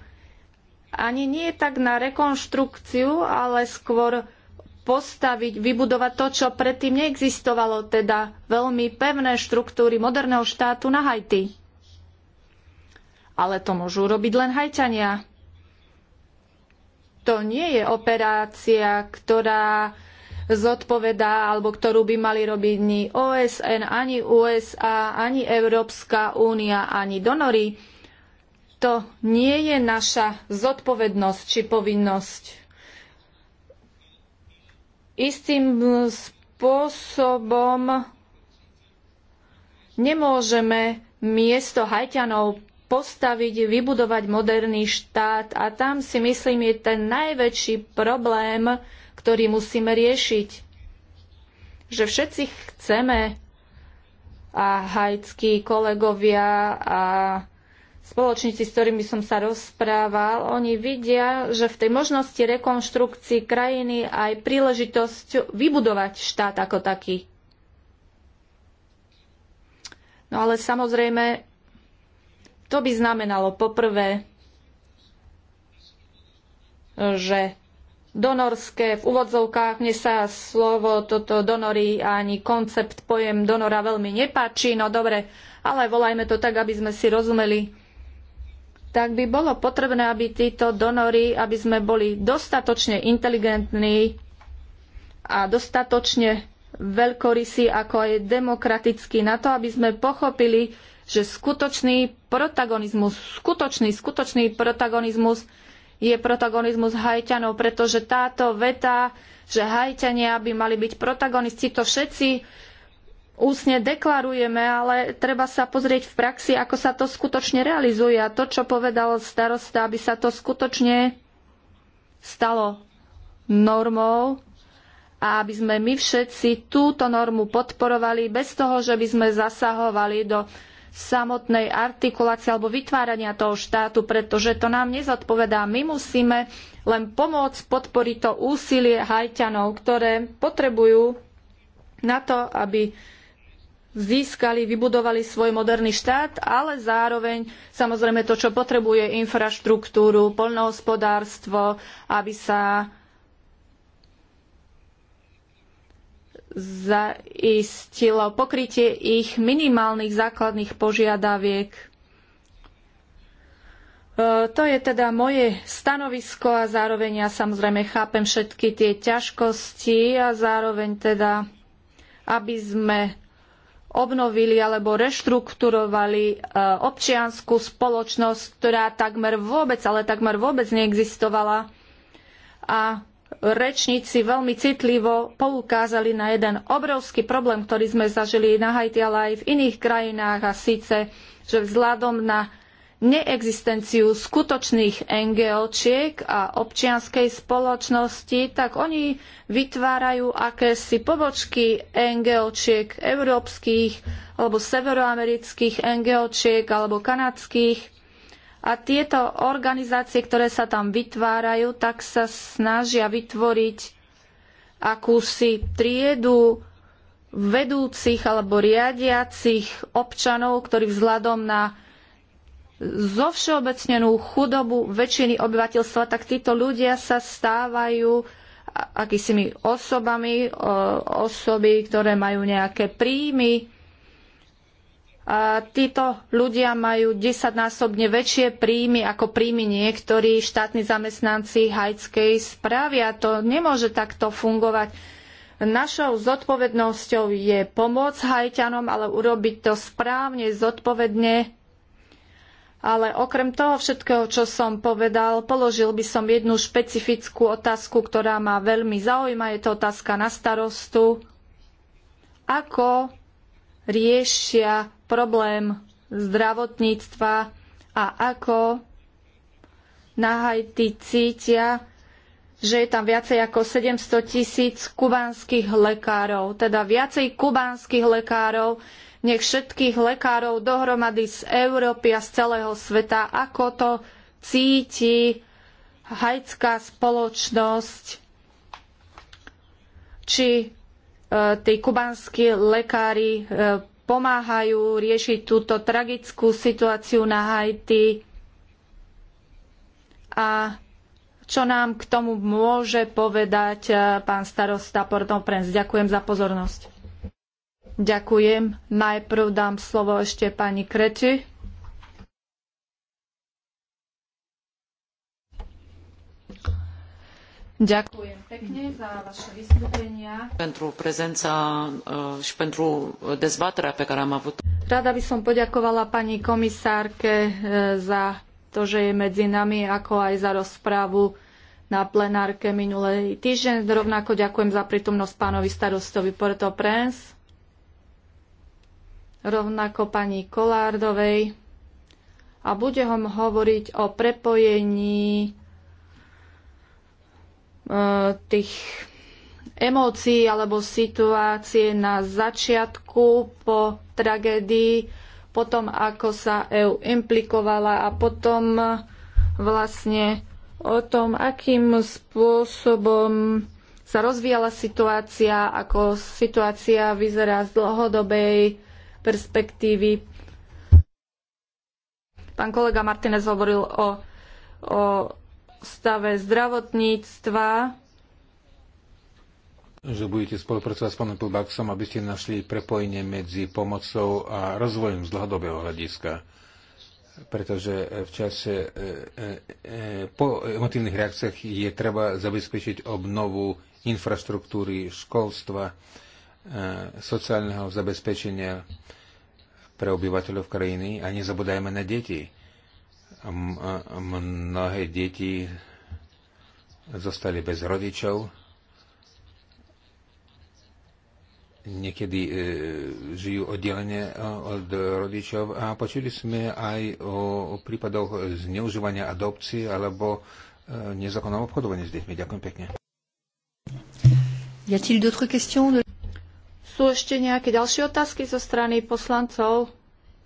Ani nie tak na rekonštrukciu, ale skôr postaviť, vybudovať to, čo predtým neexistovalo, teda veľmi pevné štruktúry moderného štátu na Haiti. Ale to môžu robiť len Haťania to nie je operácia, ktorá zodpovedá alebo ktorú by mali robiť ni OSN, ani USA, ani Európska únia, ani donory. To nie je naša zodpovednosť či povinnosť. Istým spôsobom nemôžeme miesto hajťanov postaviť, vybudovať moderný štát a tam si myslím je ten najväčší problém, ktorý musíme riešiť. Že všetci chceme a hajckí kolegovia a spoločníci, s ktorými som sa rozprával, oni vidia, že v tej možnosti rekonštrukcii krajiny aj príležitosť vybudovať štát ako taký. No ale samozrejme, to by znamenalo poprvé, že donorské, v úvodzovkách, mne sa slovo toto donory ani koncept, pojem donora veľmi nepáči, no dobre, ale volajme to tak, aby sme si rozumeli, tak by bolo potrebné, aby títo donory, aby sme boli dostatočne inteligentní a dostatočne veľkorysí, ako aj demokraticky, na to, aby sme pochopili, že skutočný protagonizmus, skutočný, skutočný protagonizmus je protagonizmus Hajťanov, pretože táto veta, že Hajťania by mali byť protagonisti, to všetci úsne deklarujeme, ale treba sa pozrieť v praxi, ako sa to skutočne realizuje. A to, čo povedal starosta, aby sa to skutočne stalo normou a aby sme my všetci túto normu podporovali bez toho, že by sme zasahovali do samotnej artikulácie alebo vytvárania toho štátu, pretože to nám nezodpovedá. My musíme len pomôcť podporiť to úsilie hajťanov, ktoré potrebujú na to, aby získali, vybudovali svoj moderný štát, ale zároveň samozrejme to, čo potrebuje infraštruktúru, poľnohospodárstvo, aby sa zaistilo pokrytie ich minimálnych základných požiadaviek. E, to je teda moje stanovisko a zároveň ja samozrejme chápem všetky tie ťažkosti a zároveň teda, aby sme obnovili alebo reštrukturovali e, občiansku spoločnosť, ktorá takmer vôbec, ale takmer vôbec neexistovala. A rečníci veľmi citlivo poukázali na jeden obrovský problém, ktorý sme zažili na Haiti, ale aj v iných krajinách a síce, že vzhľadom na neexistenciu skutočných NGOčiek a občianskej spoločnosti, tak oni vytvárajú akési pobočky NGOčiek európskych alebo severoamerických NGOčiek alebo kanadských a tieto organizácie, ktoré sa tam vytvárajú, tak sa snažia vytvoriť akúsi triedu vedúcich alebo riadiacich občanov, ktorí vzhľadom na zovšeobecnenú chudobu väčšiny obyvateľstva, tak títo ľudia sa stávajú akýsimi osobami, osoby, ktoré majú nejaké príjmy, títo ľudia majú desaťnásobne väčšie príjmy ako príjmy niektorí štátni zamestnanci hajckej správy a to nemôže takto fungovať. Našou zodpovednosťou je pomôcť hajťanom, ale urobiť to správne, zodpovedne. Ale okrem toho všetkého, čo som povedal, položil by som jednu špecifickú otázku, ktorá ma veľmi zaujíma. Je to otázka na starostu. Ako riešia problém zdravotníctva a ako na Haiti cítia, že je tam viacej ako 700 tisíc kubánskych lekárov, teda viacej kubánskych lekárov, nech všetkých lekárov dohromady z Európy a z celého sveta, ako to cíti haitská spoločnosť, či e, tí kubánsky lekári e, pomáhajú riešiť túto tragickú situáciu na Haiti a čo nám k tomu môže povedať eh, pán starosta Port-au-Prince. Ďakujem za pozornosť. Ďakujem. Najprv dám slovo ešte pani Kreti. Ďakujem pekne za vaše vystúpenia. Pentru uh, și pentru dezbaterea pe care am avut. Rada by som poďakovala pani komisárke uh, za to, že je medzi nami, ako aj za rozprávu na plenárke minulý týždeň. Rovnako ďakujem za prítomnosť pánovi starostovi Porto Prince, rovnako pani Kolárdovej a budem hovoriť o prepojení tých emócií alebo situácie na začiatku po tragédii, potom ako sa EU implikovala a potom vlastne o tom, akým spôsobom sa rozvíjala situácia, ako situácia vyzerá z dlhodobej perspektívy. Pán kolega Martinez hovoril o, o stave zdravotníctva. Že budete spolupracovať s pánom Pilbaxom, aby ste našli prepojenie medzi pomocou a rozvojom z dlhodobého hľadiska pretože v čase e, e, e po emotívnych reakciách je treba zabezpečiť obnovu infraštruktúry, školstva, e, sociálneho zabezpečenia pre obyvateľov krajiny a nezabudajme na deti mnohé deti zostali bez rodičov. Niekedy e, žijú oddelenie e, od rodičov a počuli sme aj o, o prípadoch zneužívania adopcie alebo e, nezákonného obchodovania s deťmi. Ďakujem pekne. Sú ešte nejaké ďalšie otázky zo strany poslancov?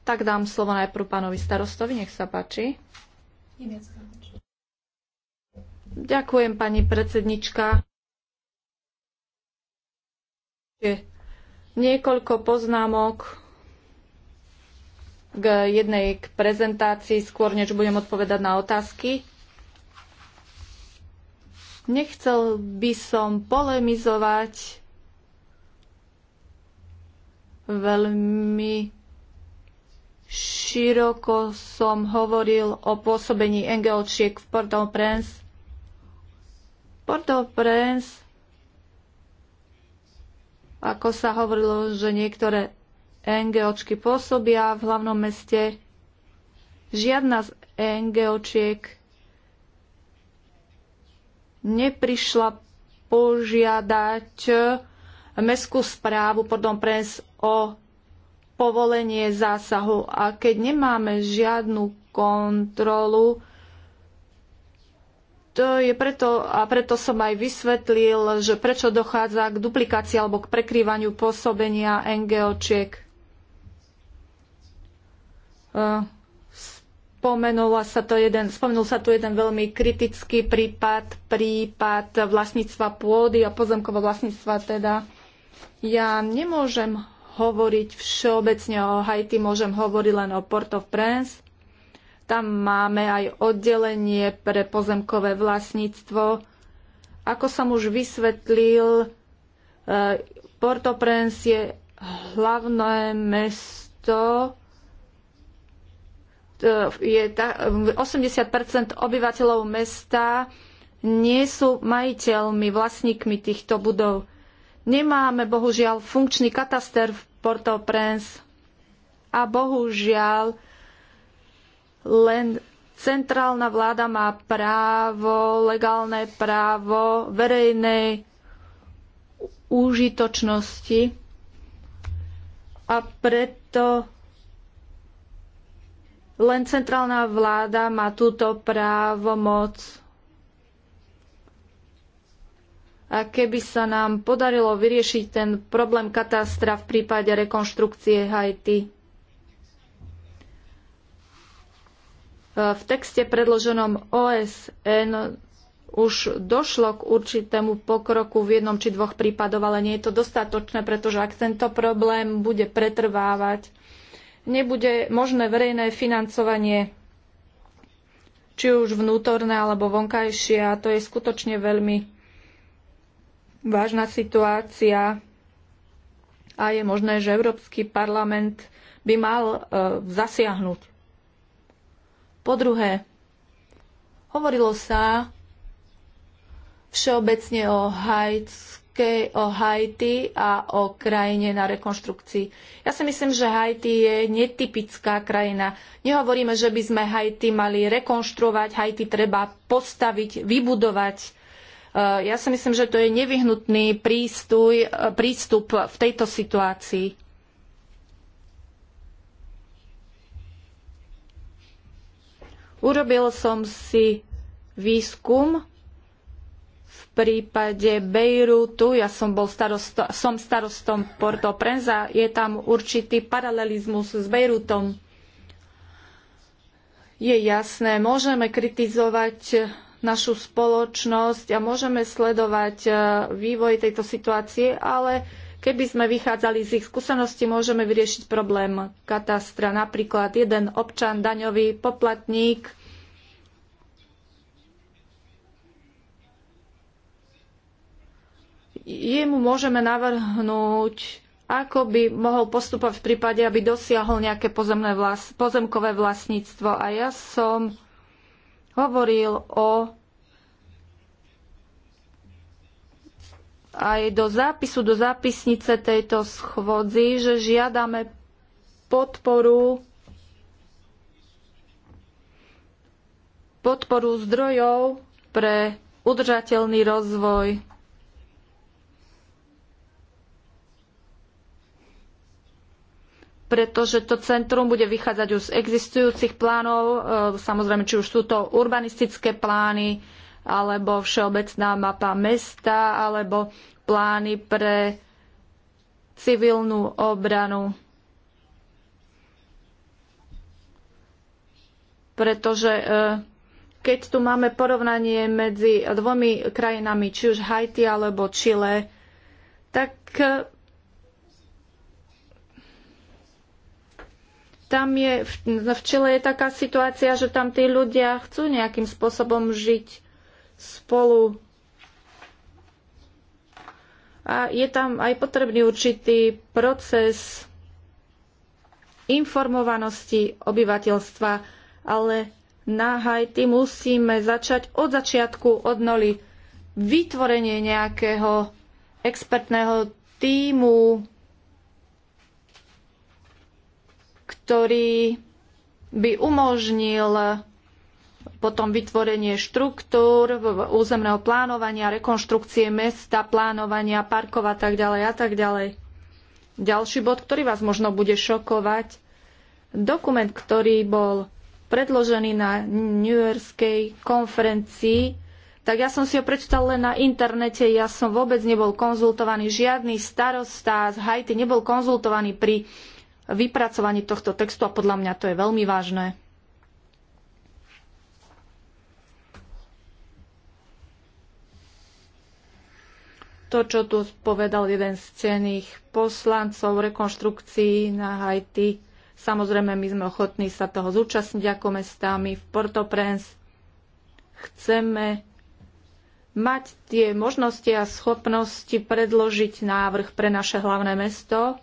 Tak dám slovo najprv pánovi starostovi, nech sa páči. Ďakujem, pani predsednička. Niekoľko poznámok k jednej k prezentácii, skôr než budem odpovedať na otázky. Nechcel by som polemizovať veľmi Široko som hovoril o pôsobení NGOčiek v Port-au-Prince. Port-au-Prince, ako sa hovorilo, že niektoré NGOčky pôsobia v hlavnom meste, žiadna z NGOčiek neprišla požiadať mestskú správu Port-au-Prince o povolenie zásahu. A keď nemáme žiadnu kontrolu, to je preto, a preto som aj vysvetlil, že prečo dochádza k duplikácii alebo k prekrývaniu pôsobenia NGOčiek. E, spomenula sa to jeden, spomenul sa tu jeden veľmi kritický prípad, prípad vlastníctva pôdy a pozemkového vlastníctva teda. Ja nemôžem hovoriť všeobecne o Haiti, môžem hovoriť len o Port-au-Prince. Tam máme aj oddelenie pre pozemkové vlastníctvo. Ako som už vysvetlil, e, Port-au-Prince je hlavné mesto je ta, 80 obyvateľov mesta nie sú majiteľmi, vlastníkmi týchto budov. Nemáme bohužiaľ funkčný kataster v Port-au-Prince a bohužiaľ len centrálna vláda má právo, legálne právo verejnej úžitočnosti a preto len centrálna vláda má túto právomoc A keby sa nám podarilo vyriešiť ten problém katastra v prípade rekonštrukcie Haiti. E, v texte predloženom OSN už došlo k určitému pokroku v jednom či dvoch prípadoch, ale nie je to dostatočné, pretože ak tento problém bude pretrvávať, nebude možné verejné financovanie či už vnútorné alebo vonkajšie a to je skutočne veľmi vážna situácia a je možné, že Európsky parlament by mal e, zasiahnuť. Po druhé, hovorilo sa všeobecne o Haitskej, o Haiti a o krajine na rekonštrukcii. Ja si myslím, že Haiti je netypická krajina. Nehovoríme, že by sme Haiti mali rekonštruovať, Haiti treba postaviť, vybudovať Eh, ja si myslím, že to je nevyhnutný prístuj, eh, prístup v tejto situácii. Urobil som si výskum v prípade Bejrútu. Ja som, bol starosto, som starostom Port-au-Prince je tam určitý paralelizmus s Bejrútom. Je jasné, môžeme kritizovať našu spoločnosť a môžeme sledovať e, vývoj tejto situácie, ale keby sme vychádzali z ich skúseností, môžeme vyriešiť problém katastra. Napríklad jeden občan, daňový poplatník, jemu môžeme navrhnúť, ako by mohol postupovať v prípade, aby dosiahol nejaké pozemné vlas- pozemkové vlastníctvo. A ja som hovoril o aj do zápisu, do zápisnice tejto schôdzi, že žiadame podporu podporu zdrojov pre udržateľný rozvoj. pretože to centrum bude vychádzať už z existujúcich plánov, e, samozrejme, či už sú to urbanistické plány, alebo všeobecná mapa mesta, alebo plány pre civilnú obranu. Pretože e, keď tu máme porovnanie medzi dvomi krajinami, či už Haiti alebo Chile, tak e, tam je, v Čile je taká situácia, že tam tí ľudia chcú nejakým spôsobom žiť spolu. A je tam aj potrebný určitý proces informovanosti obyvateľstva, ale na Haiti musíme začať od začiatku, od noli, Vytvorenie nejakého expertného týmu, ktorý by umožnil potom vytvorenie štruktúr, územného plánovania, rekonštrukcie mesta, plánovania parkov a tak ďalej a tak ďalej. Ďalší bod, ktorý vás možno bude šokovať, dokument, ktorý bol predložený na New Yorkskej konferencii, tak ja som si ho prečítal len na internete, ja som vôbec nebol konzultovaný, žiadny starostá z Haiti nebol konzultovaný pri vypracovaní tohto textu a podľa mňa to je veľmi vážne. To, čo tu povedal jeden z cených poslancov rekonštrukcií na Haiti, samozrejme my sme ochotní sa toho zúčastniť ako mestami v Port-au-Prince. Chceme mať tie možnosti a schopnosti predložiť návrh pre naše hlavné mesto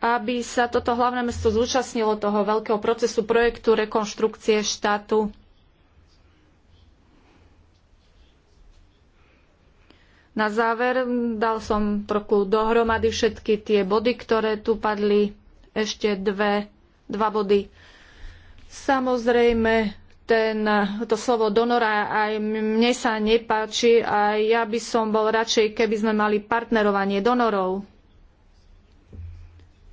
aby sa toto hlavné mesto zúčastnilo toho veľkého procesu projektu rekonštrukcie štátu. Na záver dal som trochu dohromady všetky tie body, ktoré tu padli. Ešte dve, dva body. Samozrejme, ten, to slovo donora aj mne sa nepáči a ja by som bol radšej, keby sme mali partnerovanie donorov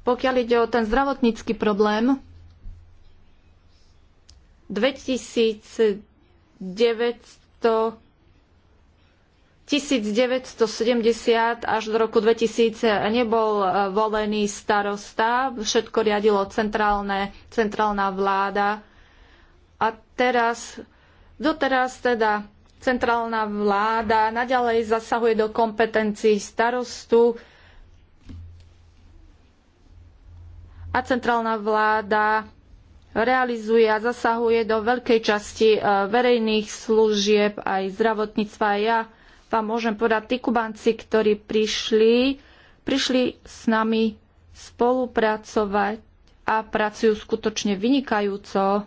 pokiaľ ide o ten zdravotnícky problém, 2900 1970 až do roku 2000 nebol e, volený starosta, všetko riadilo centrálne, centrálna vláda. A teraz, doteraz teda centrálna vláda naďalej zasahuje do kompetencií starostu, a centrálna vláda realizuje a zasahuje do veľkej časti e, verejných služieb aj zdravotníctva. Ja vám môžem povedať, tí Kubanci, ktorí prišli, prišli s nami spolupracovať a pracujú skutočne vynikajúco.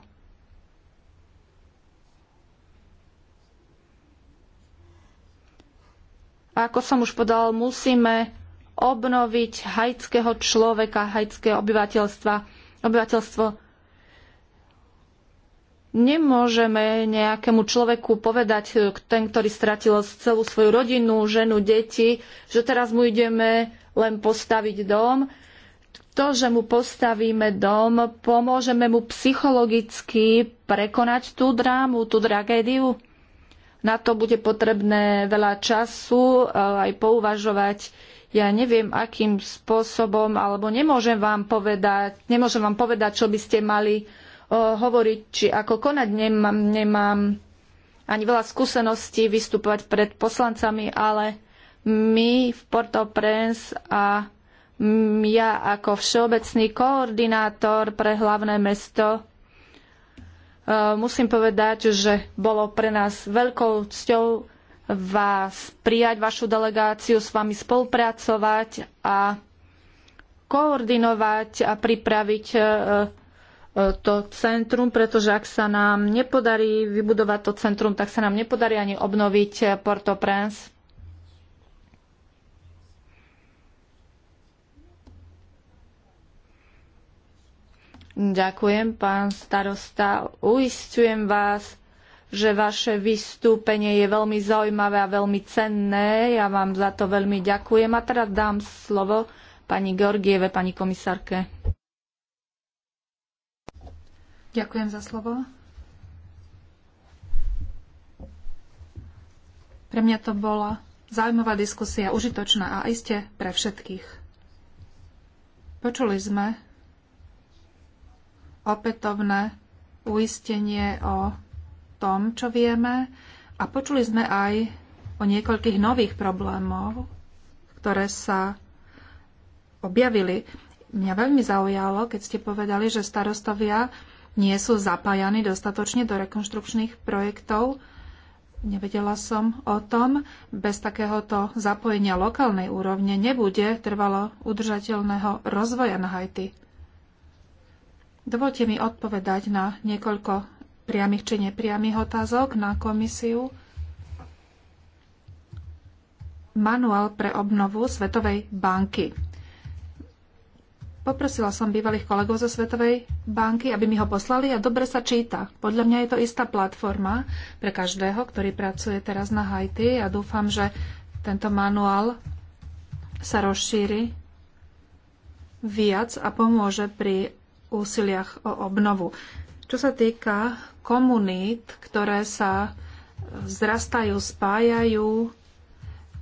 A ako som už podal, musíme obnoviť haitského človeka, haitské obyvateľstva, obyvateľstvo. Nemôžeme nejakému človeku povedať, e, ten, ktorý stratil celú svoju rodinu, ženu, deti, že teraz mu ideme len postaviť dom. To, že mu postavíme dom, pomôžeme mu psychologicky prekonať tú drámu, tú tragédiu. Na to bude potrebné veľa času e, aj pouvažovať. Ja neviem, akým spôsobom, alebo nemôžem vám povedať, nemôžem vám povedať, čo by ste mali uh, hovoriť, či ako konať. Nemám, nemám ani veľa skúseností vystupovať pred poslancami, ale my v Port-au-Prince a ja ako všeobecný koordinátor pre hlavné mesto eh, musím povedať, že bolo pre nás veľkou cťou vás prijať, vašu delegáciu, s vami spolupracovať a koordinovať a pripraviť e, e, to centrum, pretože ak sa nám nepodarí vybudovať to centrum, tak sa nám nepodarí ani obnoviť Port-au-Prince. Ďakujem, pán starosta. Uistujem vás, že vaše vystúpenie je veľmi zaujímavé a veľmi cenné. Ja vám za to veľmi ďakujem. A teraz dám slovo pani Georgieve, pani komisárke. Ďakujem za slovo. Pre mňa to bola zaujímavá diskusia, užitočná a iste pre všetkých. Počuli sme opätovné uistenie o tom, čo vieme a počuli sme aj o niekoľkých nových problémov, ktoré sa objavili. Mňa veľmi zaujalo, keď ste povedali, že starostovia nie sú zapájani dostatočne do rekonštrukčných projektov. Nevedela som o tom. Bez takéhoto zapojenia lokálnej úrovne nebude trvalo udržateľného rozvoja na Haiti. Dovolte mi odpovedať na niekoľko priamých či nepriamých otázok na komisiu. Manuál pre obnovu Svetovej banky. Poprosila som bývalých kolegov zo Svetovej banky, aby mi ho poslali a dobre sa číta. Podľa mňa je to istá platforma pre každého, ktorý pracuje teraz na Haiti a ja dúfam, že tento manuál sa rozšíri viac a pomôže pri úsiliach o obnovu. Čo sa týka komunít, ktoré sa vzrastajú, spájajú.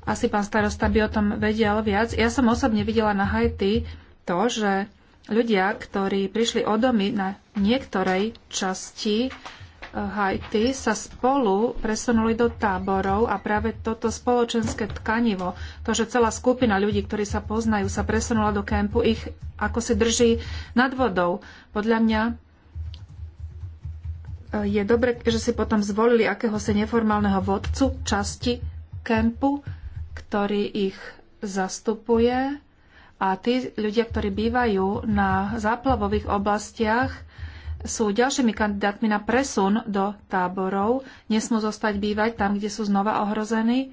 Asi pán starosta by o tom vedel viac. Ja som osobne videla na Haiti to, že ľudia, ktorí prišli o domy na niektorej časti eh, Haiti, sa spolu presunuli do táborov a práve toto spoločenské tkanivo, to, že celá skupina ľudí, ktorí sa poznajú, sa presunula do kempu, ich ako si drží nad vodou. Podľa mňa je dobre, že si potom zvolili akéhosi neformálneho vodcu časti kempu, ktorý ich zastupuje. A tí ľudia, ktorí bývajú na záplavových oblastiach, sú ďalšími kandidátmi na presun do táborov, nesmú zostať bývať tam, kde sú znova ohrození.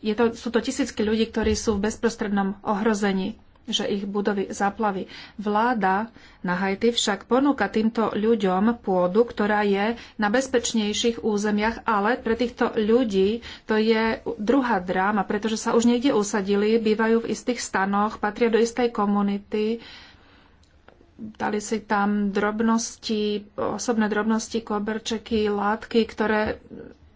Je to, sú to tisícky ľudí, ktorí sú v bezprostrednom ohrození že ich budovy zaplaví. Vláda na Haiti však ponúka týmto ľuďom pôdu, ktorá je na bezpečnejších územiach, ale pre týchto ľudí to je druhá dráma, pretože sa už niekde usadili, bývajú v istých stanoch, patria do istej komunity, dali si tam drobnosti, osobné drobnosti, koberčeky, látky, ktoré,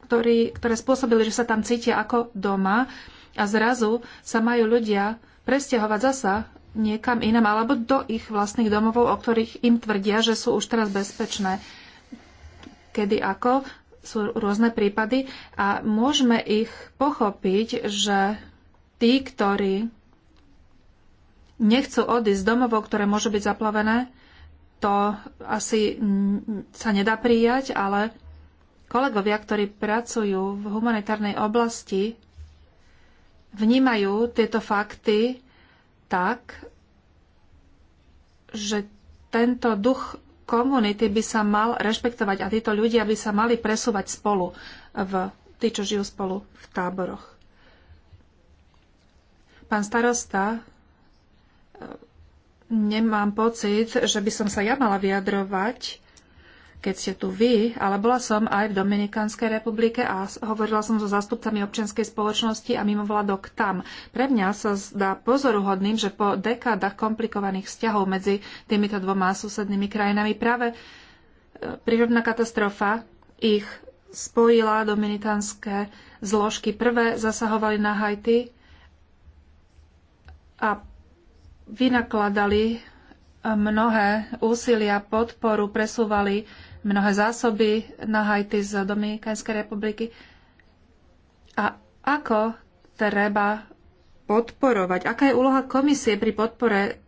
ktorý, ktoré spôsobili, že sa tam cítia ako doma a zrazu sa majú ľudia presťahovať zasa niekam inam alebo do ich vlastných domovov, o ktorých im tvrdia, že sú už teraz bezpečné. Kedy ako? Sú rôzne prípady a môžeme ich pochopiť, že tí, ktorí nechcú odísť z domovov, ktoré môžu byť zaplavené, to asi sa nedá prijať, ale kolegovia, ktorí pracujú v humanitárnej oblasti, vnímajú tieto fakty tak, že tento duch komunity by sa mal rešpektovať a títo ľudia by sa mali presúvať spolu, v, tí, čo žijú spolu v táboroch. Pán starosta, e, nemám pocit, že by som sa ja mala vyjadrovať keď ste tu vy, ale bola som aj v Dominikánskej republike a hovorila som so zástupcami občianskej spoločnosti a vládok tam. Pre mňa sa zdá pozoruhodným, že po dekádach komplikovaných vzťahov medzi týmito dvoma susednými krajinami práve e, prírodná katastrofa ich spojila dominikánske zložky. Prvé zasahovali na Haiti a vynakladali mnohé úsilia, podporu, presúvali mnohé zásoby na Haiti z Dominikánskej republiky. A ako treba podporovať? Aká je úloha komisie pri podpore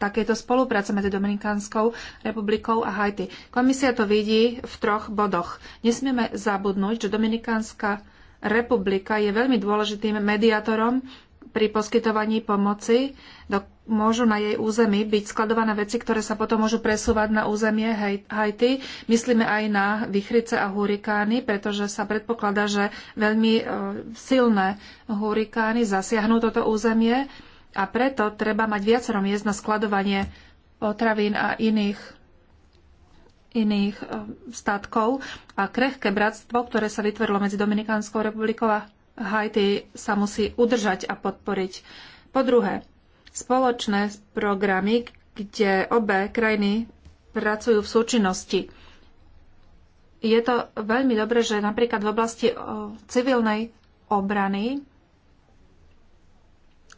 takéto spolupráce medzi Dominikánskou republikou a Haiti? Komisia to vidí v troch bodoch. Nesmieme zabudnúť, že Dominikánska republika je veľmi dôležitým mediátorom pri poskytovaní pomoci do, môžu na jej území byť skladované veci, ktoré sa potom môžu presúvať na územie Haiti. Myslíme aj na vychrice a hurikány, pretože sa predpokladá, že veľmi e, silné hurikány zasiahnu toto územie a preto treba mať viacero miest na skladovanie potravín a iných iných e, statkov a krehké bratstvo, ktoré sa vytvorilo medzi Dominikánskou republikou a Haiti sa musí udržať a podporiť. Po druhé, spoločné programy, kde obe krajiny pracujú v súčinnosti. Je to veľmi dobré, že napríklad v oblasti civilnej obrany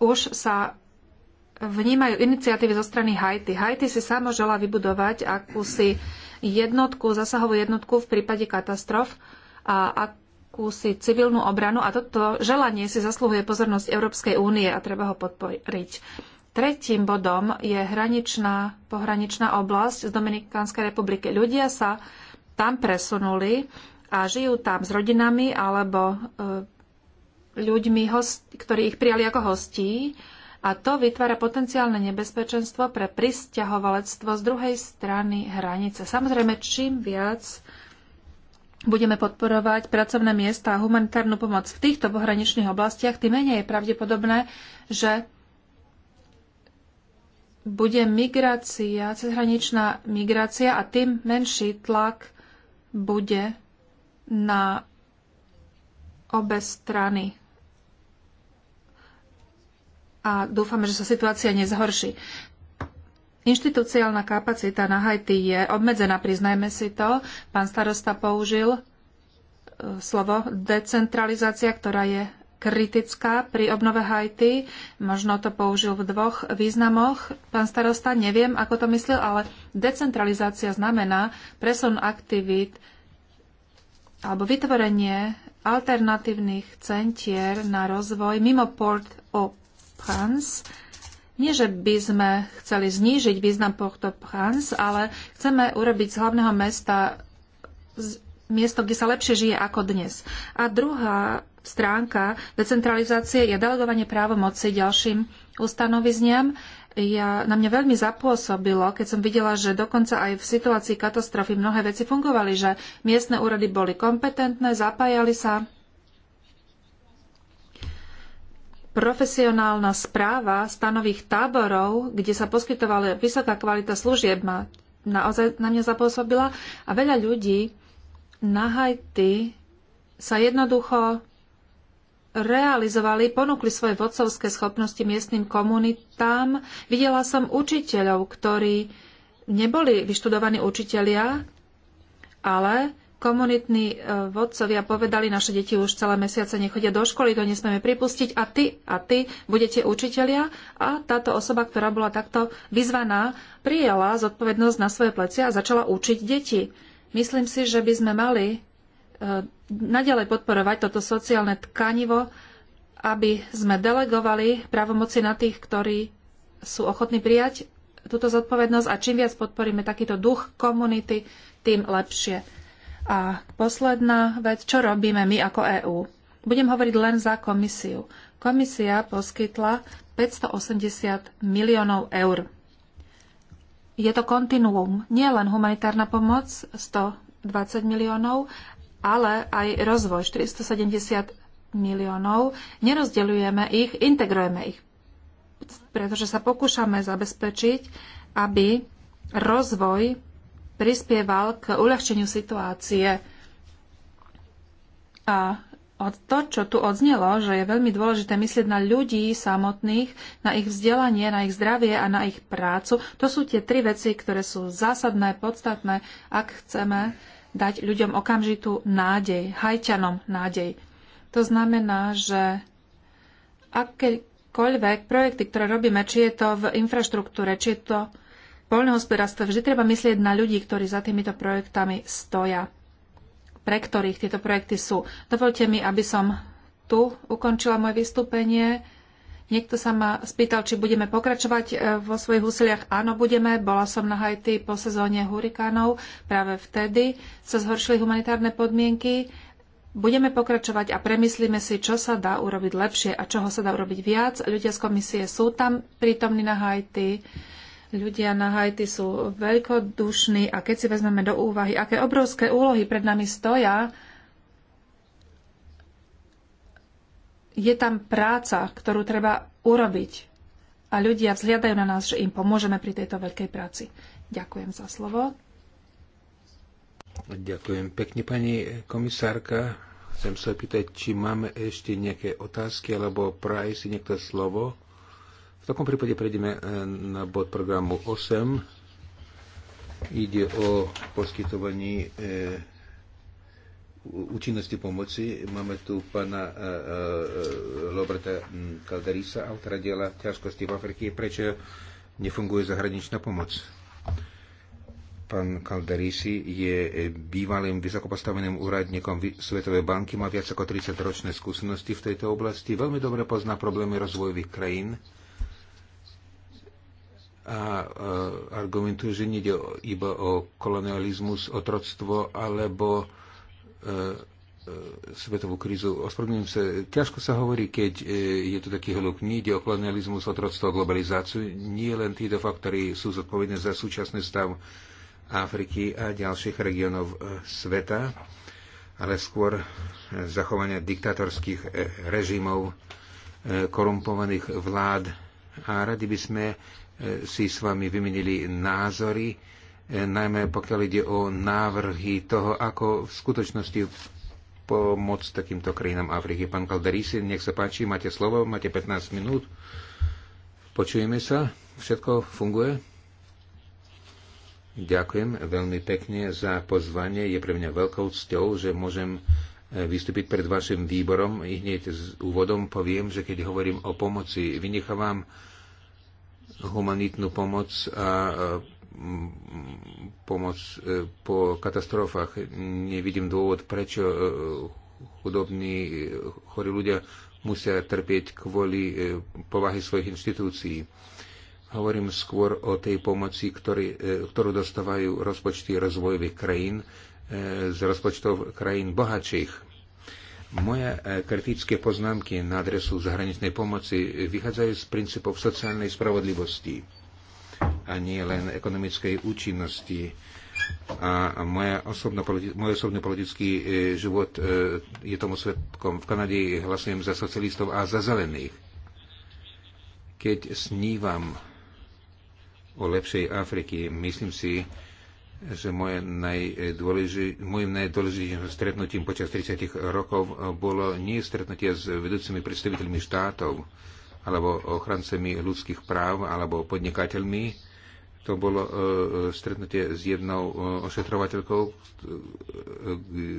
už sa vnímajú iniciatívy zo strany Haiti. Haiti si samo žela vybudovať akúsi jednotku, zasahovú jednotku v prípade katastrof a ak akúsi civilnú obranu a toto želanie si zasluhuje pozornosť Európskej únie a treba ho podporiť. Tretím bodom je hraničná, pohraničná oblasť z Dominikánskej republiky. Ľudia sa tam presunuli a žijú tam s rodinami alebo e, ľuďmi, host, ktorí ich prijali ako hostí a to vytvára potenciálne nebezpečenstvo pre prisťahovalectvo z druhej strany hranice. Samozrejme, čím viac budeme podporovať pracovné miesta a humanitárnu pomoc v týchto pohraničných oblastiach, tým menej je pravdepodobné, že bude migrácia, cezhraničná migrácia a tým menší tlak bude na obe strany. A dúfame, že sa situácia nezhorší. Inštitúciálna kapacita na Haiti je obmedzená, priznajme si to. Pán starosta použil e, slovo decentralizácia, ktorá je kritická pri obnove Haiti. Možno to použil v dvoch významoch. Pán starosta, neviem, ako to myslel, ale decentralizácia znamená presun aktivít alebo vytvorenie alternatívnych centier na rozvoj mimo Port au Prince, nie, že by sme chceli znížiť význam Port-au-Prince, ale chceme urobiť z hlavného mesta miesto, kde sa lepšie žije ako dnes. A druhá stránka decentralizácie je delegovanie právomoci ďalším ustanovizniam. Ja, na mňa veľmi zapôsobilo, keď som videla, že dokonca aj v situácii katastrofy mnohé veci fungovali, že miestne úrady boli kompetentné, zapájali sa profesionálna správa stanových táborov, kde sa poskytovala vysoká kvalita služieb, ma naozaj na mňa zapôsobila a veľa ľudí na Haiti sa jednoducho realizovali, ponúkli svoje vodcovské schopnosti miestnym komunitám. Videla som učiteľov, ktorí neboli vyštudovaní učitelia, ale komunitní e, vodcovia povedali, naše deti už celé mesiace nechodia do školy, to nesmieme pripustiť a ty a ty budete učitelia a táto osoba, ktorá bola takto vyzvaná, prijala zodpovednosť na svoje plecia a začala učiť deti. Myslím si, že by sme mali e, naďalej podporovať toto sociálne tkanivo, aby sme delegovali právomoci na tých, ktorí sú ochotní prijať túto zodpovednosť a čím viac podporíme takýto duch komunity, tým lepšie. A posledná vec, čo robíme my ako EÚ? Budem hovoriť len za komisiu. Komisia poskytla 580 miliónov eur. Je to kontinuum, nie len humanitárna pomoc 120 miliónov, ale aj rozvoj 470 miliónov. Nerozdeľujeme ich, integrujeme ich, pretože sa pokúšame zabezpečiť, aby rozvoj prispieval k uľahčeniu situácie. A od to, čo tu odznelo, že je veľmi dôležité myslieť na ľudí samotných, na ich vzdelanie, na ich zdravie a na ich prácu, to sú tie tri veci, ktoré sú zásadné, podstatné, ak chceme dať ľuďom okamžitú nádej, hajťanom nádej. To znamená, že akékoľvek projekty, ktoré robíme, či je to v infraštruktúre, či je to poľnohospodárstve vždy treba myslieť na ľudí, ktorí za týmito projektami stoja, pre ktorých tieto projekty sú. Dovolte mi, aby som tu ukončila moje vystúpenie. Niekto sa ma spýtal, či budeme pokračovať e, vo svojich úsiliach. Áno, budeme. Bola som na Haiti po sezóne hurikánov. Práve vtedy sa zhoršili humanitárne podmienky. Budeme pokračovať a premyslíme si, čo sa dá urobiť lepšie a čoho sa dá urobiť viac. Ľudia z komisie sú tam prítomní na Haiti. Ľudia na Haiti sú veľkodušní a keď si vezmeme do úvahy, aké obrovské úlohy pred nami stoja, je tam práca, ktorú treba urobiť. A ľudia vzhľadajú na nás, že im pomôžeme pri tejto veľkej práci. Ďakujem za slovo. Ďakujem pekne, pani komisárka. Chcem sa pýtať, či máme ešte nejaké otázky, alebo praje si niekto slovo. V takom prípade prejdeme e, na bod programu 8. Ide o poskytovaní e, účinnosti pomoci. Máme tu pana e, Roberta Kaldarisa, autora diela Ťažkosti v Afrike. Prečo nefunguje zahraničná pomoc? Pán Kaldarisi je bývalým vysokopostaveným úradníkom Svetovej banky, má viac ako 30 ročné skúsenosti v tejto oblasti, veľmi dobre pozná problémy rozvojových krajín a argumentujú, že nejde iba o kolonializmus, otroctvo alebo e, e, svetovú krízu. Ospravedlňujem sa, ťažko sa hovorí, keď e, je tu taký hľuk. Nie ide o kolonializmus, otroctvo a globalizáciu. Nie len títo faktory sú zodpovedné za súčasný stav Afriky a ďalších regiónov sveta, ale skôr zachovania diktatorských režimov, korumpovaných vlád. A radi by sme si s vami vymenili názory, e, najmä pokiaľ ide o návrhy toho, ako v skutočnosti pomôcť takýmto krajinám Afriky. Pán Kalderisi, nech sa páči, máte slovo, máte 15 minút. Počujeme sa, všetko funguje. Ďakujem veľmi pekne za pozvanie. Je pre mňa veľkou cťou, že môžem e, vystúpiť pred vašim výborom. I hneď s úvodom poviem, že keď hovorím o pomoci, vynechávam vám humanitnú pomoc a mm, pomoc e, po katastrofách. Nevidím dôvod, prečo e, chudobní, e, chorí ľudia musia trpieť kvôli povahy svojich inštitúcií. Hovorím skôr o tej pomoci, ktorý, ktorú dostávajú rozpočty rozvojových krajín z rozpočtov krajín bohatších moje e, kritické poznámky na adresu zahraničnej pomoci vychádzajú z princípov sociálnej spravodlivosti a nie len ekonomickej účinnosti. A moja osobno, môj osobný politický e, život e, je tomu svetkom. V Kanade hlasujem za socialistov a za zelených. Keď snívam o lepšej Afriky, myslím si, že moje najdôleži- môjim najdôležitejším stretnutím počas 30 rokov bolo nie stretnutie s vedúcimi predstaviteľmi štátov alebo ochrancami ľudských práv alebo podnikateľmi. To bolo e, stretnutie s jednou e, ošetrovateľkou,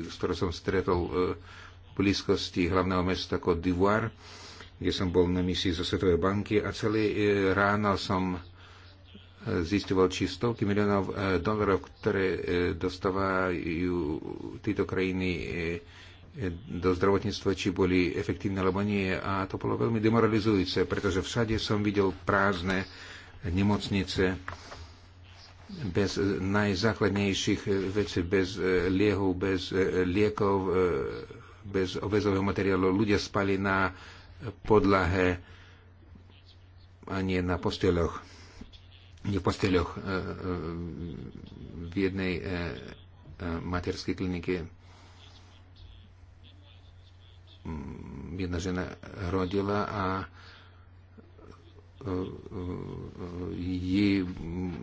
s ktorou som stretol e, v blízkosti hlavného mesta Côte d'Ivoire, kde som bol na misii zo Svetovej banky a celý e, ráno som zistoval, či stovky miliónov e, dolarov, ktoré e, dostávajú títo krajiny e, do zdravotníctva, či boli efektívne alebo nie. A to bolo veľmi demoralizujúce, pretože všade som videl prázdne nemocnice bez najzákladnejších vecí, bez liehov, bez liekov, bez obezového materiálu. Ľudia spali na podlahe a nie na posteloch nie v posteľoch, e, e, v jednej e, materskej klinike mm, jedna žena rodila a jej,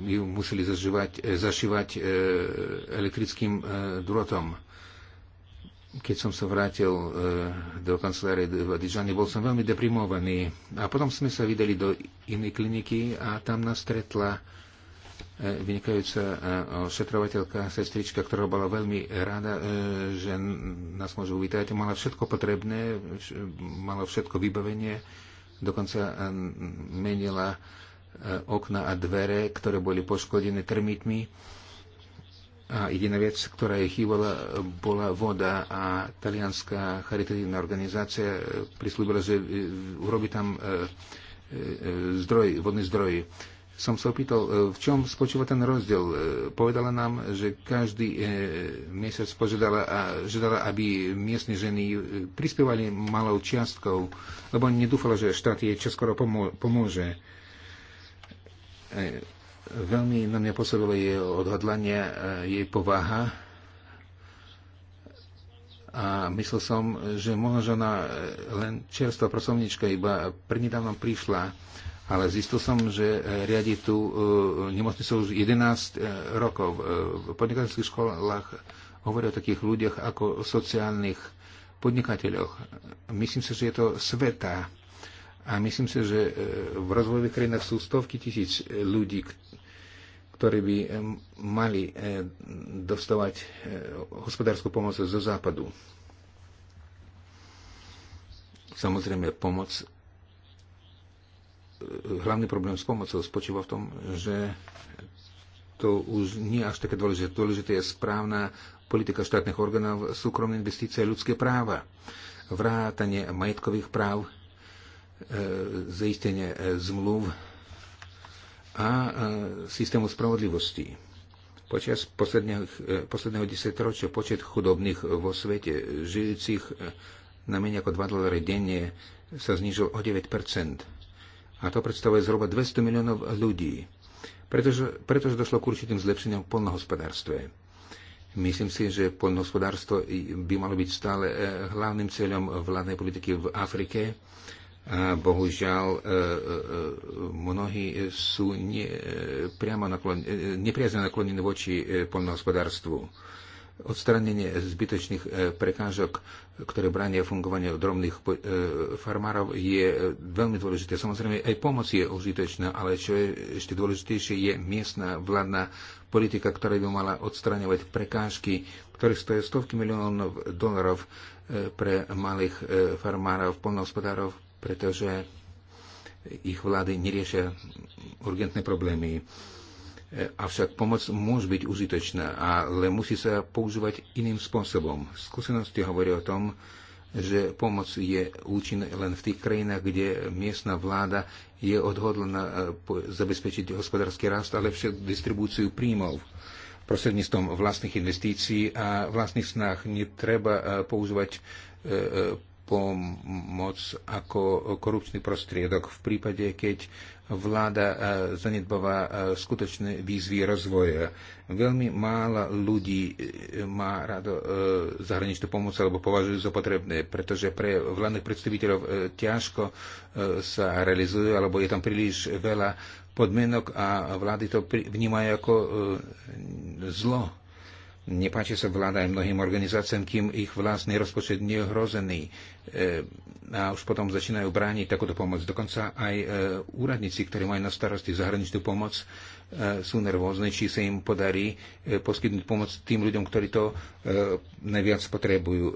ju museli zažívať, zašívať elektrickým drotom keď som sa vrátil e, do kancelárie v Adižane, bol som veľmi deprimovaný. A potom sme sa videli do inej kliniky a tam nás stretla e, vynikajúca e, ošetrovateľka, sestrička, ktorá bola veľmi rada, že nás môžu uvítať. Mala všetko potrebné, mala všetko vybavenie, dokonca menila okna a dvere, ktoré boli poškodené termitmi a jediná vec, ktorá jej chýbala, bola voda a talianská charitativná organizácia prislúbila, že urobi tam e, e, zdroj, vodný zdroj. Som sa opýtal, e, v čom spočíva ten rozdiel. Povedala nám, že každý mesiac požiadala, a žiadala, aby miestne ženy prispievali malou čiastkou, lebo nedúfala, že štát jej čoskoro pomôže Veľmi na mňa pôsobilo jej odhodlanie, e, jej povaha. A myslel som, že že ona e, len čerstvá pracovníčka iba prednedávno prišla, ale zistil som, že e, riadi tu nemocnicu už 11 rokov. V podnikateľských školách hovoria o takých ľuďoch ako sociálnych podnikateľoch. Myslím si, že je to sveta. A myslím si, že v rozvojových krajinách sú stovky tisíc ľudí, ktorí by eh, mali eh, dostávať eh, hospodárskú pomoc zo západu. Samozrejme, pomoc, hlavný problém s pomocou spočíva v tom, že to už nie až také dôležité. Dôležité je správna politika štátnych orgánov, súkromné investície, ľudské práva, vrátanie majetkových práv, zaistenie zmluv a e, systému spravodlivosti. Počas posledného e, desetročia počet chudobných vo svete, žijúcich e, na menej ako 2 dolary denne, sa znižil o 9 A to predstavuje zhruba 200 miliónov ľudí, pretože, pretože došlo k určitým zlepšeniam v polnohospodárstve. Myslím si, že polnohospodárstvo by malo byť stále hlavným cieľom vládnej politiky v Afrike a bohužiaľ, e, e, e, mnohí sú ne, priamo naklon, nepriazne naklonení voči poľnohospodárstvu. Odstranenie zbytočných prekážok, ktoré bránia fungovanie drobných farmárov, je veľmi dôležité. Samozrejme, aj pomoc je užitočná, ale čo je ešte dôležitejšie, je miestna vládna politika, ktorá by mala odstraňovať prekážky, ktoré stojí stovky miliónov dolarov pre malých farmárov, polnohospodárov, pretože ich vlády neriešia urgentné problémy. E, avšak pomoc môže byť užitočná, ale musí sa používať iným spôsobom. Skúsenosti hovoria o tom, že pomoc je účinná len v tých krajinách, kde miestna vláda je odhodlená e, zabezpečiť hospodársky rast a lepšiu distribúciu príjmov prostredníctvom vlastných investícií a vlastných snách. Netreba e, používať pomoc ako korupčný prostriedok v prípade, keď vláda e, zanedbáva e, skutočné výzvy rozvoja. Veľmi málo ľudí e, má rado zahraničnú pomoc alebo považujú za potrebné, pretože pre vládnych predstaviteľov ťažko sa realizujú alebo je tam príliš veľa podmienok a vlády to vnímajú ako zlo Nepáči sa vláda aj mnohým organizáciám, kým ich vlastný rozpočet nie je ohrozený. E, a už potom začínajú brániť takúto pomoc. Dokonca aj e, úradníci, ktorí majú na starosti zahraničnú pomoc, e, sú nervózni, či sa im podarí e, poskytnúť pomoc tým ľuďom, ktorí to e, najviac potrebujú. E,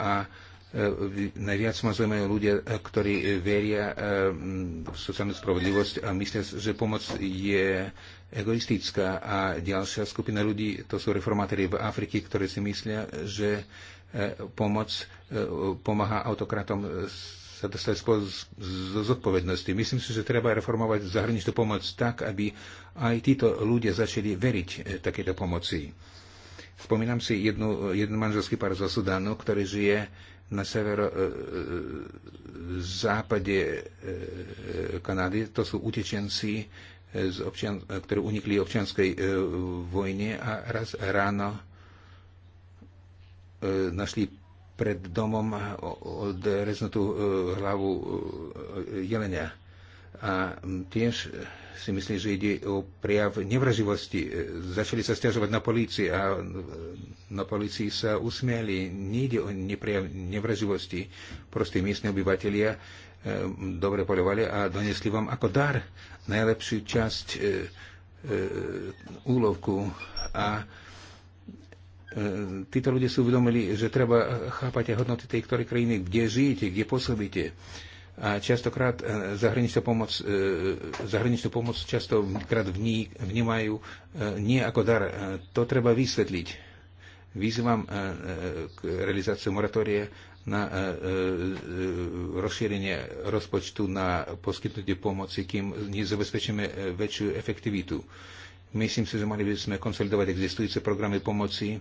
a e, najviac ma zaujímajú ľudia, e, ktorí veria e, v sociálnu spravodlivosť a myslia, že pomoc je egoistická. A ďalšia skupina ľudí, to sú reformátori v Afrike, ktorí si myslia, že e, pomoc e, pomáha autokratom sa dostať z zodpovednosti. Myslím si, že treba reformovať zahraničnú pomoc tak, aby aj títo ľudia začali veriť e, takéto pomoci. Spomínam si jednu, jeden manželský pár zo Sudánu, ktorý žije na severo e, západe e, Kanady. To sú utečenci, z občian, ktorí unikli občianskej e, vojne a raz ráno e, našli pred domom odreznutú e, hlavu jelenia. A tiež si myslí, že ide o prejav nevraživosti. Začali sa stiažovať na polícii a na polícii sa usmiali. Nejde o prejav nevraživosti. Proste miestne obyvateľia dobre poľovali a donesli vám ako dar najlepšiu časť e, e, úlovku a e, títo ľudia si uvedomili, že treba chápať aj hodnoty tej ktorej krajiny, kde žijete, kde pôsobíte. A častokrát e, zahraničnú pomoc, e, zahraničnú pomoc často krát vní, vnímajú nie ako dar. To treba vysvetliť. Vyzývam k realizáciu moratória na e, e, rozšírenie rozpočtu na poskytnutie pomoci, kým nezabezpečíme e, väčšiu efektivitu. Myslím si, že mali by sme konsolidovať existujúce programy pomoci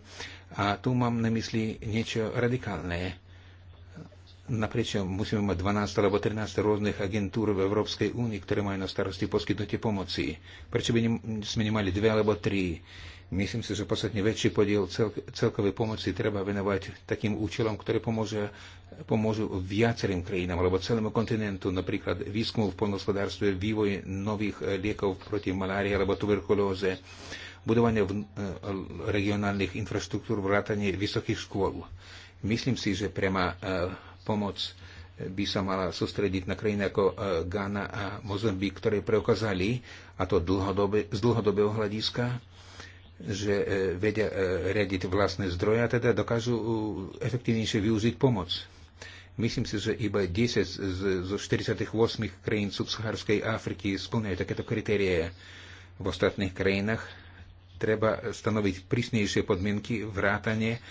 a tu mám na mysli niečo radikálne. Naprieč musíme mať 12 alebo 13 rôznych agentúr v Európskej únii, ktoré majú na starosti poskytnutie pomoci. Prečo by ne, sme nemali dve alebo tri? Myslím si, že podstatne väčší podiel celkovej pomoci treba venovať takým účelom, ktoré pomôže, pomôžu viacerým krajinám alebo celému kontinentu, napríklad výskumu v polnospodárstve, vývoj nových eh, liekov proti malárii alebo tuberkulóze, budovanie eh, regionálnych infraštruktúr, vrátanie vysokých škôl. Myslím si, že prema eh, pomoc by sa mala sústrediť na krajiny ako Ghana a Mozambik, ktoré preukázali, a to dlhodobé, z dlhodobého hľadiska, že e, vedia e, riadiť vlastné zdroje a teda dokážu e, efektívnejšie využiť pomoc. Myslím si, že iba 10 zo 48 krajín subsaharskej Afriky splňajú takéto kritérie. V ostatných krajinách treba stanoviť prísnejšie podmienky vrátanie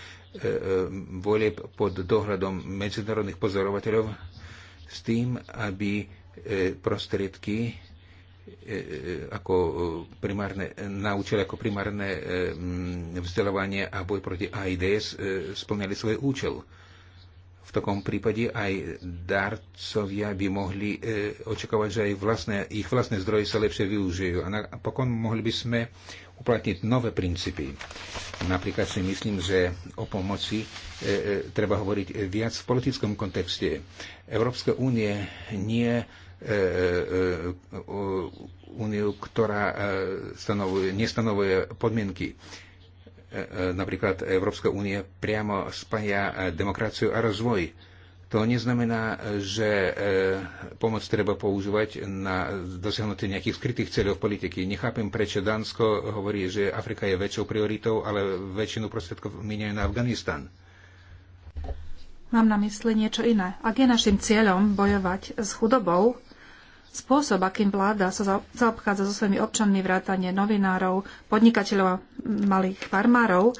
volieb pod dohľadom medzinárodných pozorovateľov s tým, aby prostriedky E, e, e, ako primárne, naučili ako primárne vzdelávanie a boj proti AIDS splňali svoj účel. V takom prípade aj darcovia by mohli očakávať, že aj vlastné, ich vlastné zdroje sa lepšie využijú. A napokon mohli by sme uplatniť nové princípy. Napríklad si myslím, že o pomoci e, e, treba hovoriť viac v politickom kontexte. Európska únie nie úniu, e, e, ktorá e, stanovuje, nestanovuje podmienky. Napríklad Európska únia priamo spája demokraciu a rozvoj. To neznamená, že pomoc treba používať na dosiahnutie nejakých skrytých cieľov politiky. Nechápem, prečo Dánsko hovorí, že Afrika je väčšou prioritou, ale väčšinu prostriedkov minie na Afganistan. Mám na mysli niečo iné. Ak je našim cieľom bojovať s chudobou, Spôsob, akým vláda sa zaobchádza so svojimi občanmi, vrátane novinárov, podnikateľov a malých farmárov,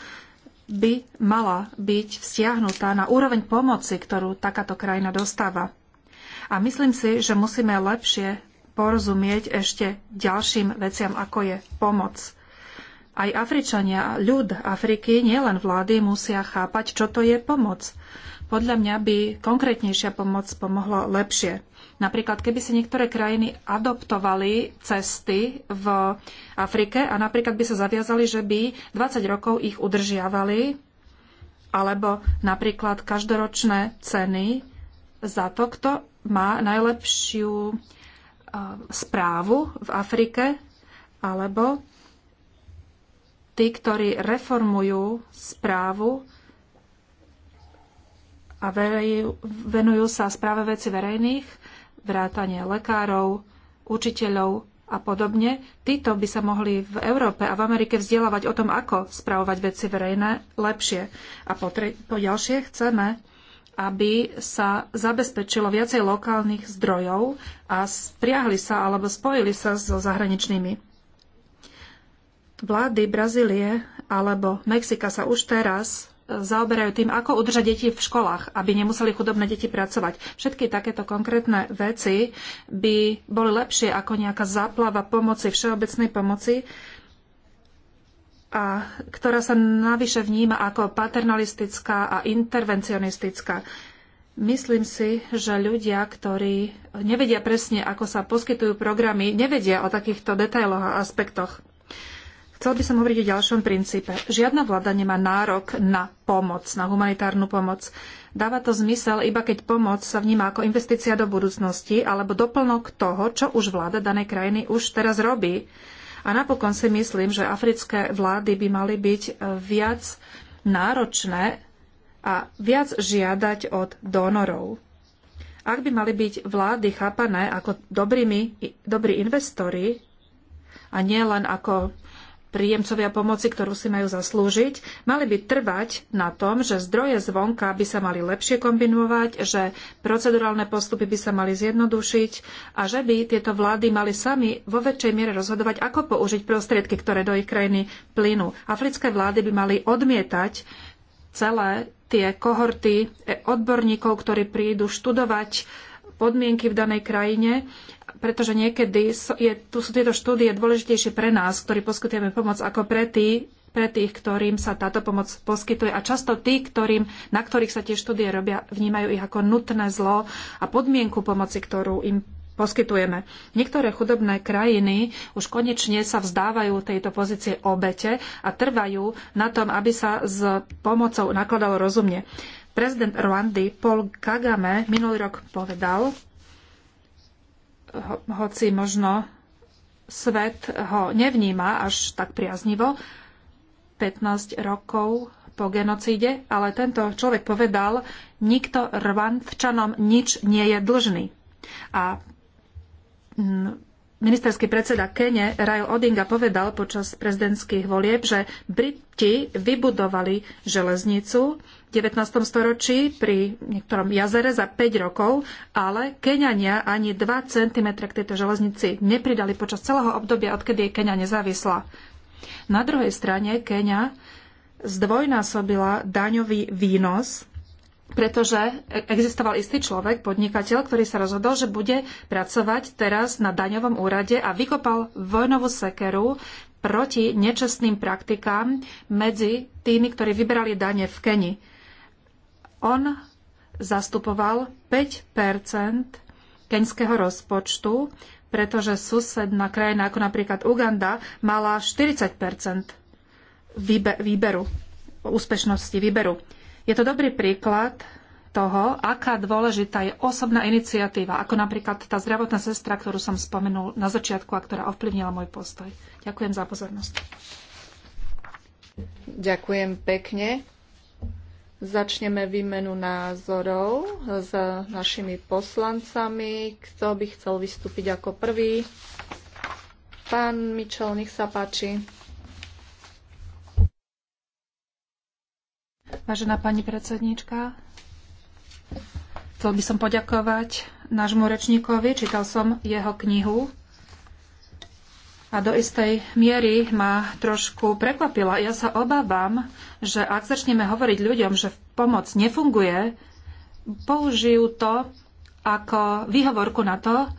by mala byť vzťahnutá na úroveň pomoci, ktorú takáto krajina dostáva. A myslím si, že musíme lepšie porozumieť ešte ďalším veciam, ako je pomoc. Aj Afričania, ľud Afriky, nielen vlády, musia chápať, čo to je pomoc. Podľa mňa by konkrétnejšia pomoc pomohla lepšie. Napríklad, keby si niektoré krajiny adoptovali cesty v Afrike a napríklad by sa zaviazali, že by 20 rokov ich udržiavali, alebo napríklad každoročné ceny za to, kto má najlepšiu správu v Afrike, alebo tí, ktorí reformujú správu a venujú sa správe veci verejných, vrátane lekárov, učiteľov a podobne. Títo by sa mohli v Európe a v Amerike vzdelávať o tom, ako spravovať veci verejné lepšie. A po, tre- po ďalšie chceme, aby sa zabezpečilo viacej lokálnych zdrojov a spriahli sa alebo spojili sa so zahraničnými vlády Brazílie alebo Mexika sa už teraz zaoberajú tým, ako udržať deti v školách, aby nemuseli chudobné deti pracovať. Všetky takéto konkrétne veci by boli lepšie ako nejaká záplava pomoci, všeobecnej pomoci, a ktorá sa navyše vníma ako paternalistická a intervencionistická. Myslím si, že ľudia, ktorí nevedia presne, ako sa poskytujú programy, nevedia o takýchto detailoch a aspektoch. Chcel by som hovoriť o ďalšom princípe. Žiadna vláda nemá nárok na pomoc, na humanitárnu pomoc. Dáva to zmysel, iba keď pomoc sa vníma ako investícia do budúcnosti alebo doplnok toho, čo už vláda danej krajiny už teraz robí. A napokon si myslím, že africké vlády by mali byť viac náročné a viac žiadať od donorov. Ak by mali byť vlády chápané ako dobrými, dobrí investori a nie len ako príjemcovia pomoci, ktorú si majú zaslúžiť, mali by trvať na tom, že zdroje zvonka by sa mali lepšie kombinovať, že procedurálne postupy by sa mali zjednodušiť a že by tieto vlády mali sami vo väčšej miere rozhodovať, ako použiť prostriedky, ktoré do ich krajiny plynú. Africké vlády by mali odmietať celé tie kohorty odborníkov, ktorí prídu študovať podmienky v danej krajine pretože niekedy je, tu sú tieto štúdie dôležitejšie pre nás, ktorí poskytujeme pomoc, ako pre, tí, pre tých, ktorým sa táto pomoc poskytuje. A často tí, ktorým, na ktorých sa tie štúdie robia, vnímajú ich ako nutné zlo a podmienku pomoci, ktorú im poskytujeme. Niektoré chudobné krajiny už konečne sa vzdávajú tejto pozície obete a trvajú na tom, aby sa s pomocou nakladalo rozumne. Prezident Rwandy Paul Kagame minulý rok povedal, ho, hoci možno svet ho nevníma až tak priaznivo, 15 rokov po genocíde, ale tento človek povedal, nikto Rwandčanom nič nie je dlžný. A mm, ministerský predseda Kene Rajo Odinga povedal počas prezidentských volieb, že Briti vybudovali železnicu 19. storočí pri niektorom jazere za 5 rokov, ale Keňania ani 2 cm k tejto železnici nepridali počas celého obdobia, odkedy je Keňa nezávislá. Na druhej strane Keňa zdvojnásobila daňový výnos pretože e- existoval istý človek, podnikateľ, ktorý sa rozhodol, že bude pracovať teraz na daňovom úrade a vykopal vojnovú sekeru proti nečestným praktikám medzi tými, ktorí vyberali dane v Keni. On zastupoval 5 keňského rozpočtu, pretože susedná krajina, ako napríklad Uganda, mala 40 výberu, úspešnosti výberu. Je to dobrý príklad toho, aká dôležitá je osobná iniciatíva, ako napríklad tá zdravotná sestra, ktorú som spomenul na začiatku a ktorá ovplyvnila môj postoj. Ďakujem za pozornosť. Ďakujem pekne. Začneme výmenu názorov s našimi poslancami. Kto by chcel vystúpiť ako prvý? Pán Mičel, nech sa páči. Vážená pani predsedníčka, chcel by som poďakovať nášmu rečníkovi. Čítal som jeho knihu a do istej miery ma trošku prekvapila. Ja sa obávam, že ak začneme hovoriť ľuďom, že pomoc nefunguje, použijú to ako výhovorku na to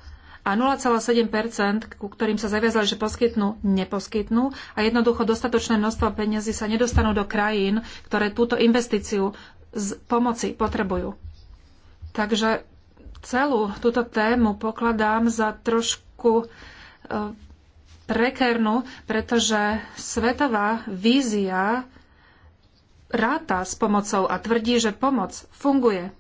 a 0,7%, ku ktorým sa zaviazali, že poskytnú, neposkytnú a jednoducho dostatočné množstvo peniazy sa nedostanú do krajín, ktoré túto investíciu z pomoci potrebujú. Takže celú túto tému pokladám za trošku eh, prekernú, pretože svetová vízia ráta s pomocou a tvrdí, že pomoc funguje.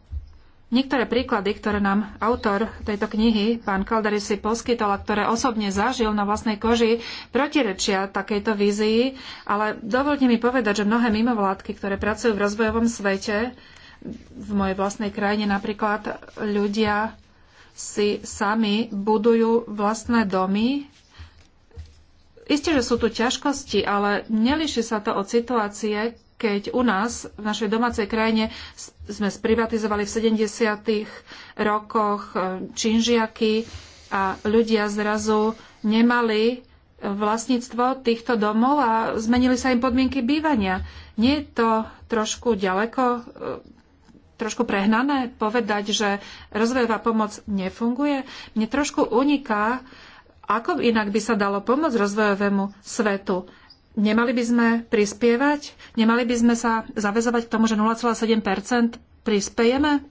Niektoré príklady, ktoré nám autor tejto knihy, pán Kalderi, si poskytol a ktoré osobne zažil na vlastnej koži, protirečia takejto vízii, ale dovolte mi povedať, že mnohé mimovládky, ktoré pracujú v rozvojovom svete, v mojej vlastnej krajine napríklad ľudia si sami budujú vlastné domy Isté, že sú tu ťažkosti, ale neliši sa to od situácie, keď u nás, v našej domácej krajine, sme sprivatizovali v 70. rokoch e, činžiaky a ľudia zrazu nemali e, vlastníctvo týchto domov a zmenili sa im podmienky bývania. Nie je to trošku ďaleko, e, trošku prehnané povedať, že rozvojová pomoc nefunguje? Mne trošku uniká, ako inak by sa dalo pomôcť rozvojovému svetu? Nemali by sme prispievať? Nemali by sme sa zavezovať k tomu, že 0,7 prispiejeme?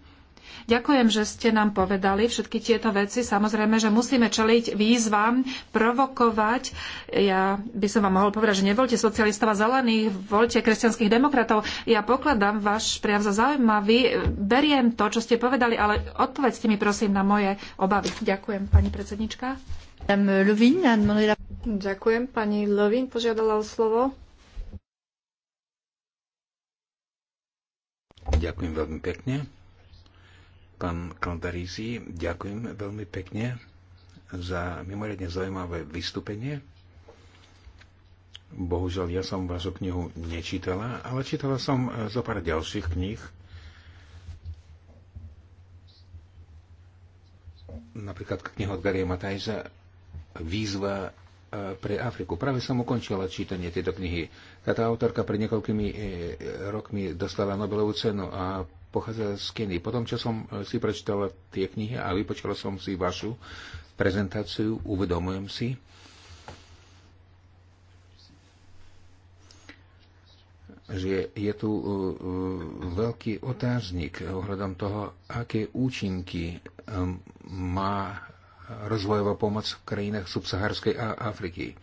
Ďakujem, že ste nám povedali všetky tieto veci. Samozrejme, že musíme čeliť výzvam, provokovať. Ja by som vám mohol povedať, že nevolte socialistov a zelených, voľte kresťanských demokratov. Ja pokladám váš prejav za zaujímavý. Beriem to, čo ste povedali, ale odpovedzte mi prosím na moje obavy. Ďakujem, pani predsednička. Ďakujem. Pani Lovín požiadala o slovo. Ďakujem veľmi pekne. Pán Kandarízi, ďakujem veľmi pekne za mimoriadne zaujímavé vystúpenie. Bohužiaľ, ja som vašu knihu nečítala, ale čítala som eh, zo pár ďalších kníh. Napríklad knihu od Garia Matajza výzva e, pre Afriku. Práve som ukončila čítanie tejto knihy. Táto autorka pred niekoľkými e, rokmi dostala Nobelovú cenu a pochádza z Keny. Potom, čo som e, si prečítala tie knihy a vypočula som si vašu prezentáciu, uvedomujem si, že je tu veľký otáznik ohľadom toho, aké účinky má rozvojová pomoc v krajinách subsaharskej Afriky.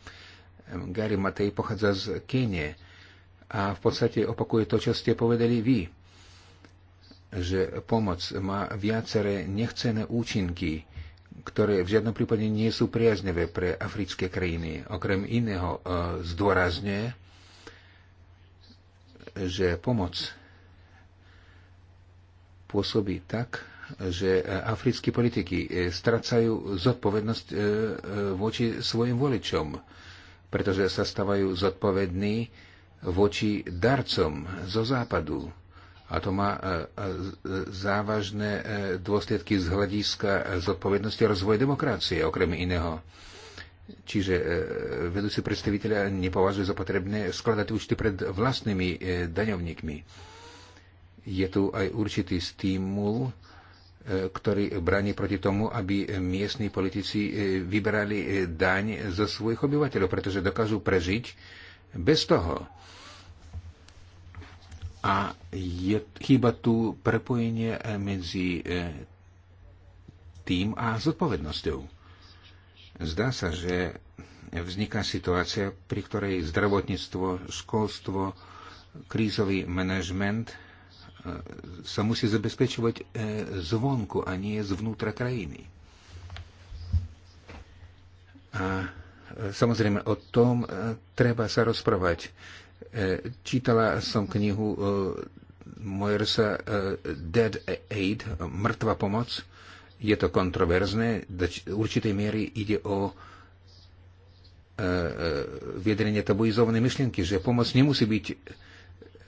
Gary Matej pochádza z Kenie a v podstate opakuje to, čo ste povedali vy, že pomoc má viaceré nechcené účinky, ktoré v žiadnom prípade nie sú priaznevé pre africké krajiny. Okrem iného e, zdôrazňuje, že pomoc pôsobí tak, že africkí politiky e, stracajú zodpovednosť e, e, voči svojim voličom, pretože sa stávajú zodpovední voči darcom zo západu. A to má závažné dôsledky z hľadiska zodpovednosti rozvoj demokracie, okrem iného. Čiže vedúci predstaviteľa nepovažujú za potrebné skladať účty pred vlastnými daňovníkmi. Je tu aj určitý stimul ktorý bráni proti tomu, aby miestni politici e, vyberali e, daň zo svojich obyvateľov, pretože dokážu prežiť bez toho. A je chyba tu prepojenie e, medzi tým a zodpovednosťou. Zdá sa, že vzniká situácia, pri ktorej zdravotníctvo, školstvo, krízový manažment sa musí zabezpečovať e, zvonku a nie zvnútra krajiny. A e, samozrejme o tom e, treba sa rozprávať. Čítala som knihu Moersa Dead Aid, Mŕtva pomoc. Je to kontroverzné, do určitej miery ide o viedrenie tabuizovanej myšlienky, že pomoc nemusí byť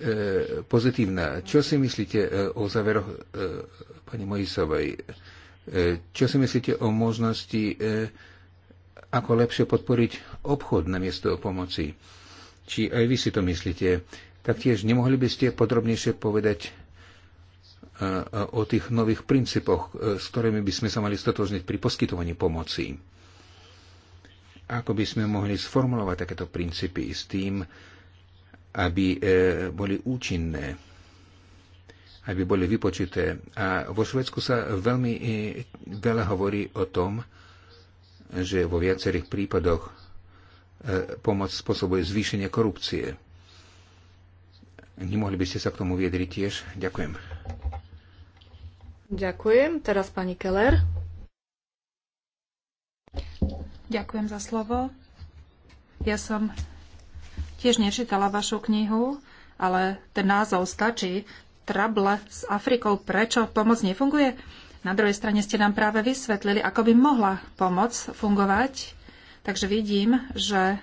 E, pozitívna. Čo si myslíte e, o záveroch e, pani Mojisovej? Čo si myslíte o možnosti, ako lepšie podporiť obchod na miesto pomoci? Či aj vy si to myslíte? Taktiež nemohli by ste podrobnejšie povedať o tých nových princípoch, s ktorými by sme sa mali stotožniť pri poskytovaní pomoci. Ako by sme mohli sformulovať takéto princípy s tým, aby e, boli účinné, aby boli vypočité. A vo Švedsku sa veľmi e, veľa hovorí o tom, že vo viacerých prípadoch e, pomoc spôsobuje zvýšenie korupcie. Nemohli by ste sa k tomu viedriť tiež? Ďakujem. Ďakujem. Teraz pani Keller. Ďakujem za slovo. Ja som tiež nečítala vašu knihu, ale ten názov stačí. Trable s Afrikou, prečo pomoc nefunguje? Na druhej strane ste nám práve vysvetlili, ako by mohla pomoc fungovať. Takže vidím, že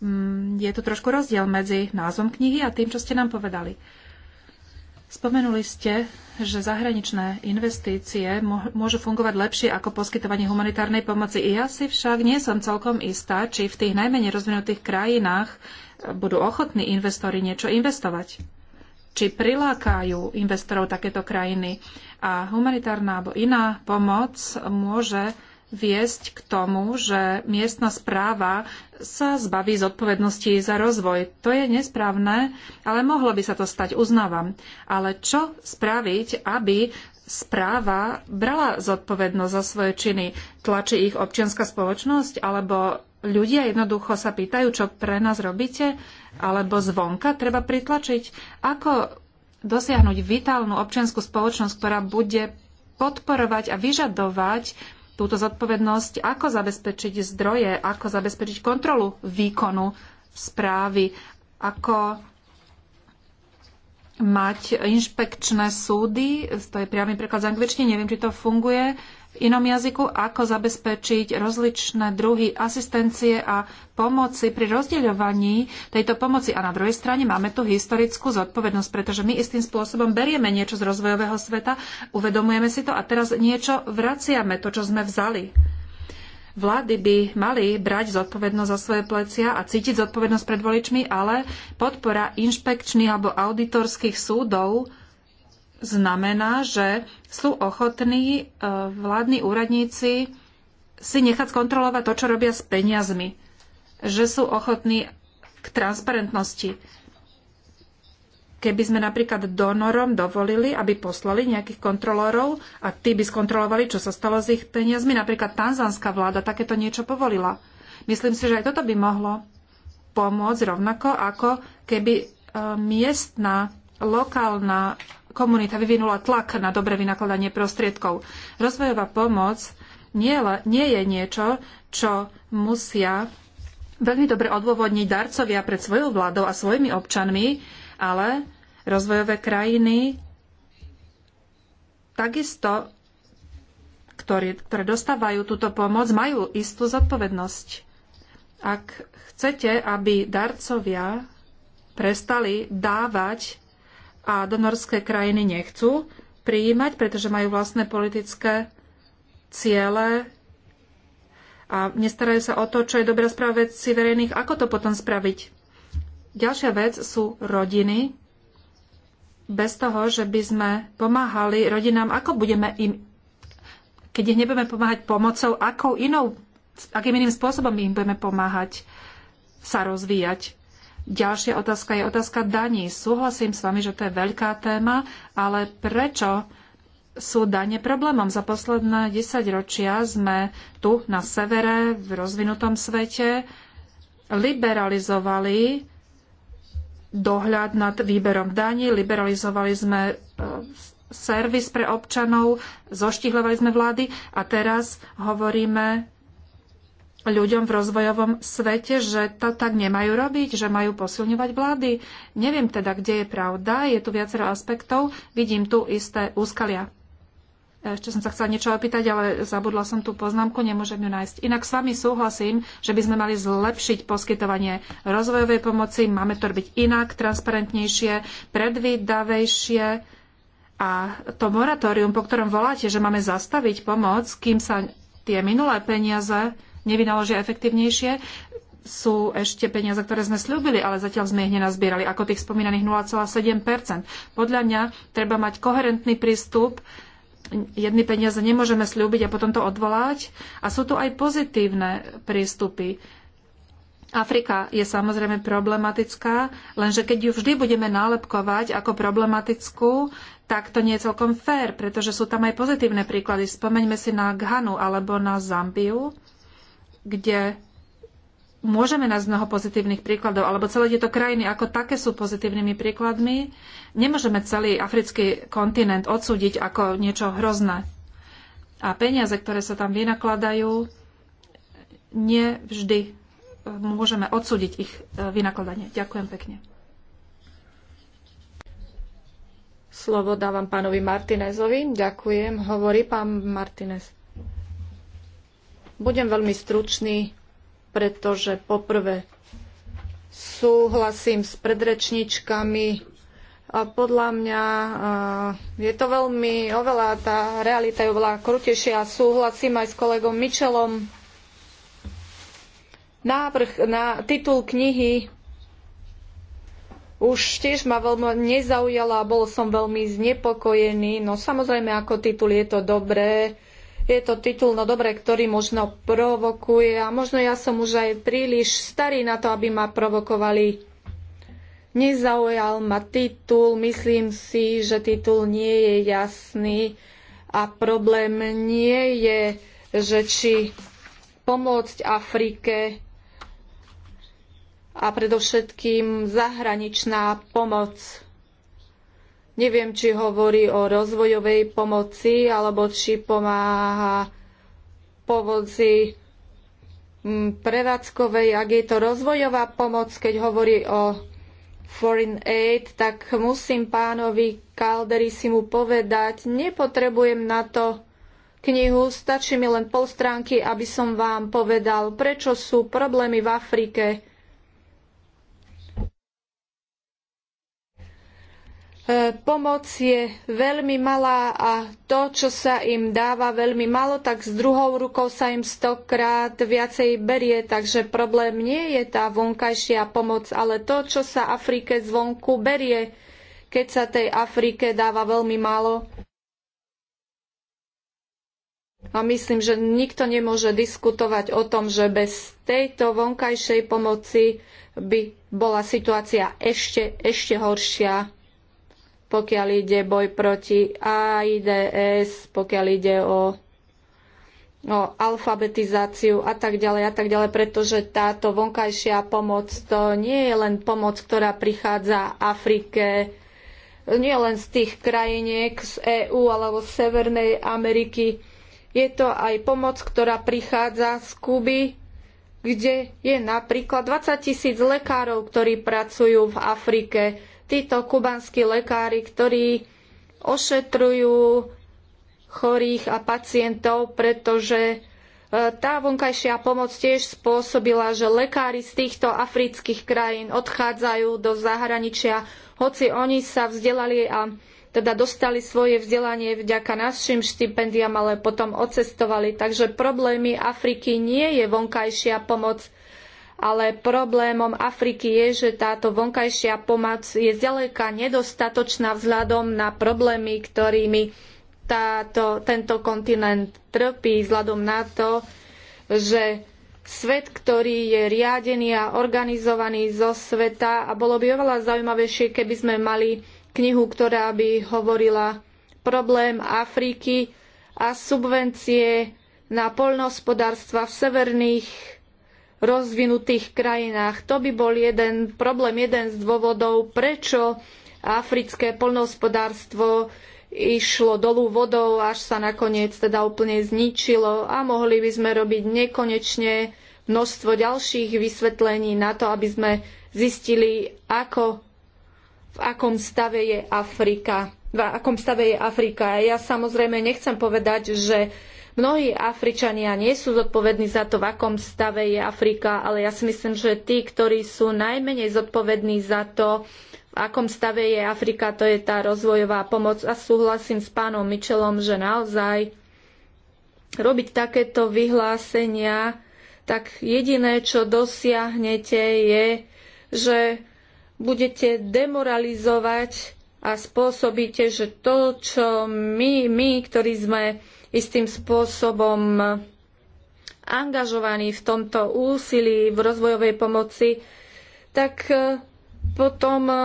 mm, je tu trošku rozdiel medzi názvom knihy a tým, čo ste nám povedali. Spomenuli ste, že zahraničné investície môžu fungovať lepšie ako poskytovanie humanitárnej pomoci. I ja si však nie som celkom istá, či v tých najmenej rozvinutých krajinách budú ochotní investori niečo investovať. Či prilákajú investorov takéto krajiny. A humanitárna alebo iná pomoc môže viesť k tomu, že miestna správa sa zbaví odpovednosti za rozvoj. To je nesprávne, ale mohlo by sa to stať, uznávam. Ale čo spraviť, aby správa brala zodpovednosť za svoje činy? Tlačí ich občianská spoločnosť? Alebo ľudia jednoducho sa pýtajú, čo pre nás robíte? Alebo zvonka treba pritlačiť? Ako dosiahnuť vitálnu občianskú spoločnosť, ktorá bude podporovať a vyžadovať túto zodpovednosť, ako zabezpečiť zdroje, ako zabezpečiť kontrolu výkonu správy, ako mať inšpekčné súdy, to je priamy preklad z angličtiny, neviem, či to funguje v inom jazyku, ako zabezpečiť rozličné druhy asistencie a pomoci pri rozdeľovaní tejto pomoci. A na druhej strane máme tu historickú zodpovednosť, pretože my istým spôsobom berieme niečo z rozvojového sveta, uvedomujeme si to a teraz niečo vraciame, to, čo sme vzali. Vlády by mali brať zodpovednosť za svoje plecia a cítiť zodpovednosť pred voličmi, ale podpora inšpekčných alebo auditorských súdov znamená, že sú ochotní e, vládni úradníci si nechať skontrolovať to, čo robia s peniazmi. Že sú ochotní k transparentnosti. Keby sme napríklad donorom dovolili, aby poslali nejakých kontrolórov a tí by skontrolovali, čo sa stalo s ich peniazmi, napríklad tanzánska vláda takéto niečo povolila. Myslím si, že aj toto by mohlo pomôcť rovnako, ako keby e, miestna, lokálna komunita vyvinula tlak na dobre vynakladanie prostriedkov. Rozvojová pomoc nie, nie je niečo, čo musia veľmi dobre odôvodniť darcovia pred svojou vládou a svojimi občanmi, ale rozvojové krajiny takisto, ktoré, ktoré dostávajú túto pomoc, majú istú zodpovednosť. Ak chcete, aby darcovia prestali dávať a donorské krajiny nechcú prijímať, pretože majú vlastné politické ciele a nestarajú sa o to, čo je dobrá správa veci verejných, ako to potom spraviť. Ďalšia vec sú rodiny. Bez toho, že by sme pomáhali rodinám, ako budeme im, keď ich nebudeme pomáhať pomocou, akou inou, akým iným spôsobom im budeme pomáhať sa rozvíjať. Ďalšia otázka je otázka daní. Súhlasím s vami, že to je veľká téma, ale prečo sú dane problémom? Za posledné 10 ročia sme tu na severe, v rozvinutom svete, liberalizovali dohľad nad výberom daní, liberalizovali sme e, servis pre občanov, zoštihľovali sme vlády a teraz hovoríme ľuďom v rozvojovom svete, že to tak nemajú robiť, že majú posilňovať vlády. Neviem teda, kde je pravda, je tu viacero aspektov, vidím tu isté úskalia. Ešte som sa chcela niečo opýtať, ale zabudla som tú poznámku, nemôžem ju nájsť. Inak s vami súhlasím, že by sme mali zlepšiť poskytovanie rozvojovej pomoci, máme to robiť inak, transparentnejšie, predvídavejšie a to moratórium, po ktorom voláte, že máme zastaviť pomoc, kým sa tie minulé peniaze nevynaložia efektívnejšie, sú ešte peniaze, ktoré sme slúbili, ale zatiaľ sme ich nenazbierali, ako tých spomínaných 0,7 Podľa mňa treba mať koherentný prístup jedny peniaze nemôžeme slúbiť a potom to odvolať. A sú tu aj pozitívne prístupy. Afrika je samozrejme problematická, lenže keď ju vždy budeme nálepkovať ako problematickú, tak to nie je celkom fér, pretože sú tam aj pozitívne príklady. Spomeňme si na Ghanu alebo na Zambiu, kde môžeme nájsť mnoho pozitívnych príkladov, alebo celé tieto krajiny ako také sú pozitívnymi príkladmi. Nemôžeme celý africký kontinent odsúdiť ako niečo hrozné. A peniaze, ktoré sa tam vynakladajú, nevždy e, môžeme odsúdiť ich e, vynakladanie. Ďakujem pekne. Slovo dávam pánovi Martinezovi. Ďakujem. Hovorí pán Martinez. Budem veľmi stručný pretože poprvé súhlasím s predrečničkami a podľa mňa je to veľmi oveľa, tá realita je oveľa krutejšia a súhlasím aj s kolegom Mičelom. Návrh na titul knihy už tiež ma veľmi nezaujala a bol som veľmi znepokojený. No samozrejme, ako titul je to dobré, je to titul, no dobre, ktorý možno provokuje a možno ja som už aj príliš starý na to, aby ma provokovali. Nezaujal ma titul, myslím si, že titul nie je jasný a problém nie je, že či pomôcť Afrike a predovšetkým zahraničná pomoc Neviem, či hovorí o rozvojovej pomoci alebo či pomáha povodzi mm, prevádzkovej, ak je to rozvojová pomoc, keď hovorí o foreign aid, tak musím pánovi Kaldery si mu povedať, nepotrebujem na to knihu, stačí mi len pol stránky, aby som vám povedal, prečo sú problémy v Afrike E, pomoc je veľmi malá a to, čo sa im dáva veľmi malo, tak s druhou rukou sa im stokrát viacej berie. Takže problém nie je tá vonkajšia pomoc, ale to, čo sa Afrike zvonku berie, keď sa tej Afrike dáva veľmi málo. A myslím, že nikto nemôže diskutovať o tom, že bez tejto vonkajšej pomoci by bola situácia ešte, ešte horšia pokiaľ ide boj proti AIDS, pokiaľ ide o, o alfabetizáciu a tak ďalej a tak ďalej, pretože táto vonkajšia pomoc to nie je len pomoc, ktorá prichádza Afrike, nie len z tých krajiniek z EÚ alebo z Severnej Ameriky. Je to aj pomoc, ktorá prichádza z Kuby, kde je napríklad 20 tisíc lekárov, ktorí pracujú v Afrike títo kubanskí lekári, ktorí ošetrujú chorých a pacientov, pretože e, tá vonkajšia pomoc tiež spôsobila, že lekári z týchto afrických krajín odchádzajú do zahraničia, hoci oni sa vzdelali a teda dostali svoje vzdelanie vďaka našim štipendiam, ale potom odcestovali. Takže problémy Afriky nie je vonkajšia pomoc, ale problémom Afriky je, že táto vonkajšia pomoc je zďaleka nedostatočná vzhľadom na problémy, ktorými táto, tento kontinent trpí, vzhľadom na to, že svet, ktorý je riadený a organizovaný zo sveta a bolo by oveľa zaujímavejšie, keby sme mali knihu, ktorá by hovorila problém Afriky a subvencie na poľnohospodárstva v severných rozvinutých krajinách. To by bol jeden problém, jeden z dôvodov, prečo africké poľnohospodárstvo išlo dolu vodou, až sa nakoniec teda úplne zničilo a mohli by sme robiť nekonečne množstvo ďalších vysvetlení na to, aby sme zistili, ako, v akom stave je Afrika. V akom stave je Afrika. Ja samozrejme nechcem povedať, že Mnohí Afričania nie sú zodpovední za to, v akom stave je Afrika, ale ja si myslím, že tí, ktorí sú najmenej zodpovední za to, v akom stave je Afrika, to je tá rozvojová pomoc. A súhlasím s pánom Mitchellom, že naozaj robiť takéto vyhlásenia, tak jediné, čo dosiahnete, je, že budete demoralizovať a spôsobíte, že to, čo my, my ktorí sme istým spôsobom angažovaní v tomto úsilí v rozvojovej pomoci, tak e, potom e,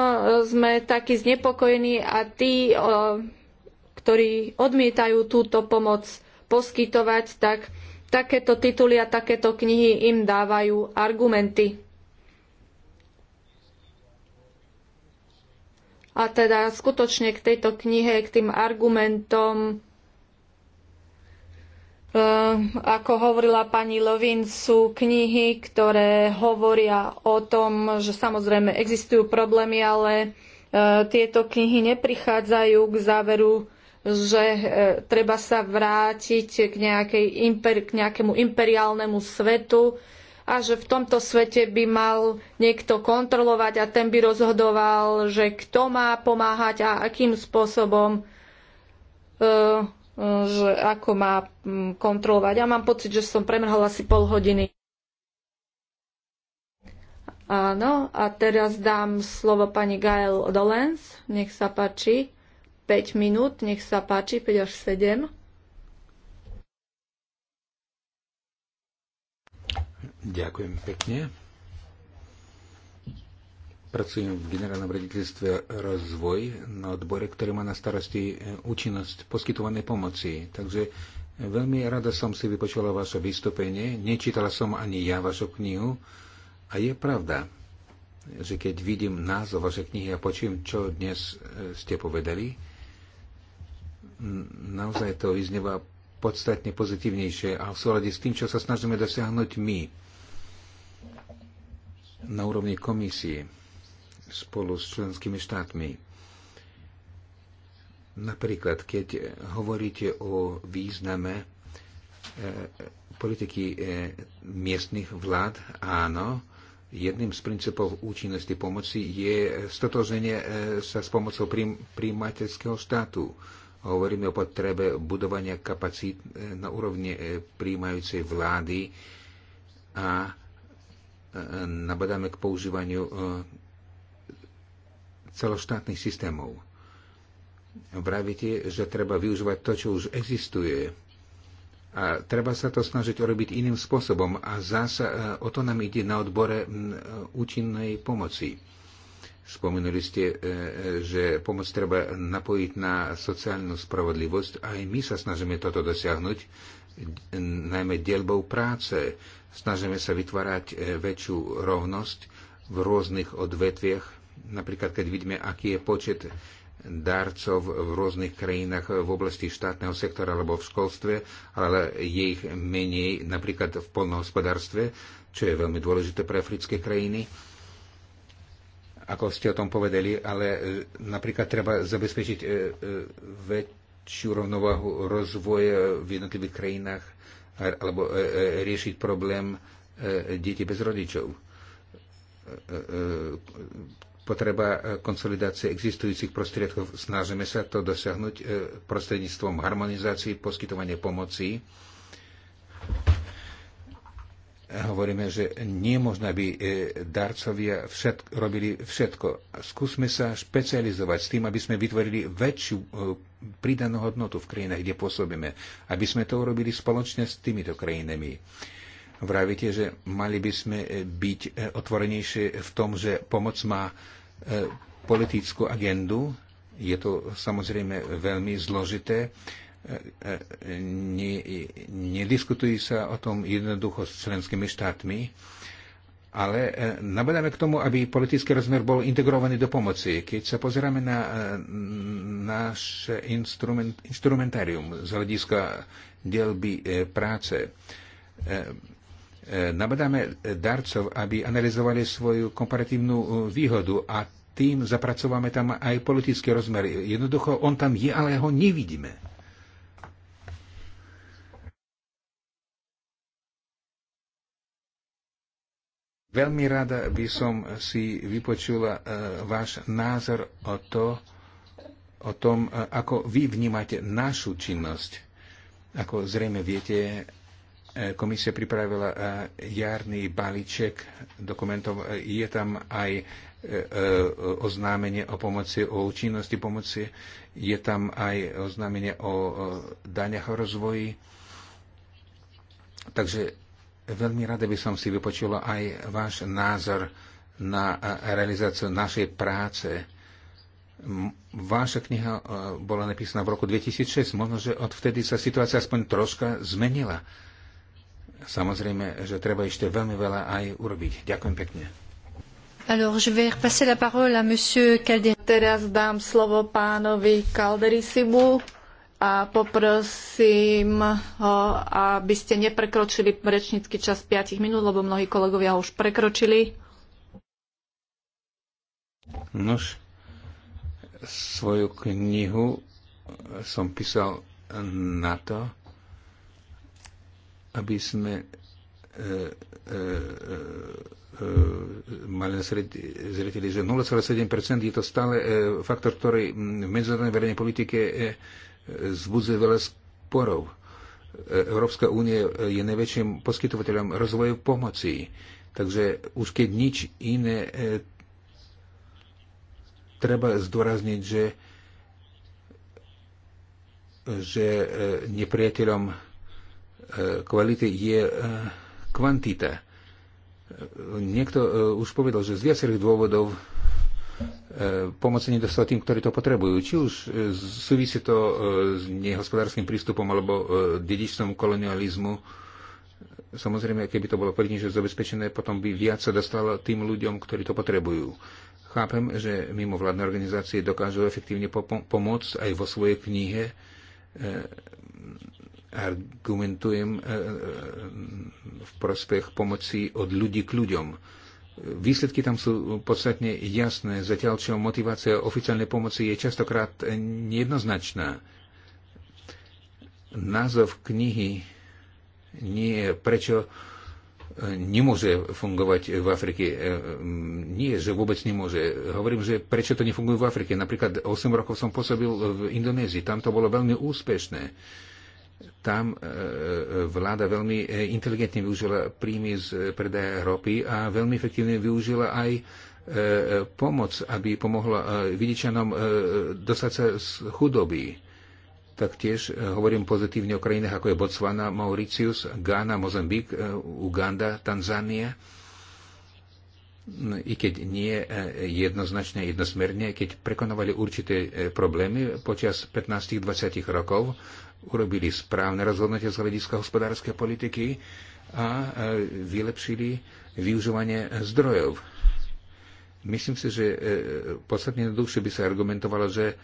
sme takí znepokojení a tí, e, ktorí odmietajú túto pomoc poskytovať, tak takéto tituly a takéto knihy im dávajú argumenty. A teda skutočne k tejto knihe, k tým argumentom Ehm, ako hovorila pani Lovin, sú knihy, ktoré hovoria o tom, že samozrejme existujú problémy, ale e, tieto knihy neprichádzajú k záveru, že e, treba sa vrátiť k, nejakej, k nejakému imperiálnemu svetu a že v tomto svete by mal niekto kontrolovať a ten by rozhodoval, že kto má pomáhať a akým spôsobom ehm, že ako má mm, kontrolovať. Ja mám pocit, že som premrhala asi pol hodiny. Áno, a teraz dám slovo pani Gael Dolens. Nech sa páči. 5 minút, nech sa páči, 5 až 7. Ďakujem pekne. Pracujem v generálnom rediteľstve rozvoj na odbore, ktorý má na starosti e, účinnosť poskytovanej pomoci. Takže e, veľmi rada som si vypočula vaše vystúpenie, nečítala som ani ja vašu knihu a je pravda, že keď vidím názov vašej knihy a počujem, čo dnes e, ste povedali, naozaj to vyznieva podstatne pozitívnejšie a v súlade s tým, čo sa snažíme dosiahnuť my na úrovni komisie spolu s členskými štátmi. Napríklad, keď hovoríte o význame e, politiky e, miestnych vlád, áno, jedným z princípov účinnosti pomoci je stotoženie e, sa s pomocou príjmateľského štátu. Hovoríme o potrebe budovania kapacít na úrovni príjmajúcej vlády a nabadáme k používaniu celoštátnych systémov. Vravíte, že treba využívať to, čo už existuje. A treba sa to snažiť urobiť iným spôsobom a zase o to nám ide na odbore e, účinnej pomoci. Spomenuli ste, e, e, že pomoc treba napojiť na sociálnu spravodlivosť. Aj my sa snažíme toto dosiahnuť, najmä dielbou práce. Snažíme sa vytvárať väčšiu rovnosť v rôznych odvetviach Napríklad, keď vidíme, aký je počet darcov v rôznych krajinách v oblasti štátneho sektora alebo v školstve, ale je ich menej napríklad v polnohospodárstve, čo je veľmi dôležité pre africké krajiny ako ste o tom povedali, ale e, napríklad treba zabezpečiť e, e, väčšiu rovnováhu rozvoja v jednotlivých krajinách alebo riešiť problém deti bez rodičov potreba e, konsolidácie existujúcich prostriedkov. Snažíme sa to dosiahnuť e, prostredníctvom harmonizácií poskytovania pomoci. Hovoríme, že nie možno, možné, aby e, darcovia všetko, robili všetko. Skúsme sa špecializovať s tým, aby sme vytvorili väčšiu pridanú hodnotu v krajinách, kde pôsobíme. Aby sme to urobili spoločne s týmito krajinami Vravíte, že mali by sme e, byť e, otvorenejšie v tom, že pomoc má e, politickú agendu. Je to samozrejme veľmi zložité. Nediskutuje sa o tom jednoducho s členskými štátmi, ale nabadáme k tomu, aby politický rozmer bol integrovaný do pomoci. Keď sa pozeráme na náš instrument, instrumentárium z hľadiska dielby práce, E, nabadáme darcov, aby analyzovali svoju komparatívnu e, výhodu a tým zapracováme tam aj politický rozmer. Jednoducho, on tam je, ale ho nevidíme. Veľmi rada by som si vypočula e, váš názor o, to, o tom, ako vy vnímate našu činnosť. Ako zrejme viete, Komisia pripravila e, jarný balíček dokumentov. Je tam aj e, e, oznámenie o pomoci, o účinnosti pomoci. Je tam aj oznámenie o daňach o rozvoji. Takže veľmi rada by som si vypočula aj váš názor na realizáciu našej práce. Váša kniha bola napísaná v roku 2006. Možno, že odvtedy sa situácia aspoň troška zmenila Samozrejme, že treba ešte veľmi veľa aj urobiť. Ďakujem pekne. Alors, je vais repasser la parole à monsieur Calder. Teraz dám slovo pánovi Calderisimu a poprosím ho, aby ste neprekročili rečnícky čas 5 minút, lebo mnohí kolegovia ho už prekročili. Nož, svoju knihu som písal na to, aby sme e, e, e, mali zreteli, že 0,7% je to stále faktor, ktorý v medzinárodnej verejnej politike zbudzuje veľa sporov. Európska únie je najväčším poskytovateľom rozvoju pomoci. Takže už keď nič iné, treba zdôrazniť, že, že nepriateľom kvality je e, kvantita. Niekto e, už povedal, že z viacerých dôvodov e, pomoc nedostal tým, ktorí to potrebujú. Či už súvisí to s nehospodárským prístupom alebo dedičstvom kolonializmu. Samozrejme, keby to bolo že zabezpečené, potom by viac sa dostalo tým ľuďom, ktorí to potrebujú. Chápem, že mimovládne organizácie dokážu efektívne pomôcť aj vo svojej knihe argumentujem e, e, v prospech pomoci od ľudí k ľuďom. Výsledky tam sú podstatne jasné, zatiaľ čo motivácia oficiálnej pomoci je častokrát nejednoznačná. Názov knihy nie je prečo e, nemôže fungovať v Afrike. Nie, že vôbec nemôže. Hovorím, že prečo to nefunguje v Afrike. Napríklad 8 rokov som pôsobil v Indonézii. Tam to bolo veľmi úspešné tam e, e, vláda veľmi e, inteligentne využila príjmy z predaja ropy a veľmi efektívne využila aj pomoc, aby pomohla vidičanom dostať sa z chudoby. Taktiež hovorím pozitívne o krajinách ako je Botswana, Mauritius, Ghana, Mozambik, Uganda, Tanzánia. No, I keď nie jednoznačne, jednosmerne, keď prekonovali určité problémy počas 15-20 rokov, urobili správne rozhodnutie z hľadiska hospodárskej politiky a vylepšili využívanie zdrojov. Myslím si, že e, podstatne jednoduchšie by sa argumentovalo, že e,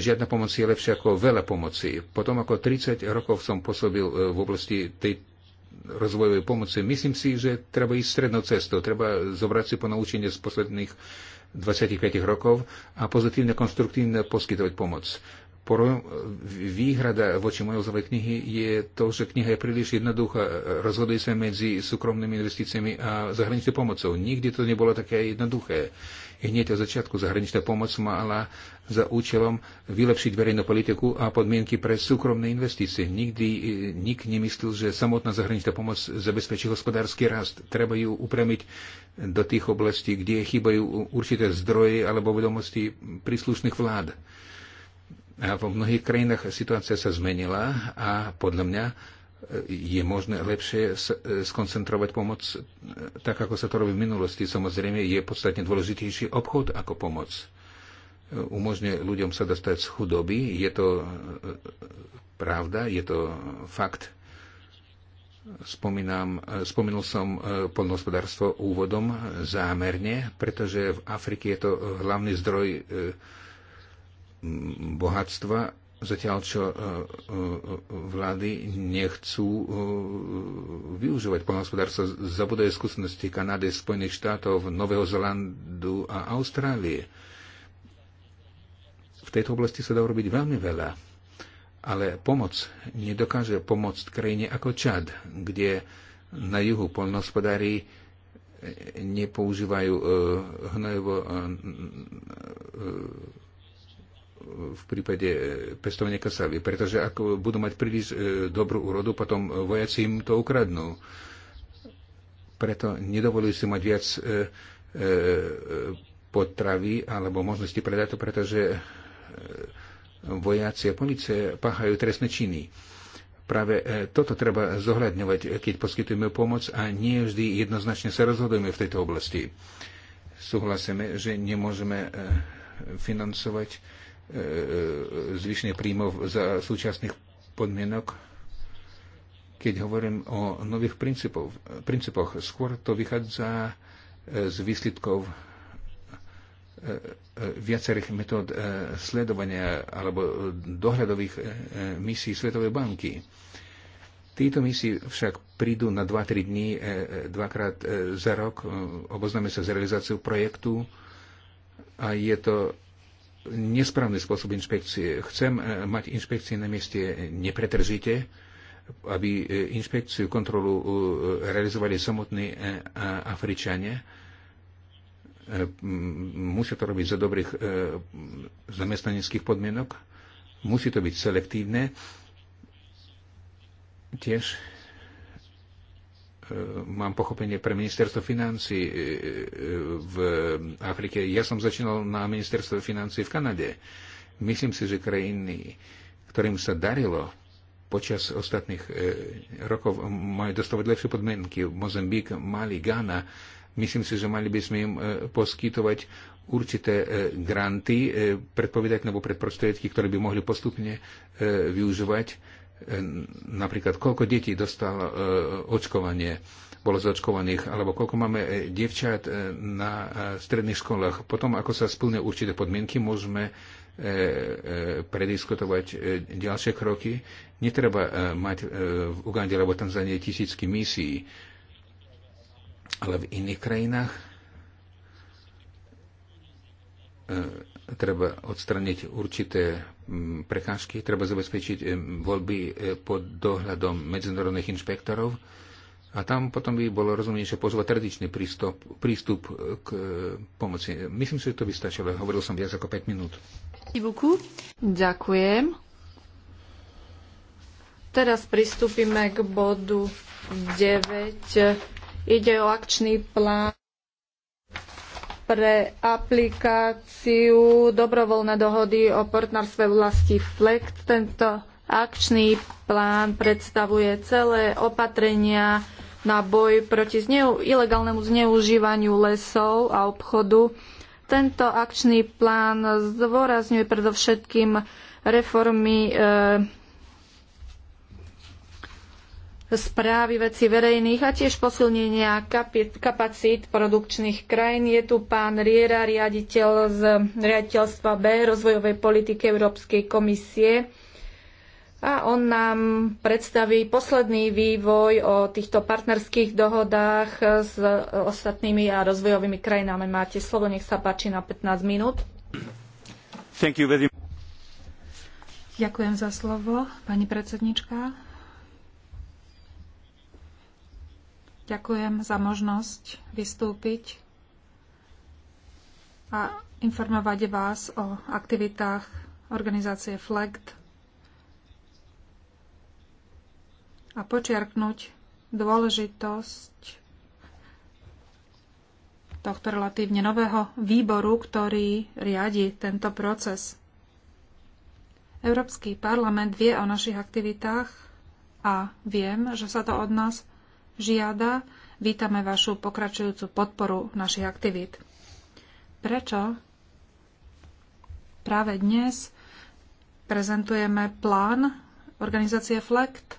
žiadna pomoc je lepšia ako veľa pomoci. Potom ako 30 rokov som pôsobil e, v oblasti tej rozvojovej pomoci, myslím si, že treba ísť strednou cestou, treba zobrať si ponaučenie z posledných 25 rokov a pozitívne, konstruktívne poskytovať pomoc podporu. Výhrada voči mojej ozovej knihy je to, že kniha je príliš jednoduchá. Rozhoduje sa medzi súkromnými investíciami a zahraničnou pomocou. Nikdy to nebolo také jednoduché. Hneď od začiatku zahraničná pomoc mala za účelom vylepšiť verejnú politiku a podmienky pre súkromné investície. Nikdy eh, nik nemyslel, že samotná zahraničná pomoc zabezpečí hospodársky rast. Treba ju upremiť do tých oblastí, kde chýbajú určité zdroje alebo vedomosti príslušných vlád. A vo mnohých krajinách situácia sa zmenila a podľa mňa e, je možné lepšie e, skoncentrovať pomoc e, tak, ako sa to robí v minulosti. Samozrejme, je podstatne dôležitejší obchod ako pomoc. Umožňuje ľuďom sa dostať z chudoby. Je to pravda, je to fakt. Spomínam, spomenul som polnohospodárstvo úvodom zámerne, pretože v Afrike je to hlavný zdroj bohatstva, zatiaľ čo e, e, vlády nechcú e, využívať poľnohospodárstvo, zabudajú skúsenosti Kanady, Spojených štátov, Nového Zelandu a Austrálie. V tejto oblasti sa dá urobiť veľmi veľa, ale pomoc nedokáže pomôcť krajine ako Čad, kde na juhu poľnohospodári nepoužívajú hnojivo v prípade e, pestovania kasavy, pretože ak budú mať príliš e, dobrú úrodu, potom vojaci im to ukradnú. Preto nedovolili si mať viac e, potravy alebo možnosti predať to, pretože vojaci a policie páchajú trestné činy. Práve toto treba zohľadňovať, keď poskytujeme pomoc a nie vždy jednoznačne sa rozhodujeme v tejto oblasti. Súhlasíme, že nemôžeme financovať E, e, zvyšných príjmov za súčasných podmienok, keď hovorím o nových princípoch, princípoch skôr to vychádza e, z výsledkov viacerých metód sledovania alebo dohľadových misií Svetovej banky. Títo misie však prídu na 2-3 dní, dvakrát za rok, oboznáme sa s realizáciou projektu a je to nesprávny spôsob inšpekcie. Chcem e, mať inšpekcie na mieste e, nepretržite, aby e, inšpekciu, kontrolu realizovali samotní Afričania. Musia to robiť za dobrých zamestnaneckých podmienok. Musí to byť selektívne. Tiež Eh, mám pochopenie pre ministerstvo financí eh, v Afrike. Ja som začínal na ministerstvo financí v Kanade. Myslím si, že krajiny, ktorým sa darilo počas ostatných eh, rokov, majú dostávať lepšie podmienky. Mozambík, Mali, Ghana. Myslím si, že mali by sme im poskytovať určité granty, predpovedať nebo predprostriedky, ktoré by mohli postupne využívať Ehm, napríklad koľko detí dostalo e, očkovanie, bolo zaočkovaných, alebo koľko máme e, dievčat e, na stredných školách. Potom, ako sa splnia určité podmienky, môžeme prediskutovať ďalšie kroky. Netreba mať v Ugande alebo Tanzanie tisícky misií, ale v iných krajinách treba odstraniť určité mm, prekážky, treba zabezpečiť voľby e, pod dohľadom medzinárodných inšpektorov a tam potom by bolo rozumnejšie pozvať tradičný prístup, prístup e, k e, pomoci. Myslím si, že to by stačilo. Hovoril som viac ako 5 minút. Ďakujem. Teraz pristúpime k bodu 9. Ide o akčný plán pre aplikáciu dobrovoľné dohody o partnerstve vlasti FLECT. Tento akčný plán predstavuje celé opatrenia na boj proti zneu- ilegálnemu zneužívaniu lesov a obchodu. Tento akčný plán zdôrazňuje predovšetkým reformy e, správy veci verejných a tiež posilnenia kapacít produkčných krajín. Je tu pán Riera, riaditeľ z riaditeľstva B rozvojovej politiky Európskej komisie a on nám predstaví posledný vývoj o týchto partnerských dohodách s ostatnými a rozvojovými krajinami. Máte slovo, nech sa páči na 15 minút. Ďakujem za slovo, pani predsednička. Ďakujem za možnosť vystúpiť a informovať vás o aktivitách organizácie FLECT. a počiarknúť dôležitosť tohto relatívne nového výboru, ktorý riadi tento proces. Európsky parlament vie o našich aktivitách a viem, že sa to od nás žiada. Vítame vašu pokračujúcu podporu našich aktivít. Prečo práve dnes prezentujeme plán organizácie FLECT?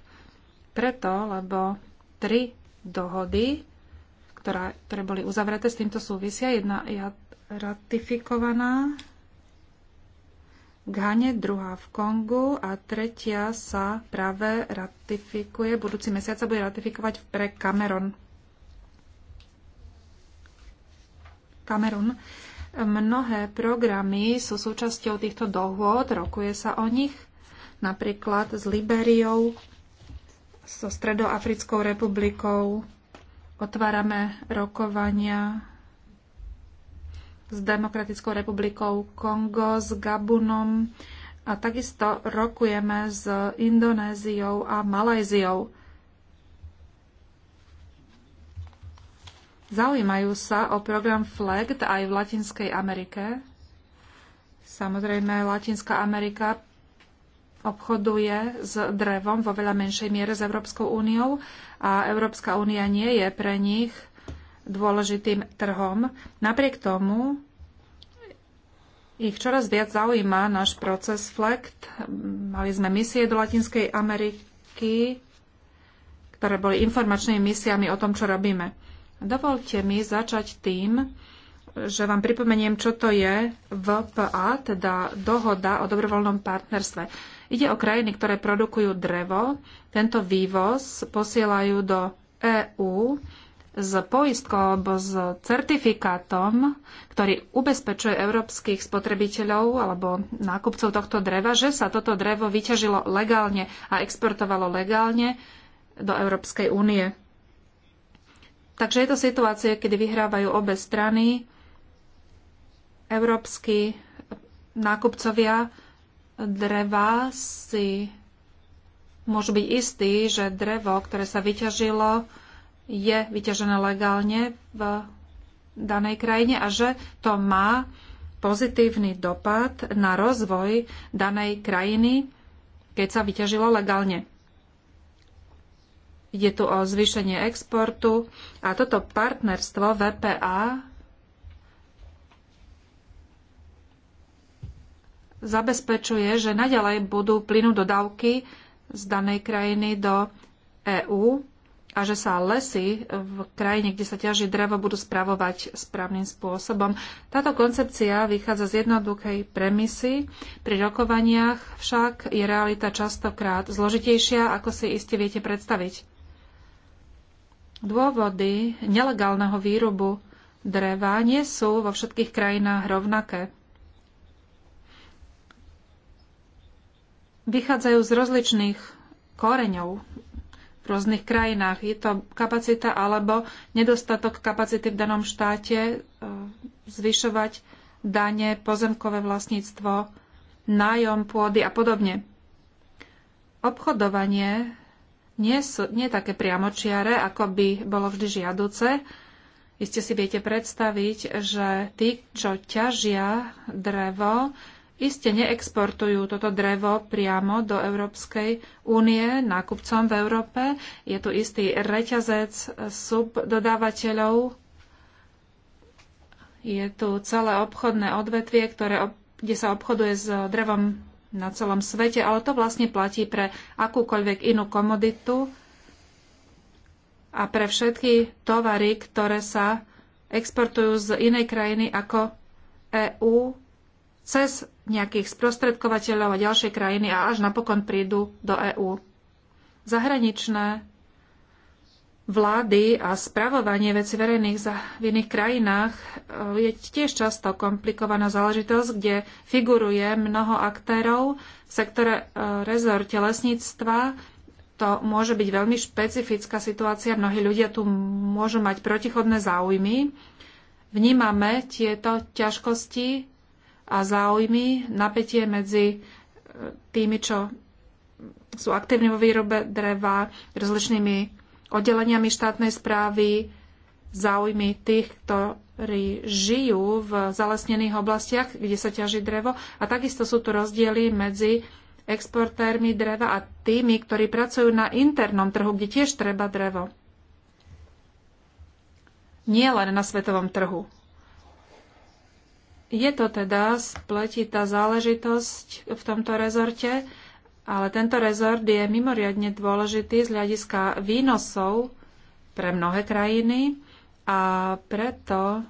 Preto, lebo tri dohody, ktoré, ktoré boli uzavreté, s týmto súvisia. Jedna je ratifikovaná Ghane, druhá v Kongu a tretia sa práve ratifikuje, budúci mesiac sa bude ratifikovať pre Kamerun. Kamerun. Mnohé programy sú súčasťou týchto dohôd, rokuje sa o nich, napríklad s Liberiou, so Stredoafrickou republikou, otvárame rokovania s Demokratickou republikou Kongo, s Gabunom a takisto rokujeme s Indonéziou a Malajziou. Zaujímajú sa o program FLEGT aj v Latinskej Amerike. Samozrejme, Latinská Amerika obchoduje s drevom vo veľa menšej miere s Európskou úniou a Európska únia nie je pre nich dôležitým trhom. Napriek tomu ich čoraz viac zaujíma náš proces FLECT. Mali sme misie do Latinskej Ameriky, ktoré boli informačnými misiami o tom, čo robíme. Dovolte mi začať tým, že vám pripomeniem, čo to je VPA, teda dohoda o dobrovoľnom partnerstve. Ide o krajiny, ktoré produkujú drevo. Tento vývoz posielajú do EÚ s poistkou alebo s certifikátom, ktorý ubezpečuje európskych spotrebiteľov alebo nákupcov tohto dreva, že sa toto drevo vyťažilo legálne a exportovalo legálne do Európskej únie. Takže je to situácia, kedy vyhrávajú obe strany. Európsky nákupcovia dreva si môžu byť istí, že drevo, ktoré sa vyťažilo, je vyťažené legálne v danej krajine a že to má pozitívny dopad na rozvoj danej krajiny, keď sa vyťažilo legálne. Ide tu o zvýšenie exportu a toto partnerstvo VPA zabezpečuje, že naďalej budú plynu dodávky z danej krajiny do EÚ a že sa lesy v krajine, kde sa ťaží drevo, budú spravovať správnym spôsobom. Táto koncepcia vychádza z jednoduchej premisy. Pri rokovaniach však je realita častokrát zložitejšia, ako si iste viete predstaviť. Dôvody nelegálneho výrobu dreva nie sú vo všetkých krajinách rovnaké. Vychádzajú z rozličných koreňov rôznych krajinách. Je to kapacita alebo nedostatok kapacity v danom štáte e, zvyšovať dane, pozemkové vlastníctvo, nájom pôdy a podobne. Obchodovanie nie, sú, nie je také priamočiare, ako by bolo vždy žiaduce. Iste si viete predstaviť, že tí, čo ťažia drevo, Iste neexportujú toto drevo priamo do Európskej únie nákupcom v Európe. Je tu istý reťazec subdodávateľov. Je tu celé obchodné odvetvie, ktoré, kde sa obchoduje s drevom na celom svete, ale to vlastne platí pre akúkoľvek inú komoditu a pre všetky tovary, ktoré sa exportujú z inej krajiny ako EÚ cez nejakých sprostredkovateľov a ďalšie krajiny a až napokon prídu do EÚ. Zahraničné vlády a spravovanie veci verejných v iných krajinách e, je tiež často komplikovaná záležitosť, kde figuruje mnoho aktérov v sektore e, rezorte lesníctva. To môže byť veľmi špecifická situácia. Mnohí ľudia tu môžu mať protichodné záujmy. Vnímame tieto ťažkosti a záujmy, napätie medzi e, tými, čo sú aktívne vo výrobe dreva, rozličnými oddeleniami štátnej správy, záujmy tých, ktorí žijú v zalesnených oblastiach, kde sa ťaží drevo. A takisto sú tu rozdiely medzi exportérmi dreva a tými, ktorí pracujú na internom trhu, kde tiež treba drevo. Nie len na svetovom trhu. Je to teda spletitá záležitosť v tomto rezorte, ale tento rezort je mimoriadne dôležitý z hľadiska výnosov pre mnohé krajiny a preto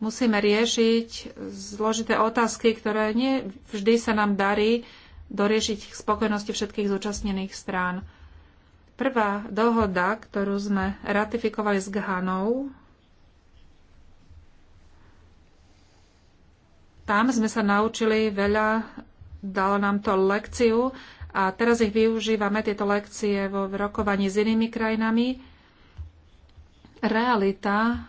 musíme riešiť zložité otázky, ktoré nie vždy sa nám darí doriešiť k spokojnosti všetkých zúčastnených strán. Prvá dohoda, ktorú sme ratifikovali s Ghanou, Tam sme sa naučili veľa, dalo nám to lekciu a teraz ich využívame, tieto lekcie, vo rokovaní s inými krajinami. Realita,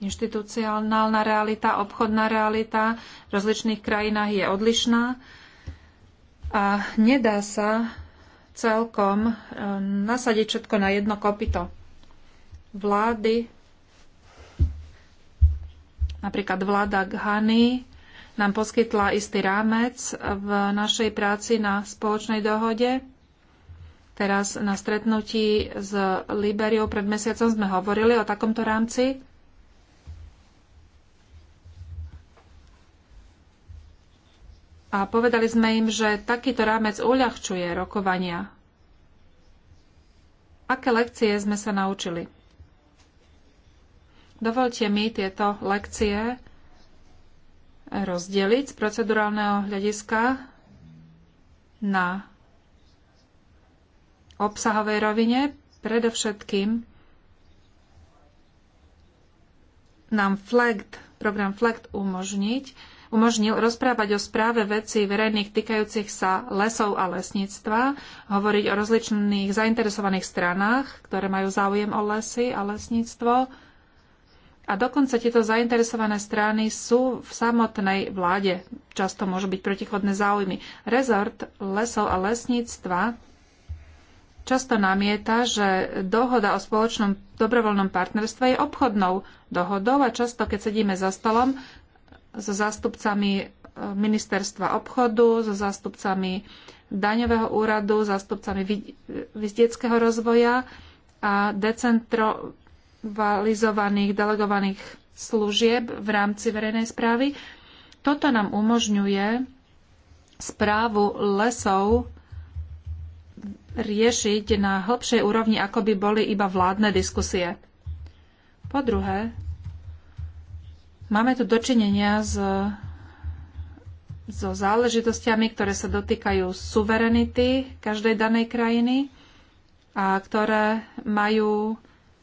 inštitucionálna realita, obchodná realita v rozličných krajinách je odlišná a nedá sa celkom eh, nasadiť všetko na jedno kopito. Vlády Napríklad vláda Ghany nám poskytla istý rámec v našej práci na spoločnej dohode. Teraz na stretnutí s Liberiou pred mesiacom sme hovorili o takomto rámci. A povedali sme im, že takýto rámec uľahčuje rokovania. Aké lekcie sme sa naučili? Dovolte mi tieto lekcie rozdeliť z procedurálneho hľadiska na obsahovej rovine. Predovšetkým nám FLEGT, program FLEGT umožniť, umožnil rozprávať o správe veci verejných týkajúcich sa lesov a lesníctva, hovoriť o rozličných zainteresovaných stranách, ktoré majú záujem o lesy a lesníctvo, a dokonca tieto zainteresované strany sú v samotnej vláde. Často môžu byť protichodné záujmy. Rezort lesov a lesníctva často namieta, že dohoda o spoločnom dobrovoľnom partnerstve je obchodnou dohodou a často, keď sedíme za stolom so zástupcami e, ministerstva obchodu, so zástupcami daňového úradu, zástupcami e, vizdieckého rozvoja a decentro, individualizovaných delegovaných služieb v rámci verejnej správy. Toto nám umožňuje správu lesov riešiť na hĺbšej úrovni, ako by boli iba vládne diskusie. Po druhé, máme tu dočinenia s, so záležitostiami, ktoré sa dotýkajú suverenity každej danej krajiny a ktoré majú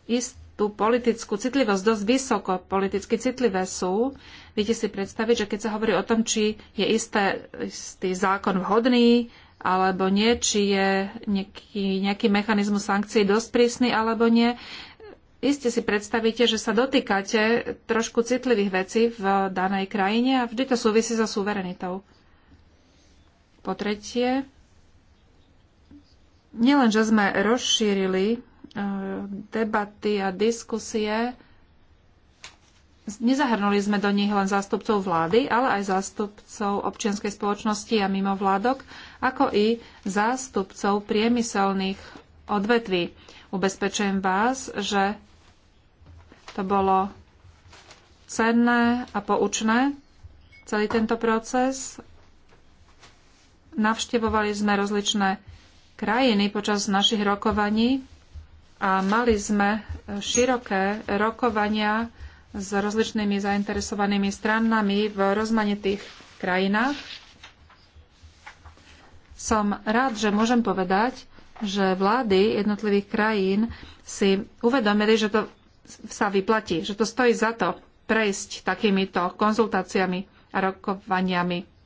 ist, tú politickú citlivosť dosť vysoko. Politicky citlivé sú. Viete si predstaviť, že keď sa hovorí o tom, či je isté, istý zákon vhodný alebo nie, či je nejaký, nejaký mechanizmus sankcií dosť prísny alebo nie, iste si predstavíte, že sa dotýkate trošku citlivých vecí v danej krajine a vždy to súvisí so suverenitou. Po tretie, nielen, že sme rozšírili debaty a diskusie nezahrnuli sme do nich len zástupcov vlády, ale aj zástupcov občianskej spoločnosti a mimovládok, ako i zástupcov priemyselných odvetví. Ubezpečujem vás, že to bolo cenné a poučné, celý tento proces. Navštevovali sme rozličné krajiny počas našich rokovaní a mali sme široké rokovania s rozličnými zainteresovanými stranami v rozmanitých krajinách. Som rád, že môžem povedať, že vlády jednotlivých krajín si uvedomili, že to sa vyplatí, že to stojí za to prejsť takýmito konzultáciami a rokovaniami.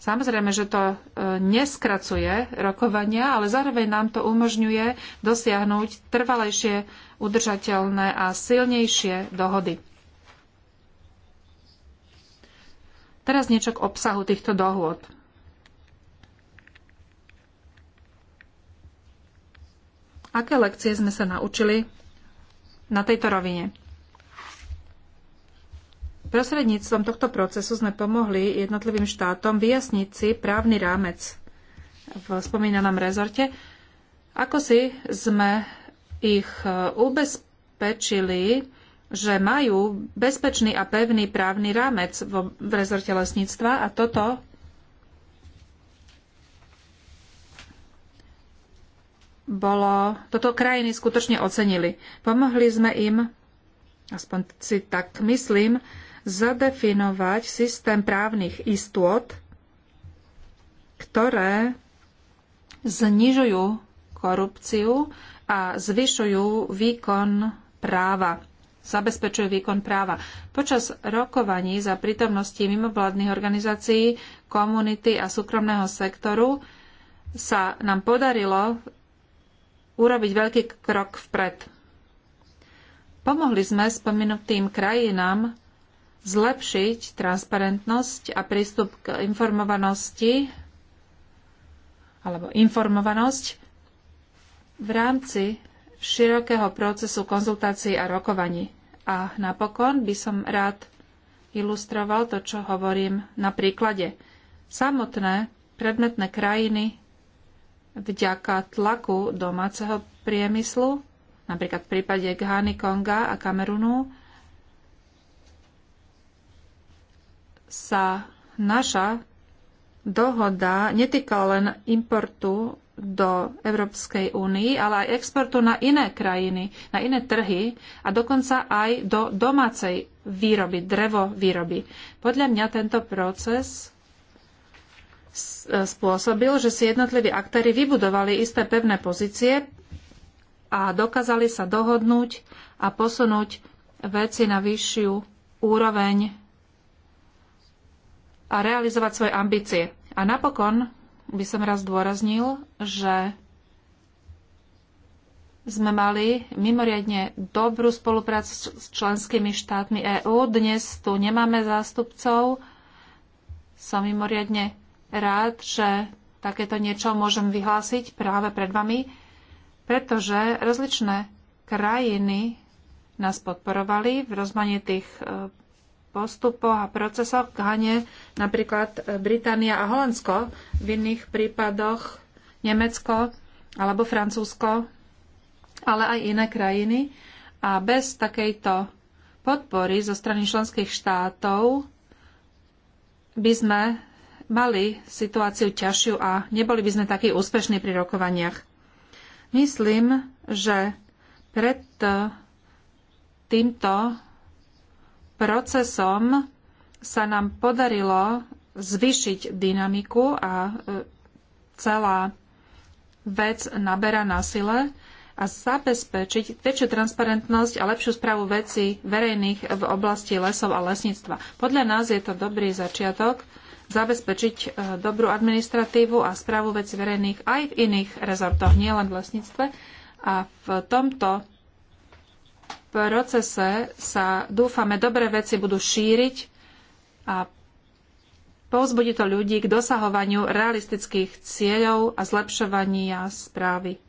Samozrejme, že to e, neskracuje rokovania, ale zároveň nám to umožňuje dosiahnuť trvalejšie, udržateľné a silnejšie dohody. Teraz niečo k obsahu týchto dohôd. Aké lekcie sme sa naučili na tejto rovine? Prostredníctvom tohto procesu sme pomohli jednotlivým štátom vyjasniť si právny rámec v spomínanom rezorte. Ako si sme ich e, ubezpečili, že majú bezpečný a pevný právny rámec v rezorte lesníctva a toto bolo, toto krajiny skutočne ocenili. Pomohli sme im, aspoň si tak myslím, zadefinovať systém právnych istôt, ktoré znižujú korupciu a zvyšujú výkon práva zabezpečujú výkon práva. Počas rokovaní za prítomnosti mimovládnych organizácií, komunity a súkromného sektoru sa nám podarilo urobiť veľký krok vpred. Pomohli sme spomenutým krajinám zlepšiť transparentnosť a prístup k informovanosti alebo informovanosť v rámci širokého procesu konzultácií a rokovaní. A napokon by som rád ilustroval to, čo hovorím na príklade. Samotné predmetné krajiny vďaka tlaku domáceho priemyslu, napríklad v prípade Ghany, Konga a Kamerunu, sa naša dohoda netýka len importu do Európskej únii, ale aj exportu na iné krajiny, na iné trhy a dokonca aj do domácej výroby, drevo výroby. Podľa mňa tento proces e, spôsobil, že si jednotliví aktéry vybudovali isté pevné pozície a dokázali sa dohodnúť a posunúť veci na vyššiu úroveň a realizovať svoje ambície. A napokon by som raz dôraznil, že sme mali mimoriadne dobrú spoluprácu s členskými štátmi EÚ. Dnes tu nemáme zástupcov. Som mimoriadne rád, že takéto niečo môžem vyhlásiť práve pred vami, pretože rozličné krajiny nás podporovali v rozmanitých e, postupoch a procesoch k Hane napríklad e, Británia a Holandsko, v iných prípadoch Nemecko alebo Francúzsko, ale aj iné krajiny. A bez takejto podpory zo strany členských štátov by sme mali situáciu ťažšiu a neboli by sme takí úspešní pri rokovaniach. Myslím, že pred týmto procesom sa nám podarilo zvyšiť dynamiku a e, celá vec naberá na sile a zabezpečiť väčšiu transparentnosť a lepšiu správu vecí verejných v oblasti lesov a lesníctva. Podľa nás je to dobrý začiatok zabezpečiť e, dobrú administratívu a správu veci verejných aj v iných rezortoch, nielen v lesníctve. A v tomto procese sa, dúfame, dobré veci budú šíriť a povzbudí to ľudí k dosahovaniu realistických cieľov a zlepšovania správy.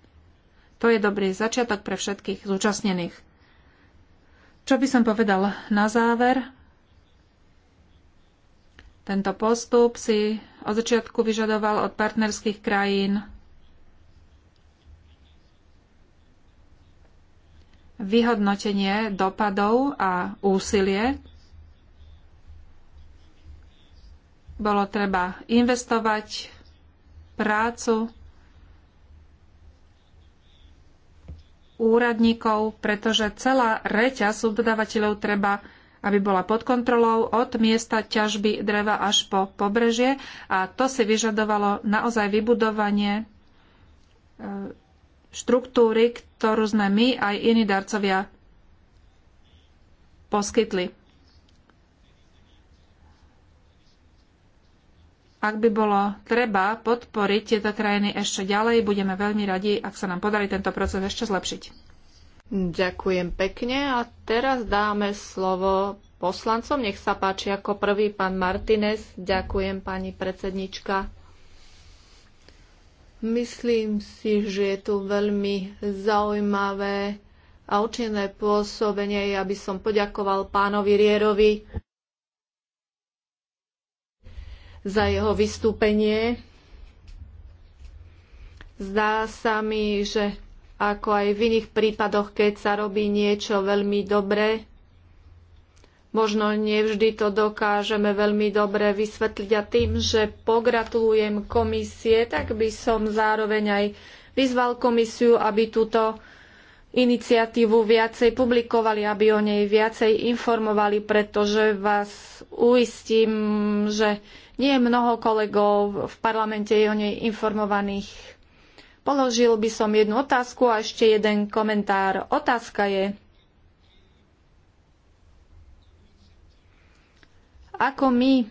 To je dobrý začiatok pre všetkých zúčastnených. Čo by som povedal na záver? Tento postup si od začiatku vyžadoval od partnerských krajín vyhodnotenie dopadov a úsilie. Bolo treba investovať prácu úradníkov, pretože celá reťa subdodávateľov treba aby bola pod kontrolou od miesta ťažby dreva až po pobrežie a to si vyžadovalo naozaj vybudovanie e, štruktúry, ktorú sme my aj iní darcovia poskytli. Ak by bolo treba podporiť tieto krajiny ešte ďalej, budeme veľmi radi, ak sa nám podarí tento proces ešte zlepšiť. Ďakujem pekne a teraz dáme slovo poslancom. Nech sa páči ako prvý pán Martinez. Ďakujem pani predsednička. Myslím si, že je tu veľmi zaujímavé a účinné pôsobenie. Ja by som poďakoval pánovi Rierovi za jeho vystúpenie. Zdá sa mi, že ako aj v iných prípadoch, keď sa robí niečo veľmi dobre, Možno nevždy to dokážeme veľmi dobre vysvetliť a tým, že pogratulujem komisie, tak by som zároveň aj vyzval komisiu, aby túto iniciatívu viacej publikovali, aby o nej viacej informovali, pretože vás uistím, že nie je mnoho kolegov v parlamente je o nej informovaných. Položil by som jednu otázku a ešte jeden komentár. Otázka je, ako my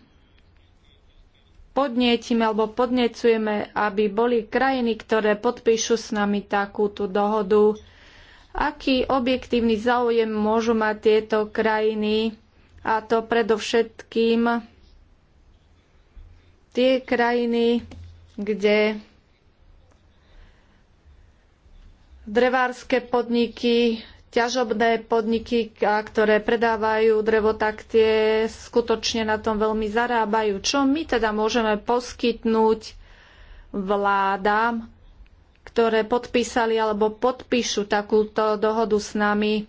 podnietime alebo podnecujeme, aby boli krajiny, ktoré podpíšu s nami takúto dohodu, aký objektívny záujem môžu mať tieto krajiny a to predovšetkým tie krajiny, kde drevárske podniky ťažobné podniky, ktoré predávajú drevo, tak tie skutočne na tom veľmi zarábajú. Čo my teda môžeme poskytnúť vládám, ktoré podpísali alebo podpíšu takúto dohodu s nami,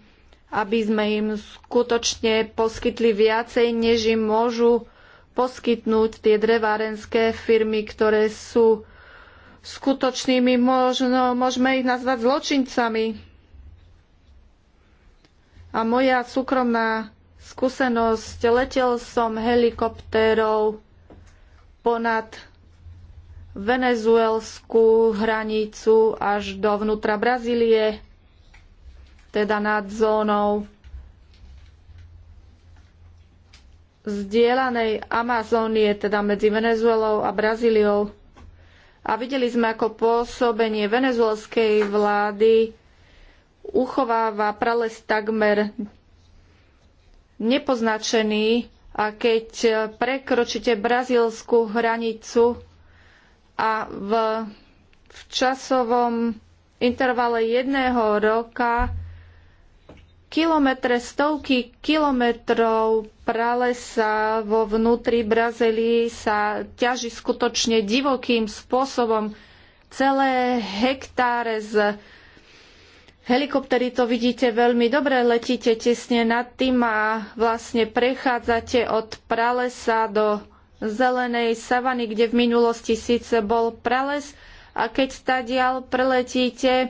aby sme im skutočne poskytli viacej, než im môžu poskytnúť tie drevárenské firmy, ktoré sú skutočnými, možno môžeme ich nazvať zločincami a moja súkromná skúsenosť, letel som helikoptérov ponad venezuelskú hranicu až do vnútra Brazílie, teda nad zónou zdieľanej Amazónie, teda medzi Venezuelou a Brazíliou. A videli sme, ako pôsobenie venezuelskej vlády uchováva prales takmer nepoznačený a keď prekročíte brazílskú hranicu a v, v časovom intervale jedného roka kilometre, stovky kilometrov pralesa vo vnútri Brazílii sa ťaží skutočne divokým spôsobom. Celé hektáre z Helikoptery to vidíte veľmi dobre, letíte tesne nad tým a vlastne prechádzate od pralesa do zelenej savany, kde v minulosti síce bol prales a keď stadial preletíte e,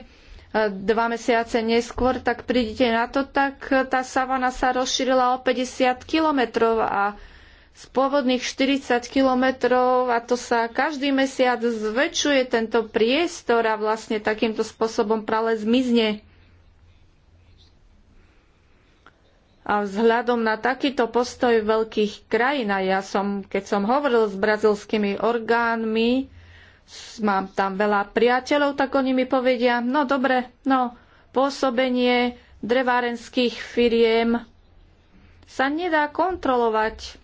dva mesiace neskôr, tak prídete na to, tak e, tá savana sa rozšírila o 50 kilometrov a z pôvodných 40 kilometrov a to sa každý mesiac zväčšuje tento priestor a vlastne takýmto spôsobom prale zmizne. A vzhľadom na takýto postoj veľkých krajín, a ja som, keď som hovoril s brazilskými orgánmi, mám tam veľa priateľov, tak oni mi povedia, no dobre, no pôsobenie drevárenských firiem sa nedá kontrolovať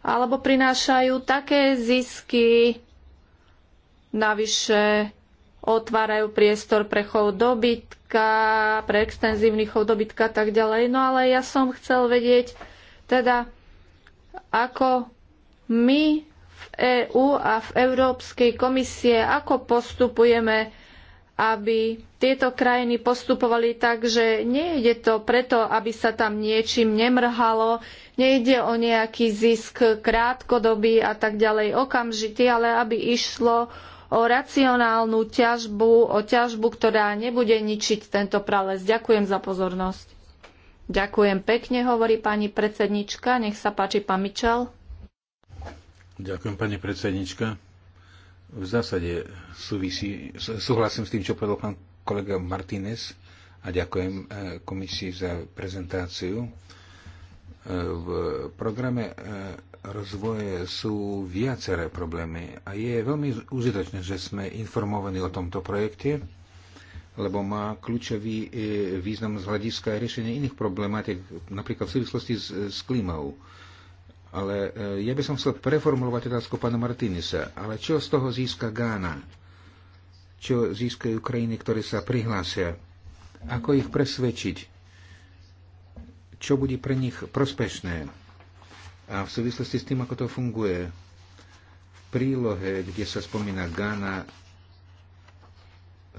alebo prinášajú také zisky, navyše otvárajú priestor pre chov dobytka, pre extenzívny chov dobytka a tak ďalej. No ale ja som chcel vedieť, teda ako my v EÚ a v Európskej komisie, ako postupujeme aby tieto krajiny postupovali tak, že nejde to preto, aby sa tam niečím nemrhalo, nejde o nejaký zisk krátkodobý a tak ďalej okamžitý, ale aby išlo o racionálnu ťažbu, o ťažbu, ktorá nebude ničiť tento prales. Ďakujem za pozornosť. Ďakujem pekne, hovorí pani predsednička. Nech sa páči, pán Mičel. Ďakujem, pani predsednička v zásade súvisí, súhlasím s tým, čo povedal pán kolega Martínez a ďakujem eh, komisii za prezentáciu. Eh, v programe eh, rozvoje sú viaceré problémy a je veľmi užitočné, že sme informovaní o tomto projekte, lebo má kľúčový význam z hľadiska riešenia iných problematik, napríklad v súvislosti s, s klímou ale e, ja by som chcel preformulovať otázku pána Martinisa. Ale čo z toho získa Gána? Čo získajú krajiny, ktoré sa prihlásia? Ako ich presvedčiť? Čo bude pre nich prospešné? A v súvislosti s tým, ako to funguje, v prílohe, kde sa spomína Gána,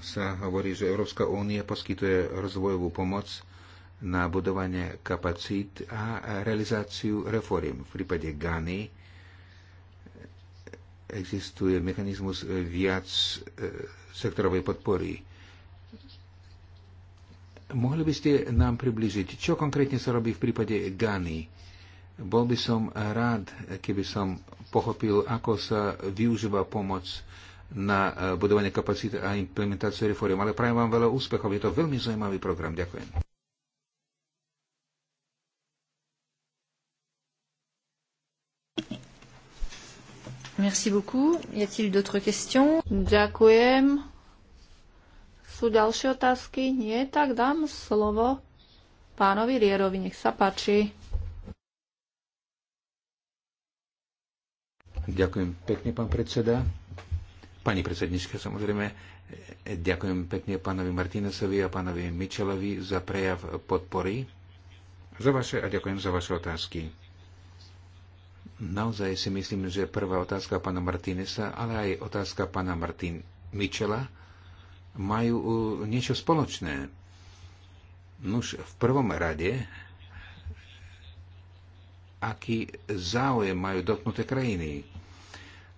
sa hovorí, že Európska únia poskytuje rozvojovú pomoc na budovanie kapacít a realizáciu reforiem. V prípade Gany existuje mechanizmus viac e, sektorovej podpory. Mohli by ste nám približiť, čo konkrétne sa robí v prípade Gany? Bol by som rád, keby som pochopil, ako sa využíva pomoc na e, budovanie kapacity a implementáciu reforiem. Ale prajem vám veľa úspechov. Je to veľmi zaujímavý program. Ďakujem. Merci beaucoup. Y a-t-il d'autres questions? Ďakujem. Sú ďalšie otázky? Nie, tak dám slovo pánovi Rierovi. Nech sa páči. Ďakujem pekne, pán predseda. Pani predsednička, samozrejme, ďakujem pekne pánovi Martinesovi a pánovi Mičelovi za prejav podpory, za vaše a ďakujem za vaše otázky. Naozaj si myslím, že prvá otázka pána Martinesa, ale aj otázka pána Martin Michela majú uh, niečo spoločné. Nuž v prvom rade, aký záujem majú dotknuté krajiny.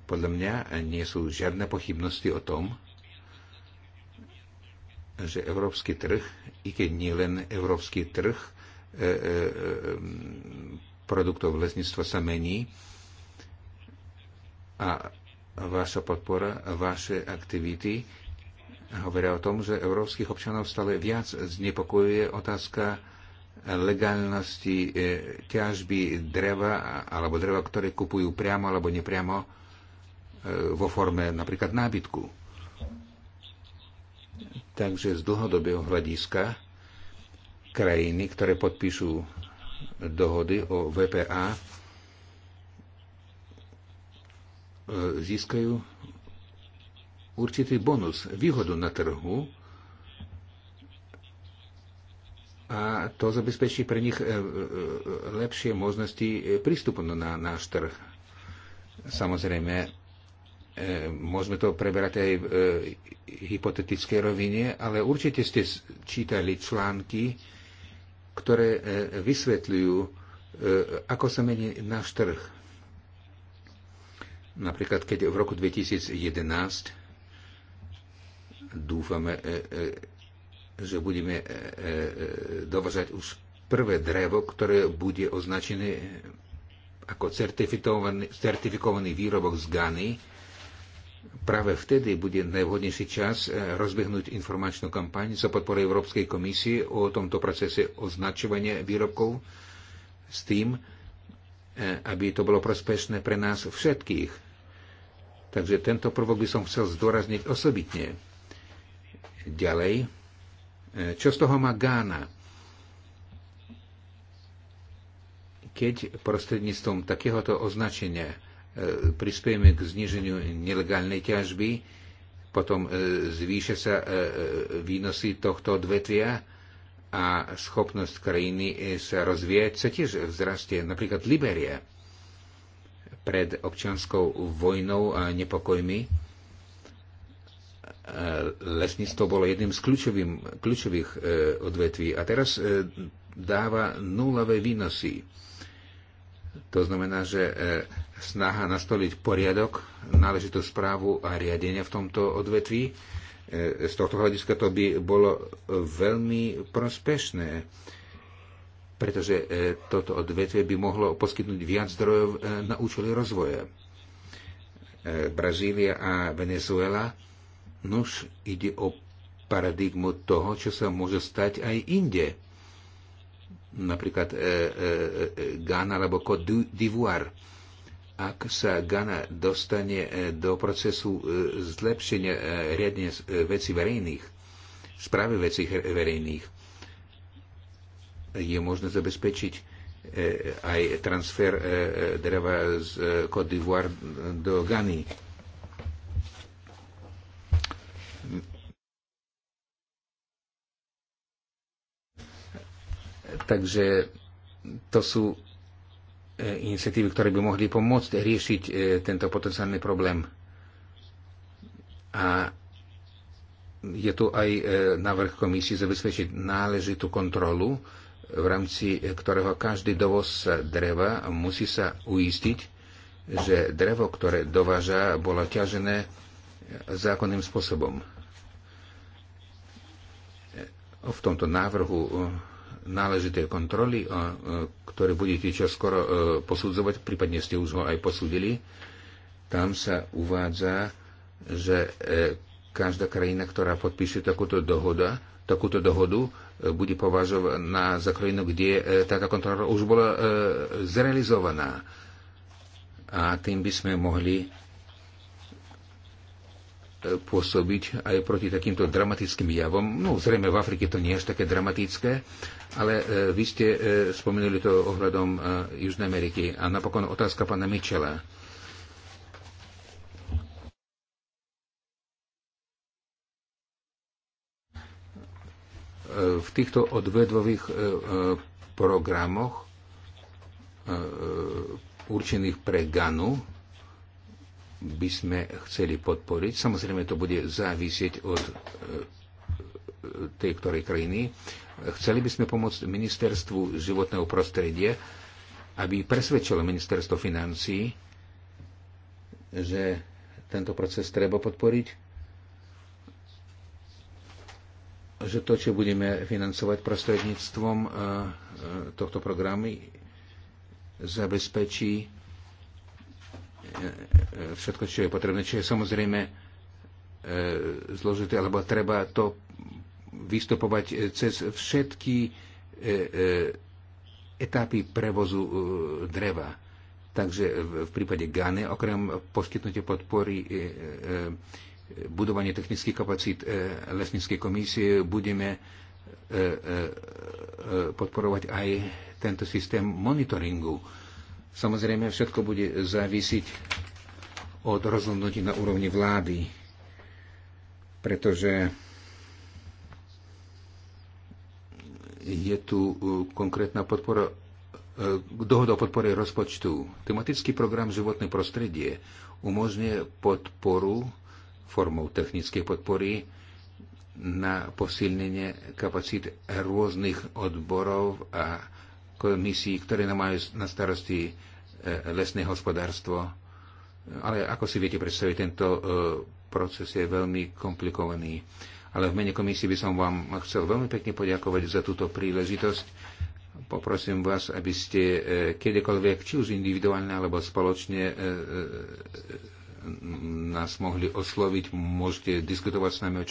Podľa mňa nie sú žiadne pochybnosti o tom, že európsky trh, i keď nie len európsky trh, e, e, e produktov lesníctva sa mení a vaša podpora, vaše aktivity hovoria o tom, že európskych občanov stále viac znepokojuje otázka legálnosti e, ťažby dreva alebo dreva, ktoré kupujú priamo alebo nepriamo e, vo forme napríklad nábytku. Takže z dlhodobého hľadiska krajiny, ktoré podpíšu dohody o VPA e, získajú určitý bonus, výhodu na trhu a to zabezpečí pre nich e, e, lepšie možnosti prístupu na náš trh. Samozrejme, môžeme to preberať aj v hypotetickej rovine, ale určite ste čítali články, ktoré e, vysvetľujú, e, ako sa mení náš trh. Napríklad, keď v roku 2011 dúfame, e, že budeme dovažať už prvé drevo, ktoré bude označené ako certifikovaný, certifikovaný výrobok z Gany, práve vtedy bude najvhodnejší čas eh, rozbehnúť informačnú kampaň za podporu Európskej komisie o tomto procese označovania výrobkov s tým, eh, aby to bolo prospešné pre nás všetkých. Takže tento prvok by som chcel zdôrazniť osobitne. Ďalej, eh, čo z toho má Gána? Keď prostredníctvom takéhoto označenia E, prispiejeme k zniženiu nelegálnej ťažby, potom e, zvýšia sa e, výnosy tohto odvetvia a schopnosť krajiny sa rozvíjať sa tiež vzrastie. Napríklad Liberia pred občianskou vojnou a nepokojmi lesníctvo bolo jedným z kľúčovým, kľúčových odvetví a teraz dáva nulové výnosy. To znamená, že snaha nastoliť poriadok, náležitú správu a riadenie v tomto odvetví. E, z tohto hľadiska to by bolo veľmi prospešné, pretože e, toto odvetvie by mohlo poskytnúť viac zdrojov e, na účely rozvoja. Brazília a Venezuela, nuž ide o paradigmu toho, čo sa môže stať aj inde. Napríklad e, e, e, Ghana alebo Côte d'Ivoire ak sa Ghana dostane e, do procesu e, zlepšenia e, riadne veci verejných, správy veci verejných, je možné zabezpečiť aj transfer dreva z Côte d'Ivoire do Gany. Takže to sú E, iniciatívy, ktoré by mohli pomôcť riešiť e, tento potenciálny problém. A je tu aj e, návrh komisie zabezpečiť náležitú kontrolu, v rámci ktorého každý dovoz dreva musí sa uistiť, že drevo, ktoré dováža, bolo ťažené zákonným spôsobom. V tomto návrhu náležité kontroly, e, ktoré budete čoskoro e, posudzovať, prípadne ste už ho aj posudili, Tam sa uvádza, že e, každá krajina, ktorá podpíše takúto, dohoda, takúto dohodu, bude považovaná za krajinu, kde táto kontrola už bola zrealizovaná. A tým by sme mohli pôsobiť aj proti takýmto dramatickým javom. No, zrejme v Afrike to nie je až také dramatické, ale e, vy ste e, spomenuli to ohľadom e, Južnej Ameriky. A napokon otázka pána Michela. V týchto odvedových programoch určených pre Ganu by sme chceli podporiť. Samozrejme, to bude závisieť od e, tej ktorej krajiny. Chceli by sme pomôcť ministerstvu životného prostredia, aby presvedčilo ministerstvo financí, že tento proces treba podporiť, že to, čo budeme financovať prostredníctvom e, e, tohto programu, zabezpečí E, e, všetko, čo je potrebné, čo je samozrejme e, zložité, alebo treba to vystupovať cez všetky etapy prevozu dreva. Takže v prípade Gane, okrem poskytnutia podpory budovanie technických kapacít lesníckej komisie, budeme podporovať aj tento systém monitoringu Samozrejme, všetko bude závisiť od rozhodnutí na úrovni vlády, pretože je tu e, konkrétna podpora e, dohoda o podpore rozpočtu. Tematický program životné prostredie umožňuje podporu formou technickej podpory na posilnenie kapacít rôznych odborov a misií, ktoré majú na starosti lesné hospodárstvo. Ale ako si viete predstaviť, tento proces je veľmi komplikovaný. Ale v mene komisie by som vám chcel veľmi pekne poďakovať za túto príležitosť. Poprosím vás, aby ste kedykoľvek, či už individuálne alebo spoločne, nás mohli osloviť. Môžete diskutovať s nami o